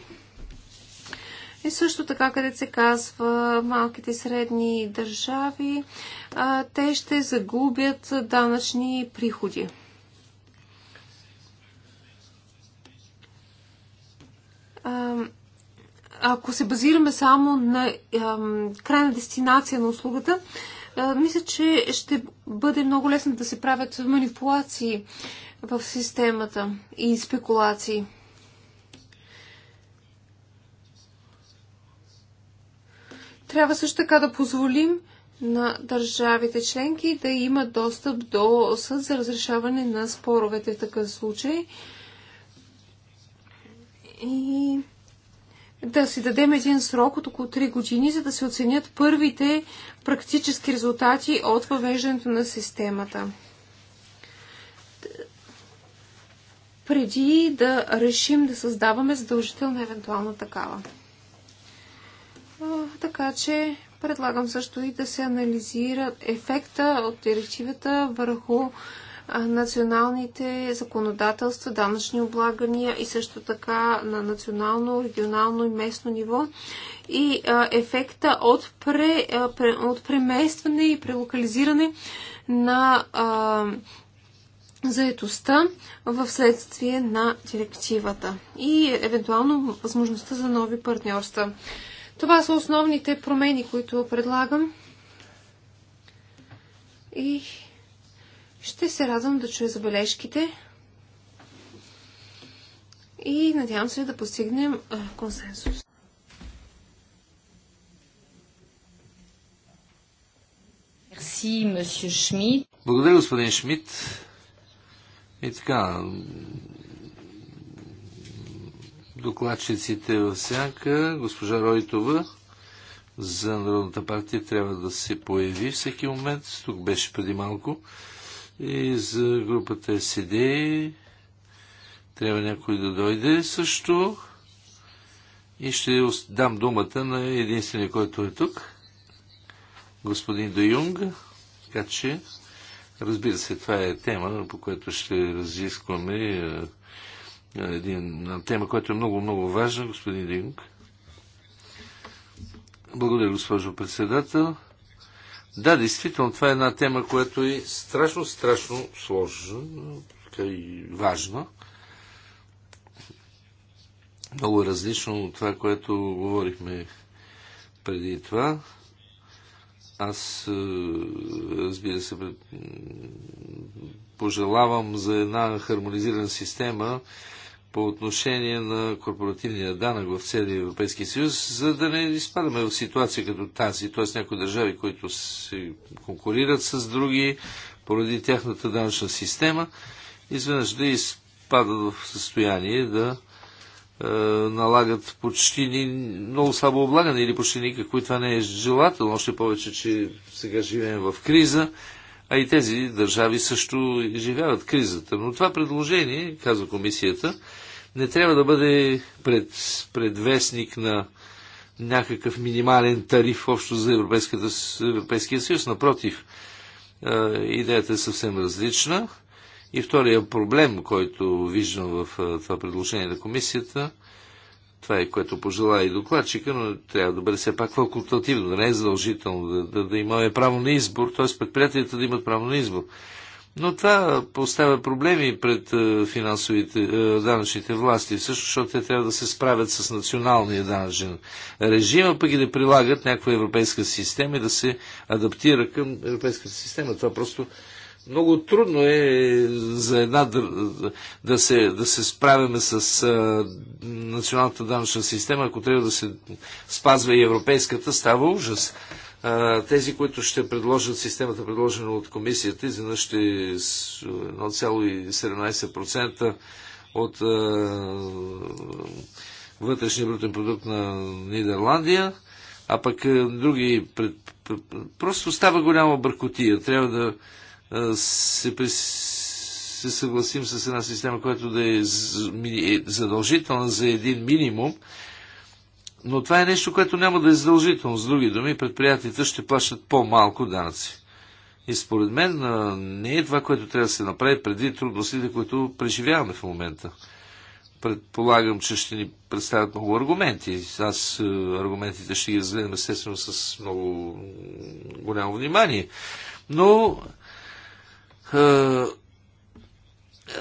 Speaker 3: И също така, където се казва малките и средни държави, те ще загубят данъчни приходи ако се базираме само на крайна дестинация на услугата, мисля, че ще бъде много лесно да се правят манипулации в системата и спекулации. Трябва също така да позволим на държавите членки да имат достъп до съд за разрешаване на споровете в такъв случай. И да си дадем един срок от около 3 години, за да се оценят първите практически резултати от въвеждането на системата. Преди да решим да създаваме задължителна евентуална такава. Така че предлагам също и да се анализира ефекта от директивата върху националните законодателства, данъчни облагания и също така на национално, регионално и местно ниво и ефекта от, пре, от преместване и прелокализиране на а, заетостта в следствие на директивата и евентуално възможността за нови партньорства. Това са основните промени, които предлагам. И ще се радвам да чуя забележките и надявам се да постигнем
Speaker 1: консенсус.
Speaker 2: Благодаря, господин Шмидт. И така, докладчиците в сянка, госпожа Ройтова за Народната партия трябва да се появи всеки момент. Тук беше преди малко. И за групата СД трябва някой да дойде също. И ще дам думата на единствения, който е тук, господин Де Юнг. Така че, разбира се, това е тема, по която ще разискваме е, един, тема, която е много, много важна, господин Де Юнг. Благодаря, госпожо председател. Да, действително, това е една тема, която е страшно, страшно сложна и важна. Много е различно от това, което говорихме преди това. Аз, е, разбира се, пожелавам за една хармонизирана система, по отношение на корпоративния данък в целия Европейски съюз, за да не изпадаме в ситуация като тази, т.е. някои държави, които се конкурират с други поради тяхната данъчна система, изведнъж да изпадат в състояние да е, налагат почти ни, много слабо облагане или почти никакво и това не е желателно, още повече, че сега живеем в криза а и тези държави също живяват кризата. Но това предложение, казва комисията, не трябва да бъде пред, предвестник на някакъв минимален тариф общо за Европейския съюз. Напротив, идеята е съвсем различна. И втория проблем, който виждам в това предложение на комисията, това е което пожела и докладчика, но трябва да бъде все пак факултативно, да не е задължително, да, да, да имаме право на избор, т.е. предприятията да имат право на избор. Но това поставя проблеми пред е, финансовите е, данъчните власти, също защото те трябва да се справят с националния данъчен режим, а пък и да прилагат някаква европейска система и да се адаптира към европейската система. Това просто много трудно е за една да се, да се справяме с а, е, националната данъчна система, ако трябва да се спазва и европейската, става ужас тези, които ще предложат системата, предложена от комисията, изведнъж ще 1,17% от а, вътрешния брутен продукт на Нидерландия, а пък други пред, пред, просто става голяма бъркотия. Трябва да а, се, прес, се съгласим с една система, която да е, е задължителна за един минимум, но това е нещо, което няма да е задължително. С други думи, предприятията ще плащат по-малко данъци. И според мен не е това, което трябва да се направи преди трудностите, които преживяваме в момента. Предполагам, че ще ни представят много аргументи. Аз аргументите ще ги разгледам естествено с много голямо внимание. Но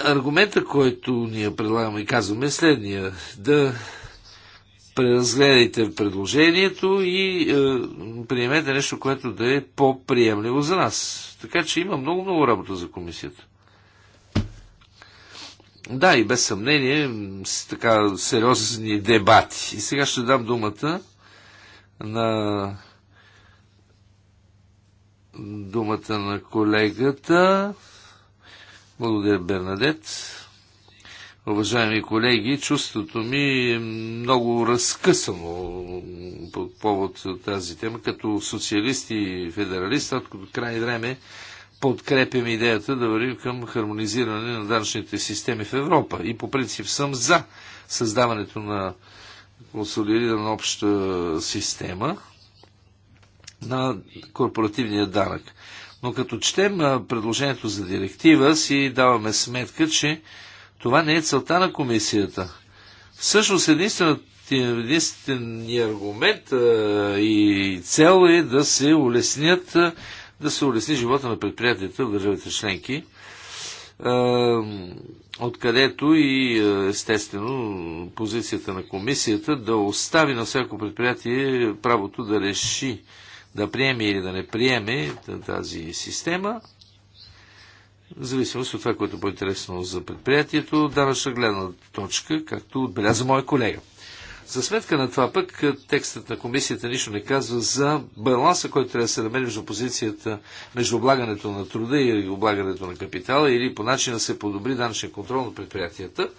Speaker 2: аргумента, който ние предлагаме и казваме е следния. Да преразгледайте предложението и е, приемете нещо, което да е по-приемливо за нас. Така че има много-много работа за комисията. Да, и без съмнение, с така сериозни дебати. И сега ще дам думата на думата на колегата. Благодаря, Бернадет уважаеми колеги, чувството ми е много разкъсано по повод тази тема. Като социалист и федералист, от край време подкрепям идеята да вървим към хармонизиране на данъчните системи в Европа. И по принцип съм за създаването на консолидирана обща система на корпоративния данък. Но като четем предложението за директива, си даваме сметка, че това не е целта на комисията. Всъщност единственият аргумент а, и цел е да се улеснят, а, да се улесни живота на предприятията в държавите членки, а, откъдето и естествено позицията на комисията да остави на всяко предприятие правото да реши да приеме или да не приеме тази система в зависимост от това, което е по-интересно за предприятието, данъчна гледна точка, както отбеляза моя колега. За сметка на това пък текстът на комисията нищо не казва за баланса, който трябва да се намери между позицията между облагането на труда и облагането на капитала или по начин да се подобри данъчен контрол на предприятията.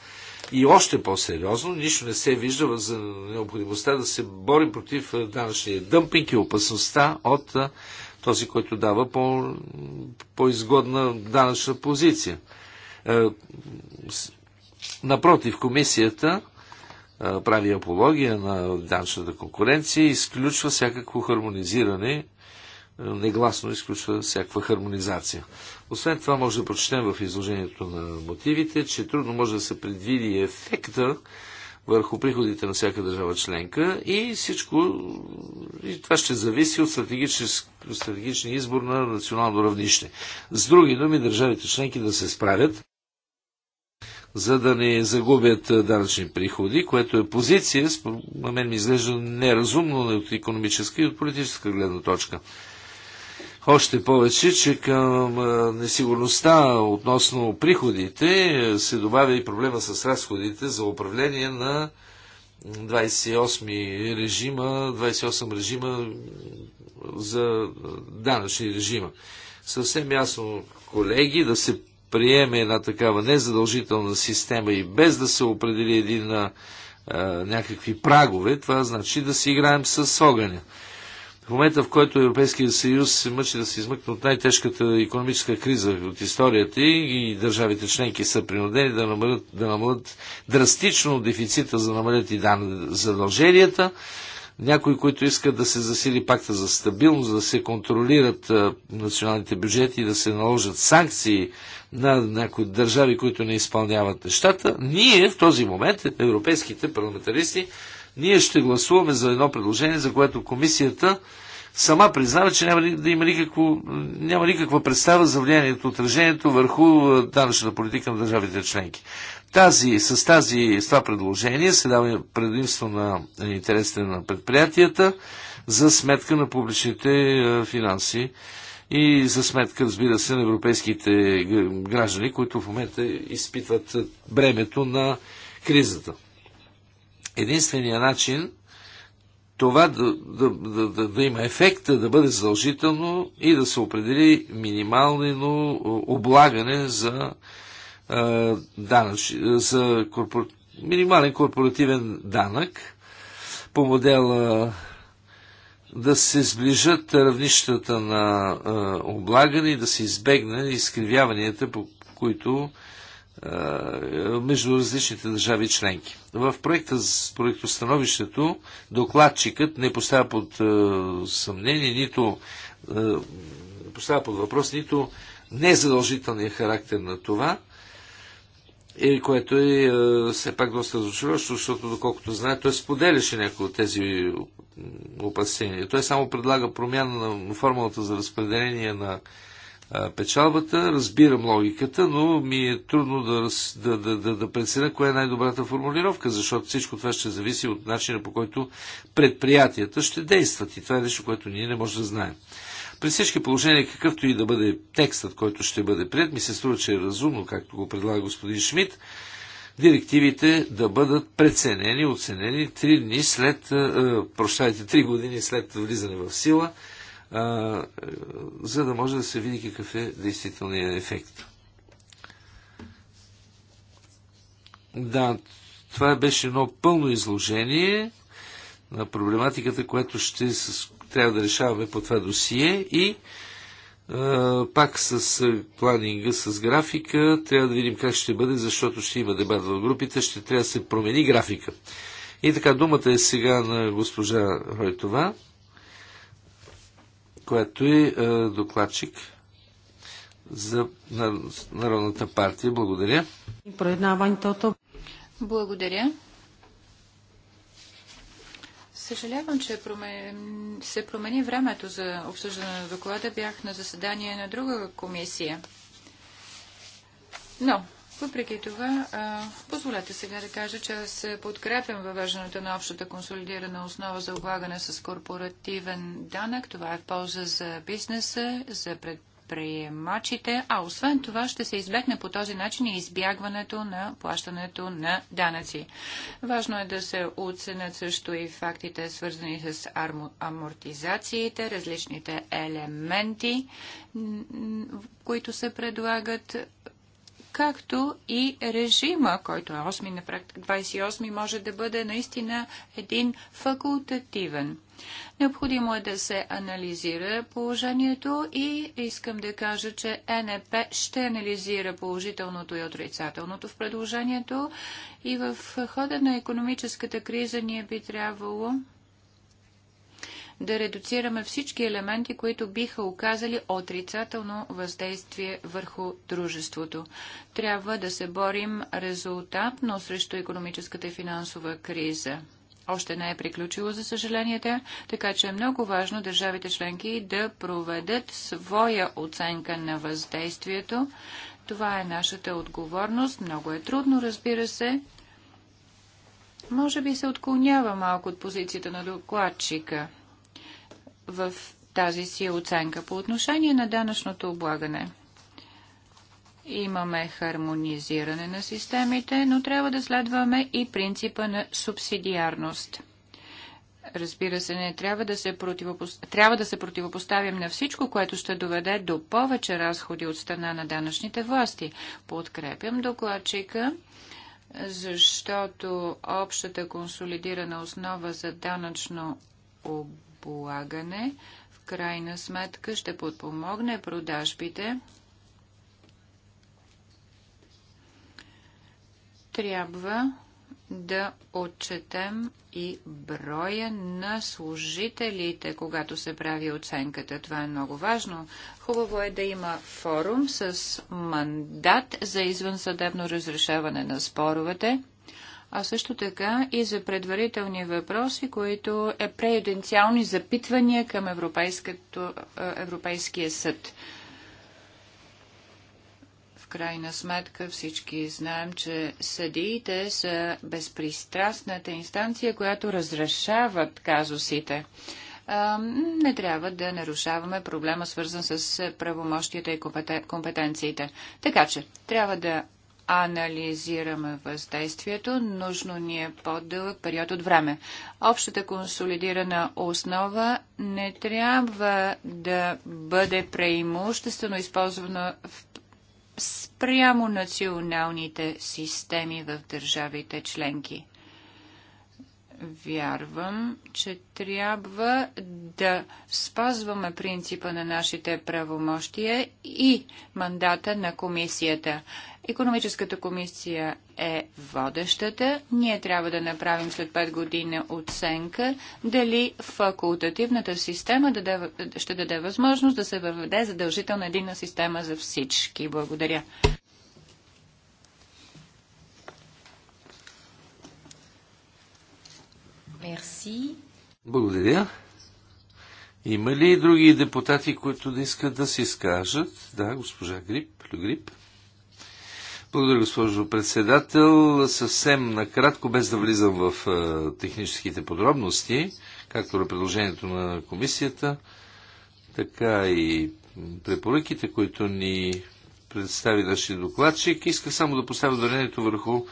Speaker 2: И още по-сериозно, нищо не се вижда за необходимостта да се бори против данъчния дъмпинг и опасността от този, който дава по, по-изгодна данъчна позиция. Е, напротив, комисията е, прави апология на данъчната конкуренция и изключва всякакво хармонизиране, е, негласно изключва всякаква хармонизация. Освен това, може да прочетем в изложението на мотивите, че трудно може да се предвиди ефекта върху приходите на всяка държава членка и всичко, и това ще зависи от стратегичния избор на национално равнище. С други думи, държавите членки да се справят, за да не загубят данъчни приходи, което е позиция, на мен ми изглежда неразумно от економическа и от политическа гледна точка. Още повече, че към несигурността относно приходите се добавя и проблема с разходите за управление на 28 режима, 28 режима за данъчни режима. Съвсем ясно, колеги, да се приеме една такава незадължителна система и без да се определи един на някакви прагове, това значи да си играем с огъня. В момента, в който Европейския съюз се мъчи да се измъкне от най-тежката економическа криза от историята и държавите членки са принудени да намалят, да намалят драстично дефицита, за да намалят и дан, задълженията, някои, които искат да се засили пакта за стабилност, да се контролират националните бюджети и да се наложат санкции на някои държави, които не изпълняват нещата, ние в този момент, европейските парламентаристи, ние ще гласуваме за едно предложение, за което комисията сама признава, че няма да има никакво, няма никаква представа за влиянието, отражението върху данъчната политика на държавите членки. Тази, с, тази, с това предложение се дава предимство на интересите на предприятията за сметка на публичните финанси и за сметка, разбира се, на европейските граждани, които в момента изпитват бремето на кризата единствения начин това да, да, да, да, да има ефекта, да бъде задължително и да се определи минимално облагане за, е, данъч, за корпор... минимален корпоративен данък по модела да се сближат равнищата на е, облагане и да се избегне изкривяванията, по които между различните държави членки. В проекта с проектостановището докладчикът не поставя под съмнение, нито поставя под въпрос, нито незадължителния характер на това, и което е все пак доста разочароващо, защото доколкото знае, той споделяше някои от тези опасения. Той само предлага промяна на формулата за разпределение на печалбата. Разбирам логиката, но ми е трудно да, да, да, да, да преценя коя е най-добрата формулировка, защото всичко това ще зависи от начина по който предприятията ще действат. И това е нещо, което ние не можем да знаем. При всички положения, какъвто и да бъде текстът, който ще бъде прият, ми се струва, че е разумно, както го предлага господин Шмидт, директивите да бъдат преценени, оценени 3 дни след, прощайте, 3 години след влизане в сила – а, за да може да се види какъв е действителният ефект. Да, това беше едно пълно изложение на проблематиката, която ще с, трябва да решаваме по това досие и а, пак с планинга, с графика, трябва да видим как ще бъде, защото ще има дебат в групите, ще трябва да се промени графика. И така, думата е сега на госпожа Ройтова която е, е докладчик за Народната партия. Благодаря.
Speaker 1: Благодаря. Съжалявам, че се промени времето за обсъждане на доклада. Бях на заседание на друга комисия. Но въпреки това, позволете сега да кажа, че аз подкрепям въвеждането на общата консолидирана основа за облагане с корпоративен данък. Това е в полза за бизнеса, за предприемачите, а освен това ще се избегне по този начин и избягването на плащането на данъци. Важно е да се оценят също и фактите, свързани с амортизациите, различните елементи, които се предлагат както и режима, който е 8 на практика 28 може да бъде наистина един факултативен. Необходимо е да се анализира положението и искам да кажа, че НП е ще анализира положителното и отрицателното в предложението и в хода на економическата криза ние би трябвало да редуцираме всички елементи, които биха оказали отрицателно въздействие върху дружеството. Трябва да се борим резултатно срещу економическата и финансова криза. Още не е приключило, за съжаление, така че е много важно държавите членки да проведат своя оценка на въздействието. Това е нашата отговорност. Много е трудно, разбира се. Може би се отклонява малко от позицията на докладчика в тази си оценка. По отношение на данъчното облагане, имаме хармонизиране на системите, но трябва да следваме и принципа на субсидиарност. Разбира се, не трябва да се, противопо... трябва да се противопоставим на всичко, което ще доведе до повече разходи от страна на данъчните власти. Подкрепям докладчика защото общата консолидирана основа за данъчно об облагане в крайна сметка ще подпомогне продажбите. Трябва да отчетем и броя на служителите, когато се прави оценката. Това е много важно. Хубаво е да има форум с мандат за извънсъдебно разрешаване на споровете а също така и за предварителни въпроси, които е преюденциални запитвания към е, Европейския съд. В крайна сметка всички знаем, че съдиите са безпристрастната инстанция, която разрешават казусите. Не трябва да нарушаваме проблема, свързан с правомощията и компетенциите. Така че трябва да анализираме въздействието, нужно ни е по-дълъг период от време. Общата консолидирана основа не трябва да бъде преимуществено използвана в спрямо националните системи в държавите членки вярвам, че трябва да спазваме принципа на нашите правомощия и мандата на комисията. Економическата комисия е водещата. Ние трябва да направим след 5 години оценка дали факултативната система даде, ще даде възможност да се въведе задължителна единна система за всички. Благодаря. Мерси.
Speaker 2: Благодаря. Има ли други депутати, които да искат да се изкажат? Да, госпожа Грип. Люгрип. Благодаря, госпожо председател. Съвсем накратко, без да влизам в техническите подробности, както на предложението на комисията, така и препоръките, които ни представи нашия докладчик. Исках само да поставя дарението върху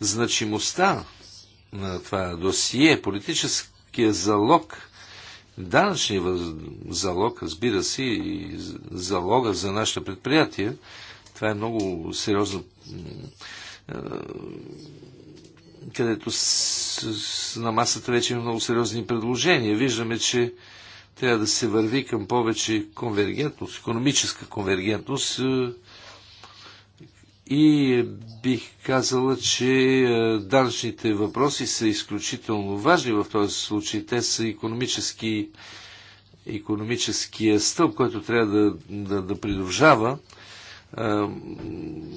Speaker 2: значимостта на това досие, политическия залог, данъчния залог, разбира се, и залога за нашите предприятия, това е много сериозно където с, на масата вече има много сериозни предложения. Виждаме, че трябва да се върви към повече конвергентност, економическа конвергентност и бих казала, че е, данъчните въпроси са изключително важни в този случай. Те са економически, економическия стълб, който трябва да, да, да придружава е,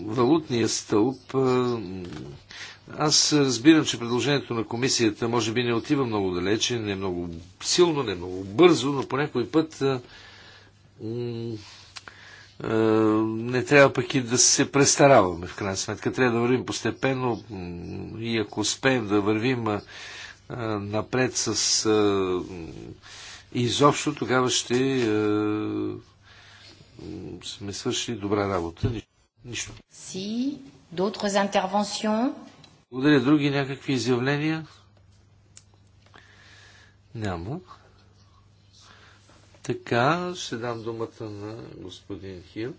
Speaker 2: валутния стълб. Е, аз разбирам, че предложението на комисията може би не отива много далече, не е много силно, не е много бързо, но по някой път не трябва пък и да се престараваме, в крайна сметка. Трябва да вървим постепенно и ако успеем да вървим напред с изобщо, тогава ще сме свършили добра работа. Нищо.
Speaker 1: Си, d'autres
Speaker 2: Благодаря. Други някакви изявления? Няма. Така, ще дам думата на господин Хил.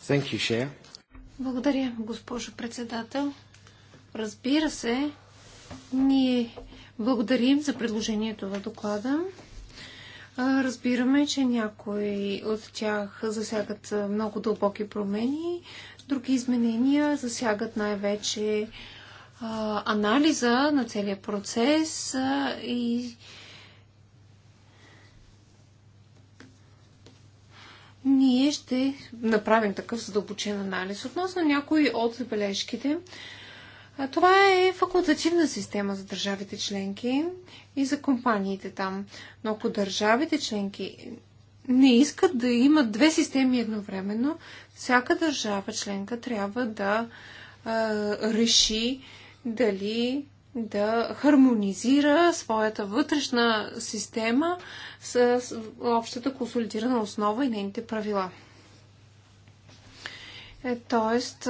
Speaker 2: Thank you, Shea.
Speaker 3: Благодаря, госпожо председател. Разбира се, ние благодарим за предложението в доклада. Разбираме, че някои от тях засягат много дълбоки промени, други изменения засягат най-вече а, анализа на целия процес а, и ние ще направим такъв задълбочен анализ относно някои от забележките. Това е факултативна система за държавите членки и за компаниите там. Но ако държавите членки не искат да имат две системи едновременно, всяка държава членка трябва да а, реши дали да хармонизира своята вътрешна система с общата консолидирана основа и нейните правила. Е, тоест,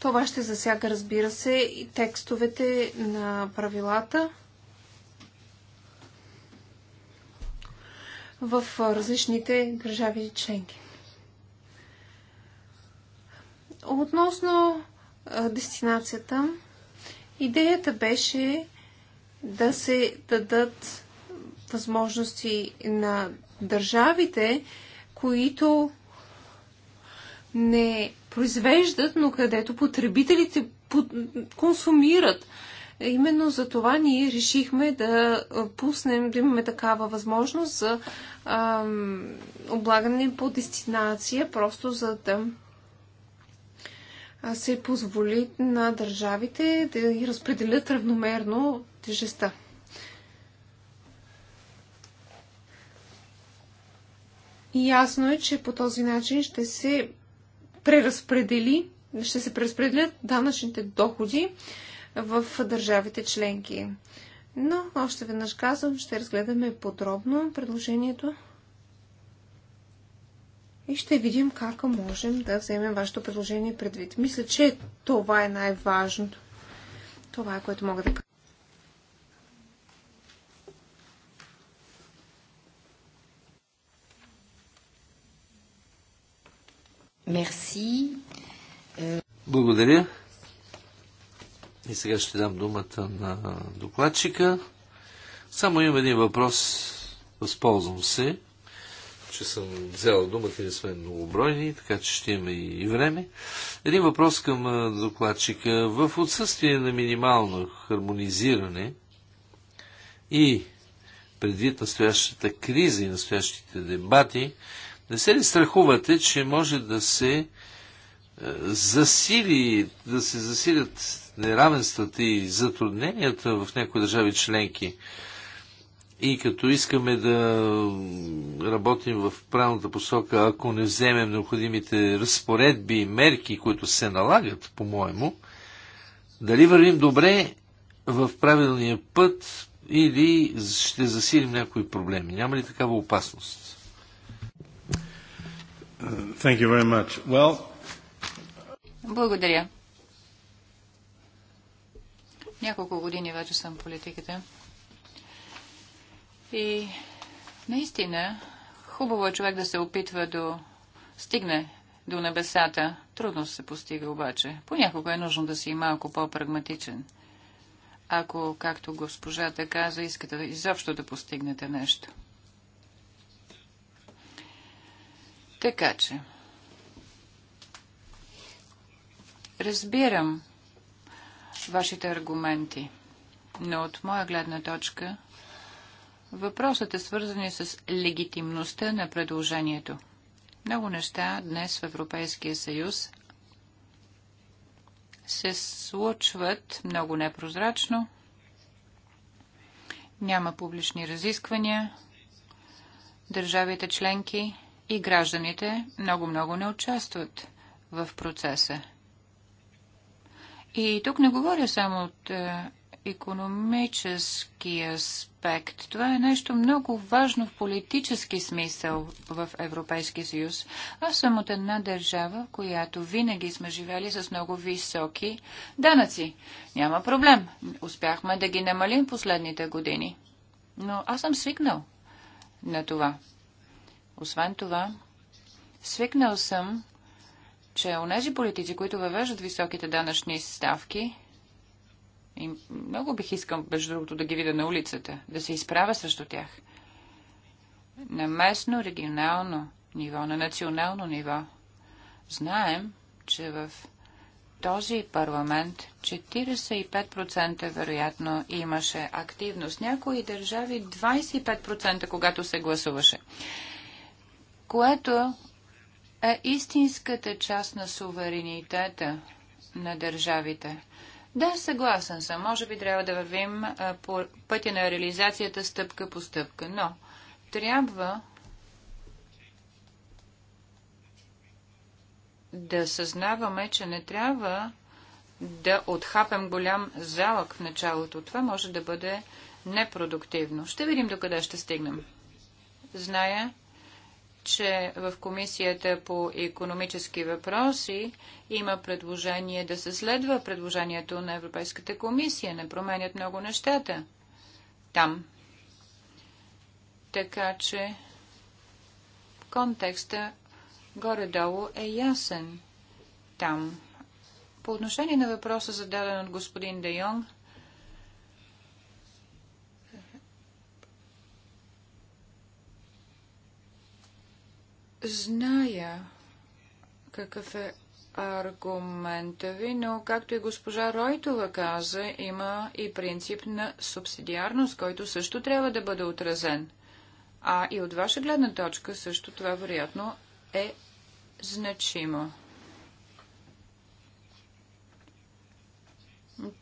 Speaker 3: това ще засяга, разбира се, и текстовете на правилата в различните държави и членки. Относно дестинацията, Идеята беше да се дадат възможности на държавите, които не произвеждат, но където потребителите консумират. Именно за това ние решихме да пуснем, да имаме такава възможност за ам, облагане по дестинация, просто за да се позволи на държавите да ги разпределят равномерно тежеста. И ясно е, че по този начин ще се преразпредели, ще се преразпределят данъчните доходи в държавите членки. Но още веднъж казвам, ще разгледаме подробно предложението и ще видим как можем да вземем вашето предложение предвид. Мисля, че това е най-важното. Това е което мога да кажа. Мерси.
Speaker 2: Е, Благодаря. И сега ще дам думата на докладчика. Само имам един въпрос. Възползвам се че съм взела думата и не сме многобройни, така че ще имаме и време. Един въпрос към докладчика. В отсъствие на минимално хармонизиране и предвид настоящата криза и настоящите дебати, не се ли страхувате, че може да се засили, да се засилят неравенствата и затрудненията в някои държави членки? И като искаме да работим в правилната посока, ако не вземем необходимите разпоредби и мерки, които се налагат, по-моему, дали вървим добре в правилния път или ще засилим някои проблеми? Няма ли такава опасност? Thank you very much. Well...
Speaker 1: Благодаря. Няколко години вече съм в политиката. И наистина, хубаво е човек да се опитва да стигне до небесата. Трудно се постига обаче. Понякога е нужно да си малко по-прагматичен. Ако, както госпожата каза, искате изобщо да постигнете нещо. Така че, разбирам вашите аргументи, но от моя гледна точка – Въпросът е свързан с легитимността на предложението. Много неща днес в Европейския съюз се случват много непрозрачно. Няма публични разисквания. Държавите членки и гражданите много-много не участват в процеса. И тук не говоря само от е, економически аспект. Това е нещо много важно в политически смисъл в Европейския съюз. Аз съм от една държава, в която винаги сме живели с много високи данъци. Няма проблем. Успяхме да ги намалим последните години. Но аз съм свикнал на това. Освен това, свикнал съм, че у нези политици, които въвеждат високите данъчни ставки, и много бих искал, между другото, да ги видя на улицата, да се изправя срещу тях. На местно, регионално ниво, на национално ниво. Знаем, че в този парламент 45% вероятно имаше активност. Някои държави 25% когато се гласуваше. Което е истинската част на суверенитета на държавите. Да, съгласен съм. Може би трябва да вървим по пътя на реализацията стъпка по стъпка, но трябва да съзнаваме, че не трябва да отхапем голям залък в началото. Това може да бъде непродуктивно. Ще видим докъде ще стигнем. Зная, че в Комисията по економически въпроси има предложение да се следва предложението на Европейската комисия. Не променят много нещата там. Така че контекста горе-долу е ясен там. По отношение на въпроса зададен от господин Де Йонг, Зная какъв е аргумента ви, но както и госпожа Ройтова каза, има и принцип на субсидиарност, който също трябва да бъде отразен. А и от ваша гледна точка също това вероятно е значимо.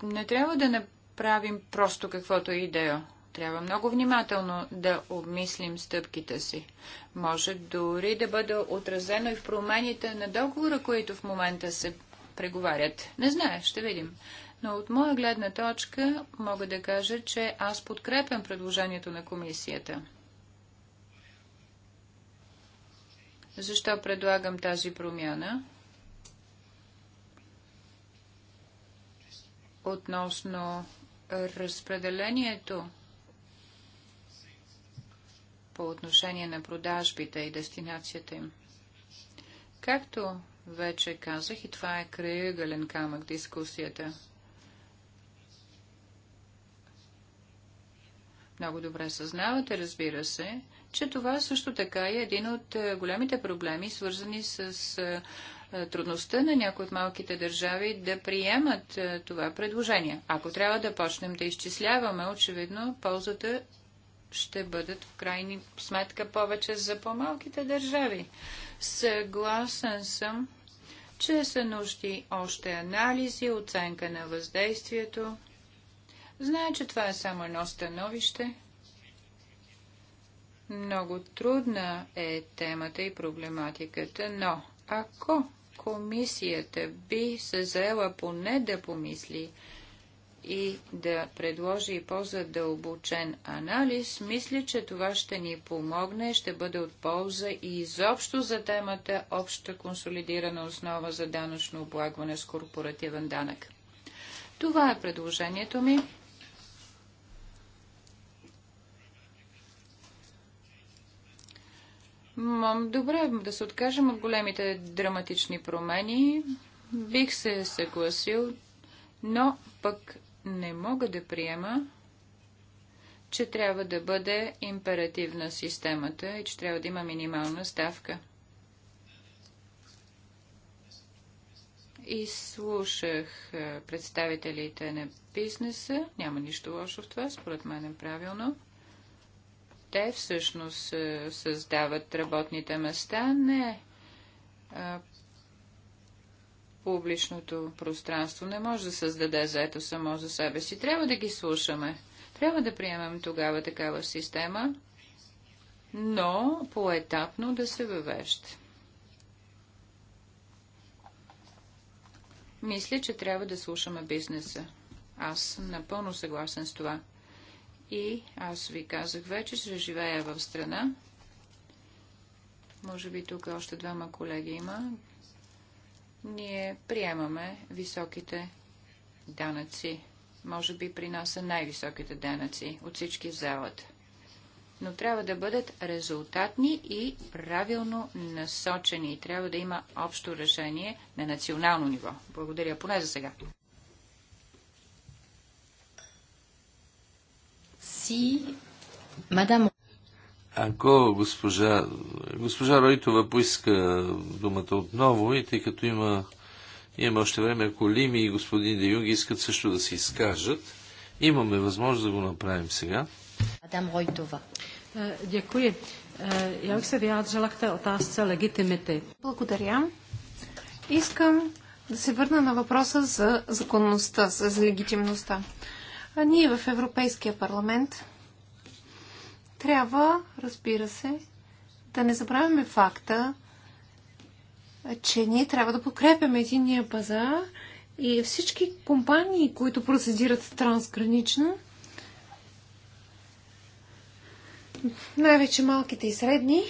Speaker 1: Не трябва да направим просто каквото е идея. Трябва много внимателно да обмислим стъпките си. Може дори да бъде отразено и в промените на договора, които в момента се преговарят. Не знае, ще видим. Но от моя гледна точка мога да кажа, че аз подкрепям предложението на комисията. Защо предлагам тази промяна? Относно разпределението по отношение на продажбите и дестинацията им. Както вече казах, и това е крайъгълен камък дискусията. Много добре съзнавате, разбира се, че това също така е един от е, големите проблеми, свързани с е, е, трудността на някои от малките държави да приемат това предложение. Ако трябва да почнем да изчисляваме, очевидно, ползата ще бъдат в крайни сметка повече за по-малките държави. Съгласен съм, че са нужди още анализи, оценка на въздействието. Знае, че това е само едно становище. Много трудна е темата и проблематиката, но ако комисията би се заела поне да помисли, и да предложи и по-задълбочен анализ, мисля, че това ще ни помогне, ще бъде от полза и изобщо за темата обща консолидирана основа за данъчно облагване с корпоративен данък. Това е предложението ми. Добре, да се откажем от големите драматични промени. Бих се съгласил, но пък не мога да приема, че трябва да бъде императивна системата и че трябва да има минимална ставка. И слушах представителите на бизнеса. Няма нищо лошо в това, според мен е правилно. Те всъщност създават работните места, не публичното пространство не може да създаде заето само за себе си. Трябва да ги слушаме. Трябва да приемем тогава такава система, но поетапно да се въвежда. Мисля, че трябва да слушаме бизнеса. Аз съм напълно съгласен с това. И аз ви казах вече, че живея в страна. Може би тук още двама колеги има, ние приемаме високите данъци. Може би при нас са най-високите данъци от всички в залата. Но трябва да бъдат резултатни и правилно насочени. трябва да има общо решение на национално ниво. Благодаря, поне за сега. Си, мадам.
Speaker 2: Ако госпожа, госпожа Ройтова поиска думата отново и тъй като има, има още време, ако Лими и господин Де Юнг искат също да се изкажат, имаме възможност да го направим сега.
Speaker 1: Адам Ройтова. Děkuji. Já bych se vyjádřila k té otázce легитимите.
Speaker 3: Благодаря. Искам да се върна на въпроса за законността, за легитимността. Е, ние в Европейския парламент трябва, разбира се, да не забравяме факта, че ние трябва да подкрепяме единния пазар и всички компании, които процедират трансгранично, най-вече малките и средни,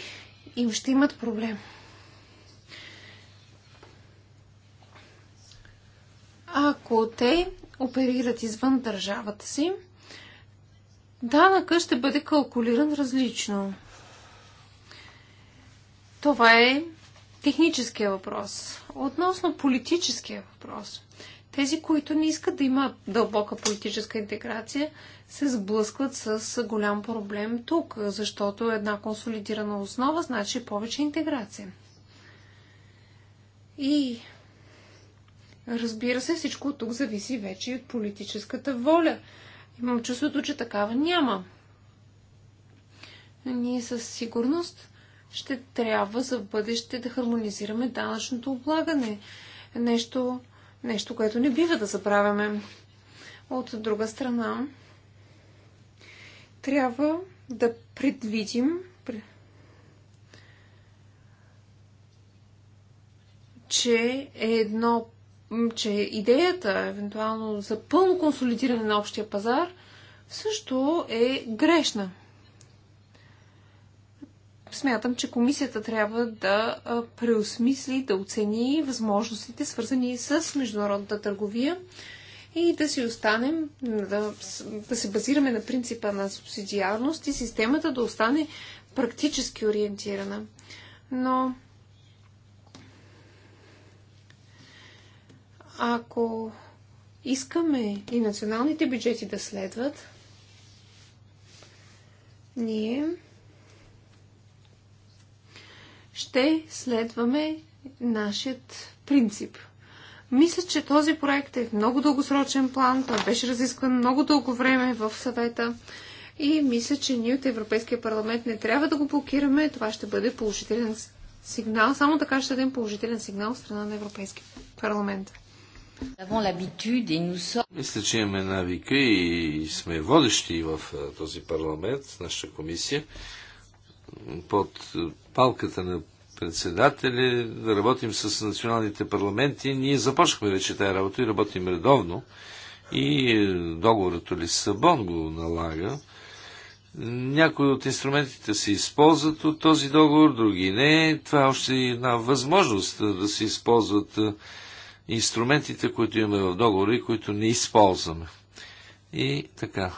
Speaker 3: им ще имат проблем. Ако те оперират извън държавата си, данъка ще бъде калкулиран различно. Това е техническия въпрос. Относно политическия въпрос. Тези, които не искат да има дълбока политическа интеграция, се сблъскват с голям проблем тук, защото една консолидирана основа значи повече интеграция. И разбира се, всичко тук зависи вече и от политическата воля Имам чувството, че такава няма. Ние със сигурност ще трябва за бъдеще да хармонизираме данъчното облагане. Нещо, нещо, което не бива да забравяме. От друга страна, трябва да предвидим, че е едно че идеята, евентуално за пълно консолидиране на общия пазар, също е грешна. Смятам, че комисията трябва да преосмисли, да оцени възможностите, свързани с международната търговия и да си останем, да, да се базираме на принципа на субсидиарност и системата да остане практически ориентирана. Но Ако искаме и националните бюджети да следват, ние ще следваме нашият принцип. Мисля, че този проект е в много дългосрочен план. Той беше разискван много дълго време в съвета. И мисля, че ние от Европейския парламент не трябва да го блокираме. Това ще бъде положителен сигнал. Само така ще дадем положителен сигнал от страна на Европейския парламент.
Speaker 2: Мисля, че имаме навика и сме водещи в този парламент, нашата комисия, под палката на председателя, да работим с националните парламенти. Ние започнахме вече тази работа и работим редовно. И е, договорът Лиссабон го налага. Някои от инструментите се използват от този договор, други не. Това е още една възможност да се използват инструментите, които имаме в договори, които не използваме. И така.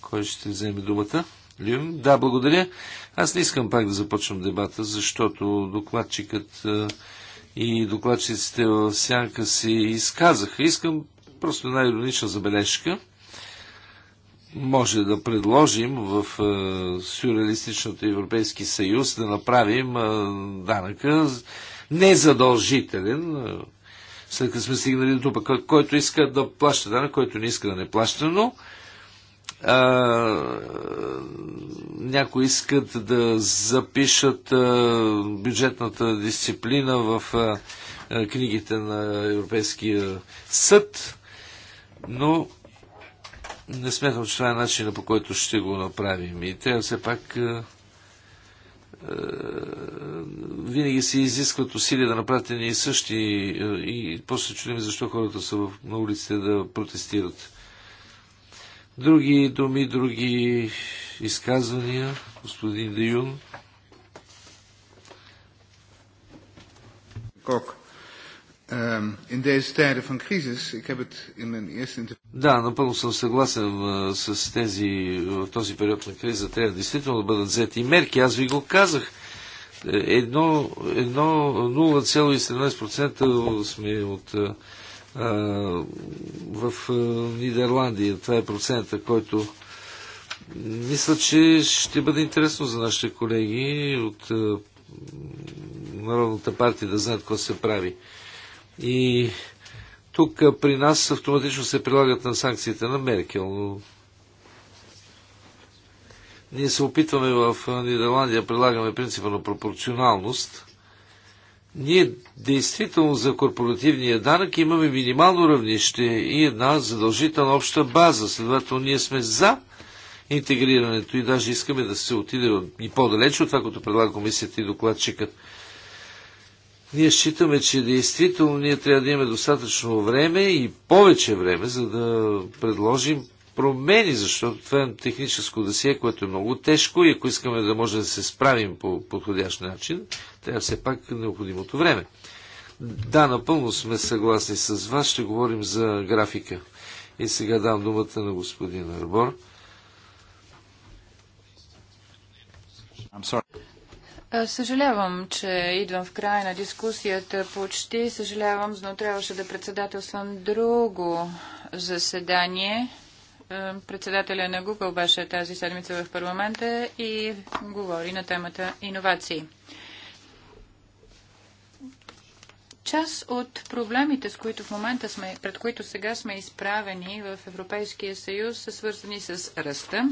Speaker 2: Кой ще вземе думата? Любим? Да, благодаря. Аз не искам пак да започвам дебата, защото докладчикът и докладчиците в сянка си изказаха. Искам просто една иронична забележка. Може да предложим в сюрреалистичното Европейски съюз да направим данъка незадължителен, след като сме стигнали до тупа, който иска да плаща данък, който не иска да не плаща, но а, някои искат да запишат а, бюджетната дисциплина в а, книгите на Европейския съд, но не смятам, че това е начина по който ще го направим. И трябва все пак е, винаги се изискват усилия да направят едни и същи е, и после чудим защо хората са на улиците да протестират. Други думи, други изказвания, господин Деюн. Колко? Ehm, in deze tijden van crisis, ik heb het in mijn eerste interview... Да, напълно съм съгласен с тези, в този период на криза трябва действително да бъдат взети мерки. Аз ви го казах. Е, едно, едно 0,17% сме от, а, в Нидерландия. Това е процента, който мисля, че ще бъде интересно за нашите колеги от Народната партия да знаят какво се прави. И тук при нас автоматично се прилагат на санкциите на Меркел, но ние се опитваме в Нидерландия, прилагаме принципа на пропорционалност. Ние действително за корпоративния данък имаме минимално равнище и една задължителна обща база. Следователно ние сме за интегрирането и даже искаме да се отиде и по-далеч от това, което предлага комисията и докладчикът. Ние считаме, че действително ние трябва да имаме достатъчно време и повече време, за да предложим промени, защото това е техническо досие, което е много тежко и ако искаме да може да се справим по подходящ начин, трябва все пак необходимото време. Да, напълно сме съгласни с вас. Ще говорим за графика. И сега дам думата на господин Арбор.
Speaker 1: Съжалявам, че идвам в края на дискусията почти. Съжалявам, но трябваше да председателствам друго заседание. Е, председателя на Google беше тази седмица в парламента и говори на темата иновации. Част от проблемите, с които в момента сме, пред които сега сме изправени в Европейския съюз, са свързани с ръста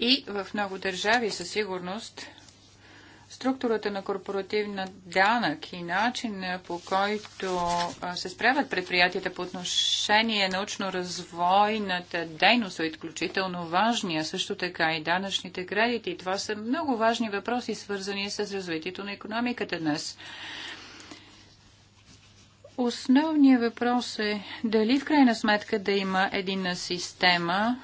Speaker 1: и в много държави със сигурност структурата на корпоративна данък и начин е, по който се справят предприятията по отношение научно-развойната дейност са изключително важни, а също така и данъчните кредити. Това са много важни въпроси, свързани с развитието на економиката днес. Основният въпрос е дали в крайна сметка да има единна система,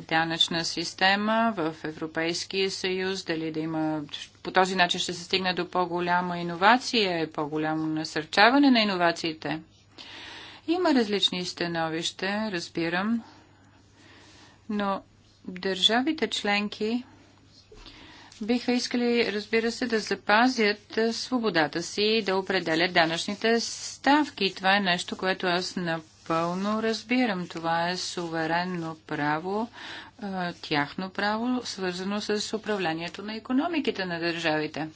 Speaker 1: данъчна система в Европейския съюз, дали да има по този начин ще се стигне до по-голяма иновация и по-голямо насърчаване на иновациите. Има различни становища, разбирам, но държавите членки биха искали, разбира се, да запазят свободата си и да определят данъчните ставки. Това е нещо, което аз на напълно разбирам. Това е суверенно право, тяхно право, свързано с управлението на економиките на държавите.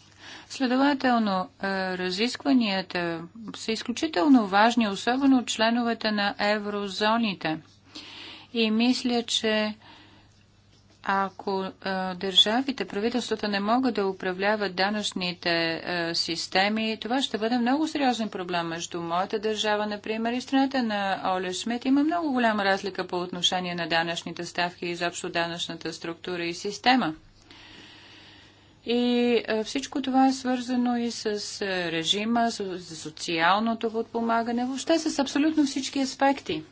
Speaker 1: Следователно, разискванията са изключително важни, особено от членовете на еврозоните. И мисля, че ако а, е, държавите, правителствата не могат да управляват данъчните а, е, системи, това ще бъде много сериозен проблем между моята държава, например, и страната на Оле Шмет Има много голяма разлика по отношение на данъчните ставки и изобщо данъчната структура и система. И а, е, всичко това е свързано и с режима, с, с социалното подпомагане, въобще с абсолютно всички аспекти.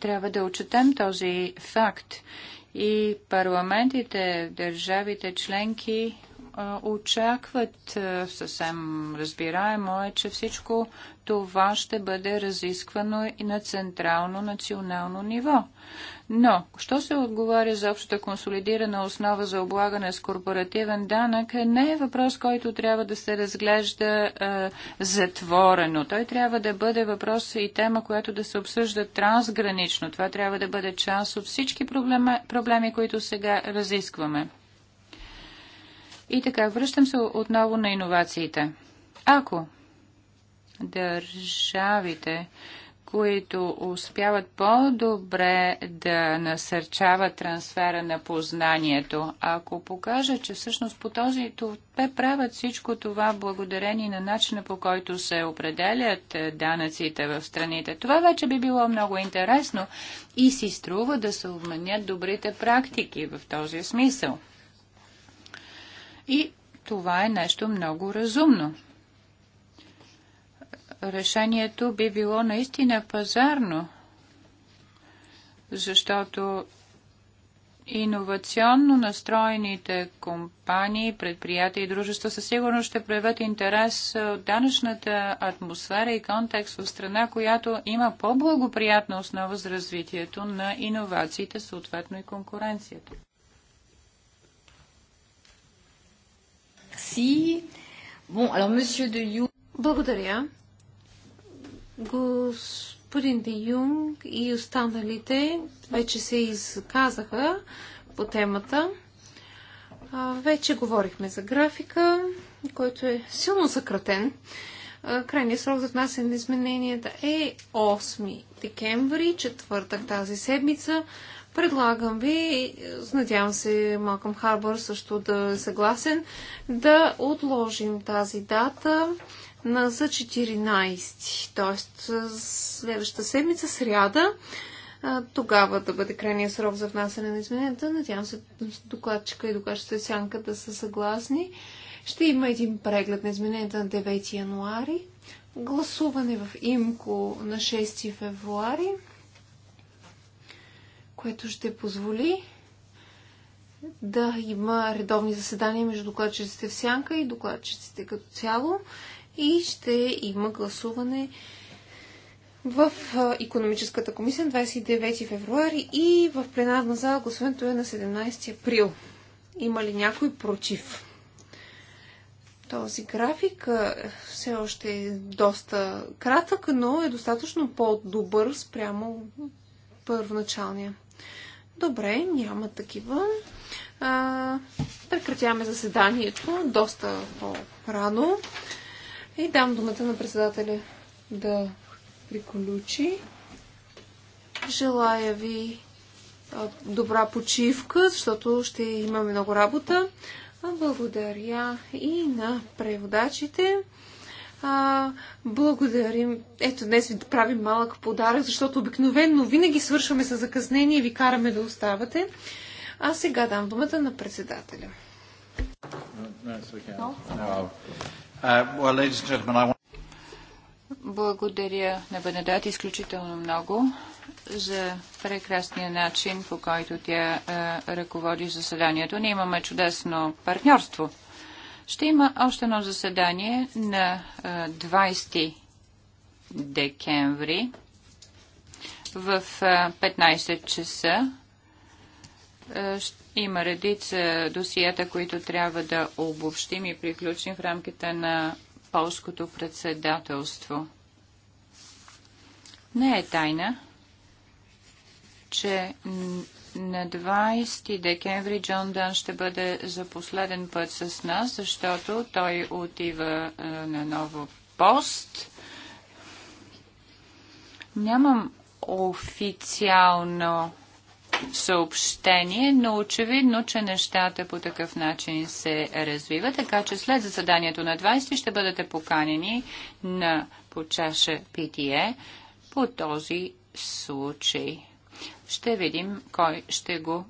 Speaker 1: Трябва да отчетем този факт и парламентите в държавите членки очакват съвсем разбираемо е, че всичко това ще бъде разисквано и на централно национално ниво. Но, що се отговаря за общата консолидирана основа за облагане с корпоративен данък, не е въпрос, който трябва да се разглежда е, затворено. Той трябва да бъде въпрос и тема, която да се обсъжда трансгранично. Това трябва да бъде част от всички проблеми, проблеми които сега разискваме. И така, връщам се отново на иновациите. Ако държавите които успяват по-добре да насърчават трансфера на познанието. Ако покажа, че всъщност по този те правят всичко това благодарение на начина по който се определят е, данъците в страните, това вече би било много интересно и си струва да се обменят добрите практики в този смисъл. И това е нещо много разумно решението би било наистина пазарно, защото иновационно настроените компании, предприятия и дружества със сигурност ще проявят интерес от данъчната атмосфера и контекст в страна, която има по-благоприятна основа за развитието на иновациите, съответно и конкуренцията. Благодаря.
Speaker 3: Господин Де Юнг и останалите вече се изказаха по темата. Вече говорихме за графика, който е силно съкратен. Крайният срок за внасяне на измененията е 8 декември, четвъртък тази седмица. Предлагам ви, надявам се Малкам Харбър също да е съгласен, да отложим тази дата на, за 14, т.е. следващата седмица, сряда, тогава да бъде крайния срок за внасяне на измененията. Надявам се докладчика и докладчата Сянка да са съгласни. Ще има един преглед на измененията на 9 януари, гласуване в ИМКО на 6 февруари, което ще позволи да има редовни заседания между докладчиците в Сянка и докладчиците като цяло и ще има гласуване в економическата комисия на 29 февруари и в пленарна зала гласуването е на 17 април. Има ли някой против? Този график все още е доста кратък, но е достатъчно по-добър спрямо първоначалния. Добре, няма такива. А, прекратяваме заседанието доста по-рано. И дам думата на председателя да приключи. Желая ви добра почивка, защото ще имаме много работа. Благодаря и на преводачите. А, благодарим. Ето, днес ви правим малък подарък, защото обикновенно винаги свършваме с закъснение и ви караме да оставате.
Speaker 1: А сега дам думата на председателя. No, no, Uh, Благодаря на Бенедат изключително много за прекрасния начин, по който тя е, ръководи заседанието. Ние имаме чудесно партньорство. Ще има още едно заседание на 20 е, декември в 15 е, часа. Ще има редица досиета, които трябва да обобщим и приключим в рамките на полското председателство. Не е тайна, че на 20 декември Джон Дан ще бъде за последен път с нас, защото той отива е, на ново пост. Нямам официално съобщение, но очевидно, че нещата по такъв начин се развиват, така че след заседанието на 20 ще бъдете поканени на почаша ПТЕ. питие по този случай. Ще видим кой ще го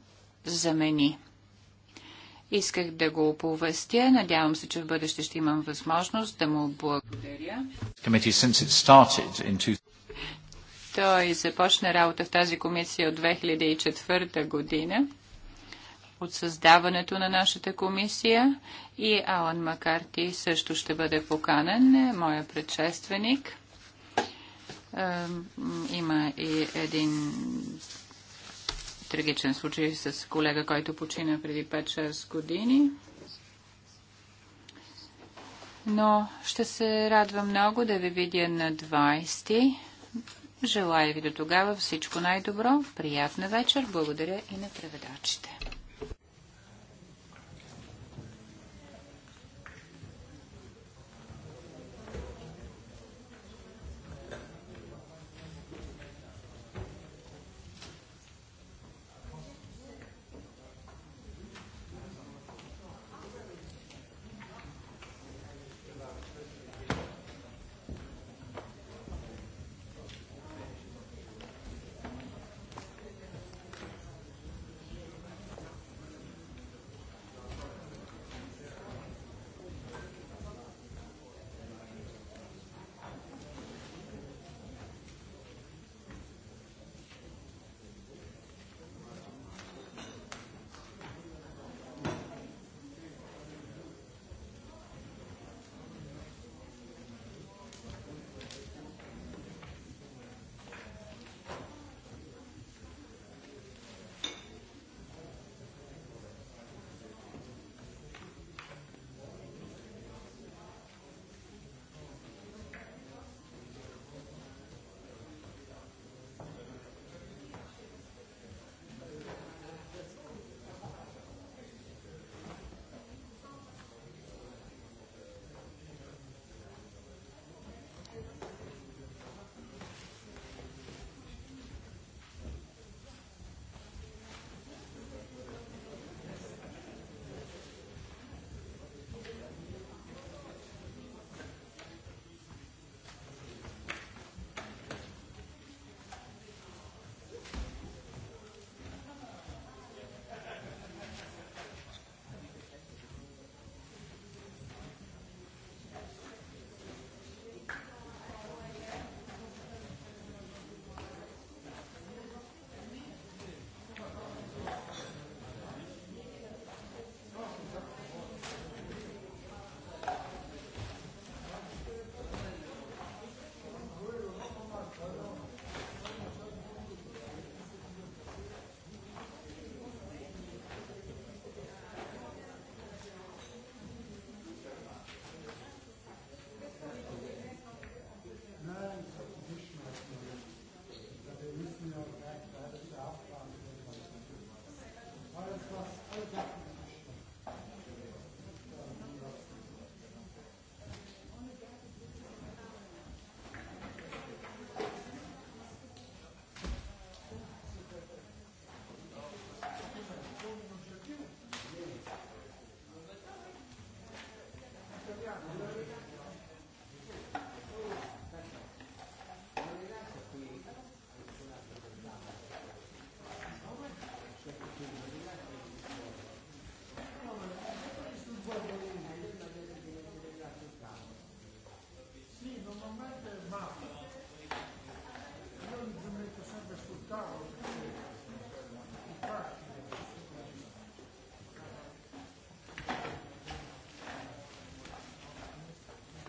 Speaker 1: замени. Исках да го оповестя. Надявам се, че в бъдеще ще имам възможност да му благодаря. Той започна работа в тази комисия от 2004 година, от създаването на нашата комисия и Алан Макарти също ще бъде поканен, моя предшественик. Има и един трагичен случай с колега, който почина преди 5-6 години. Но ще се радвам много да ви видя на 20 Желая ви до тогава всичко най-добро, приятна вечер, благодаря и на преведачите.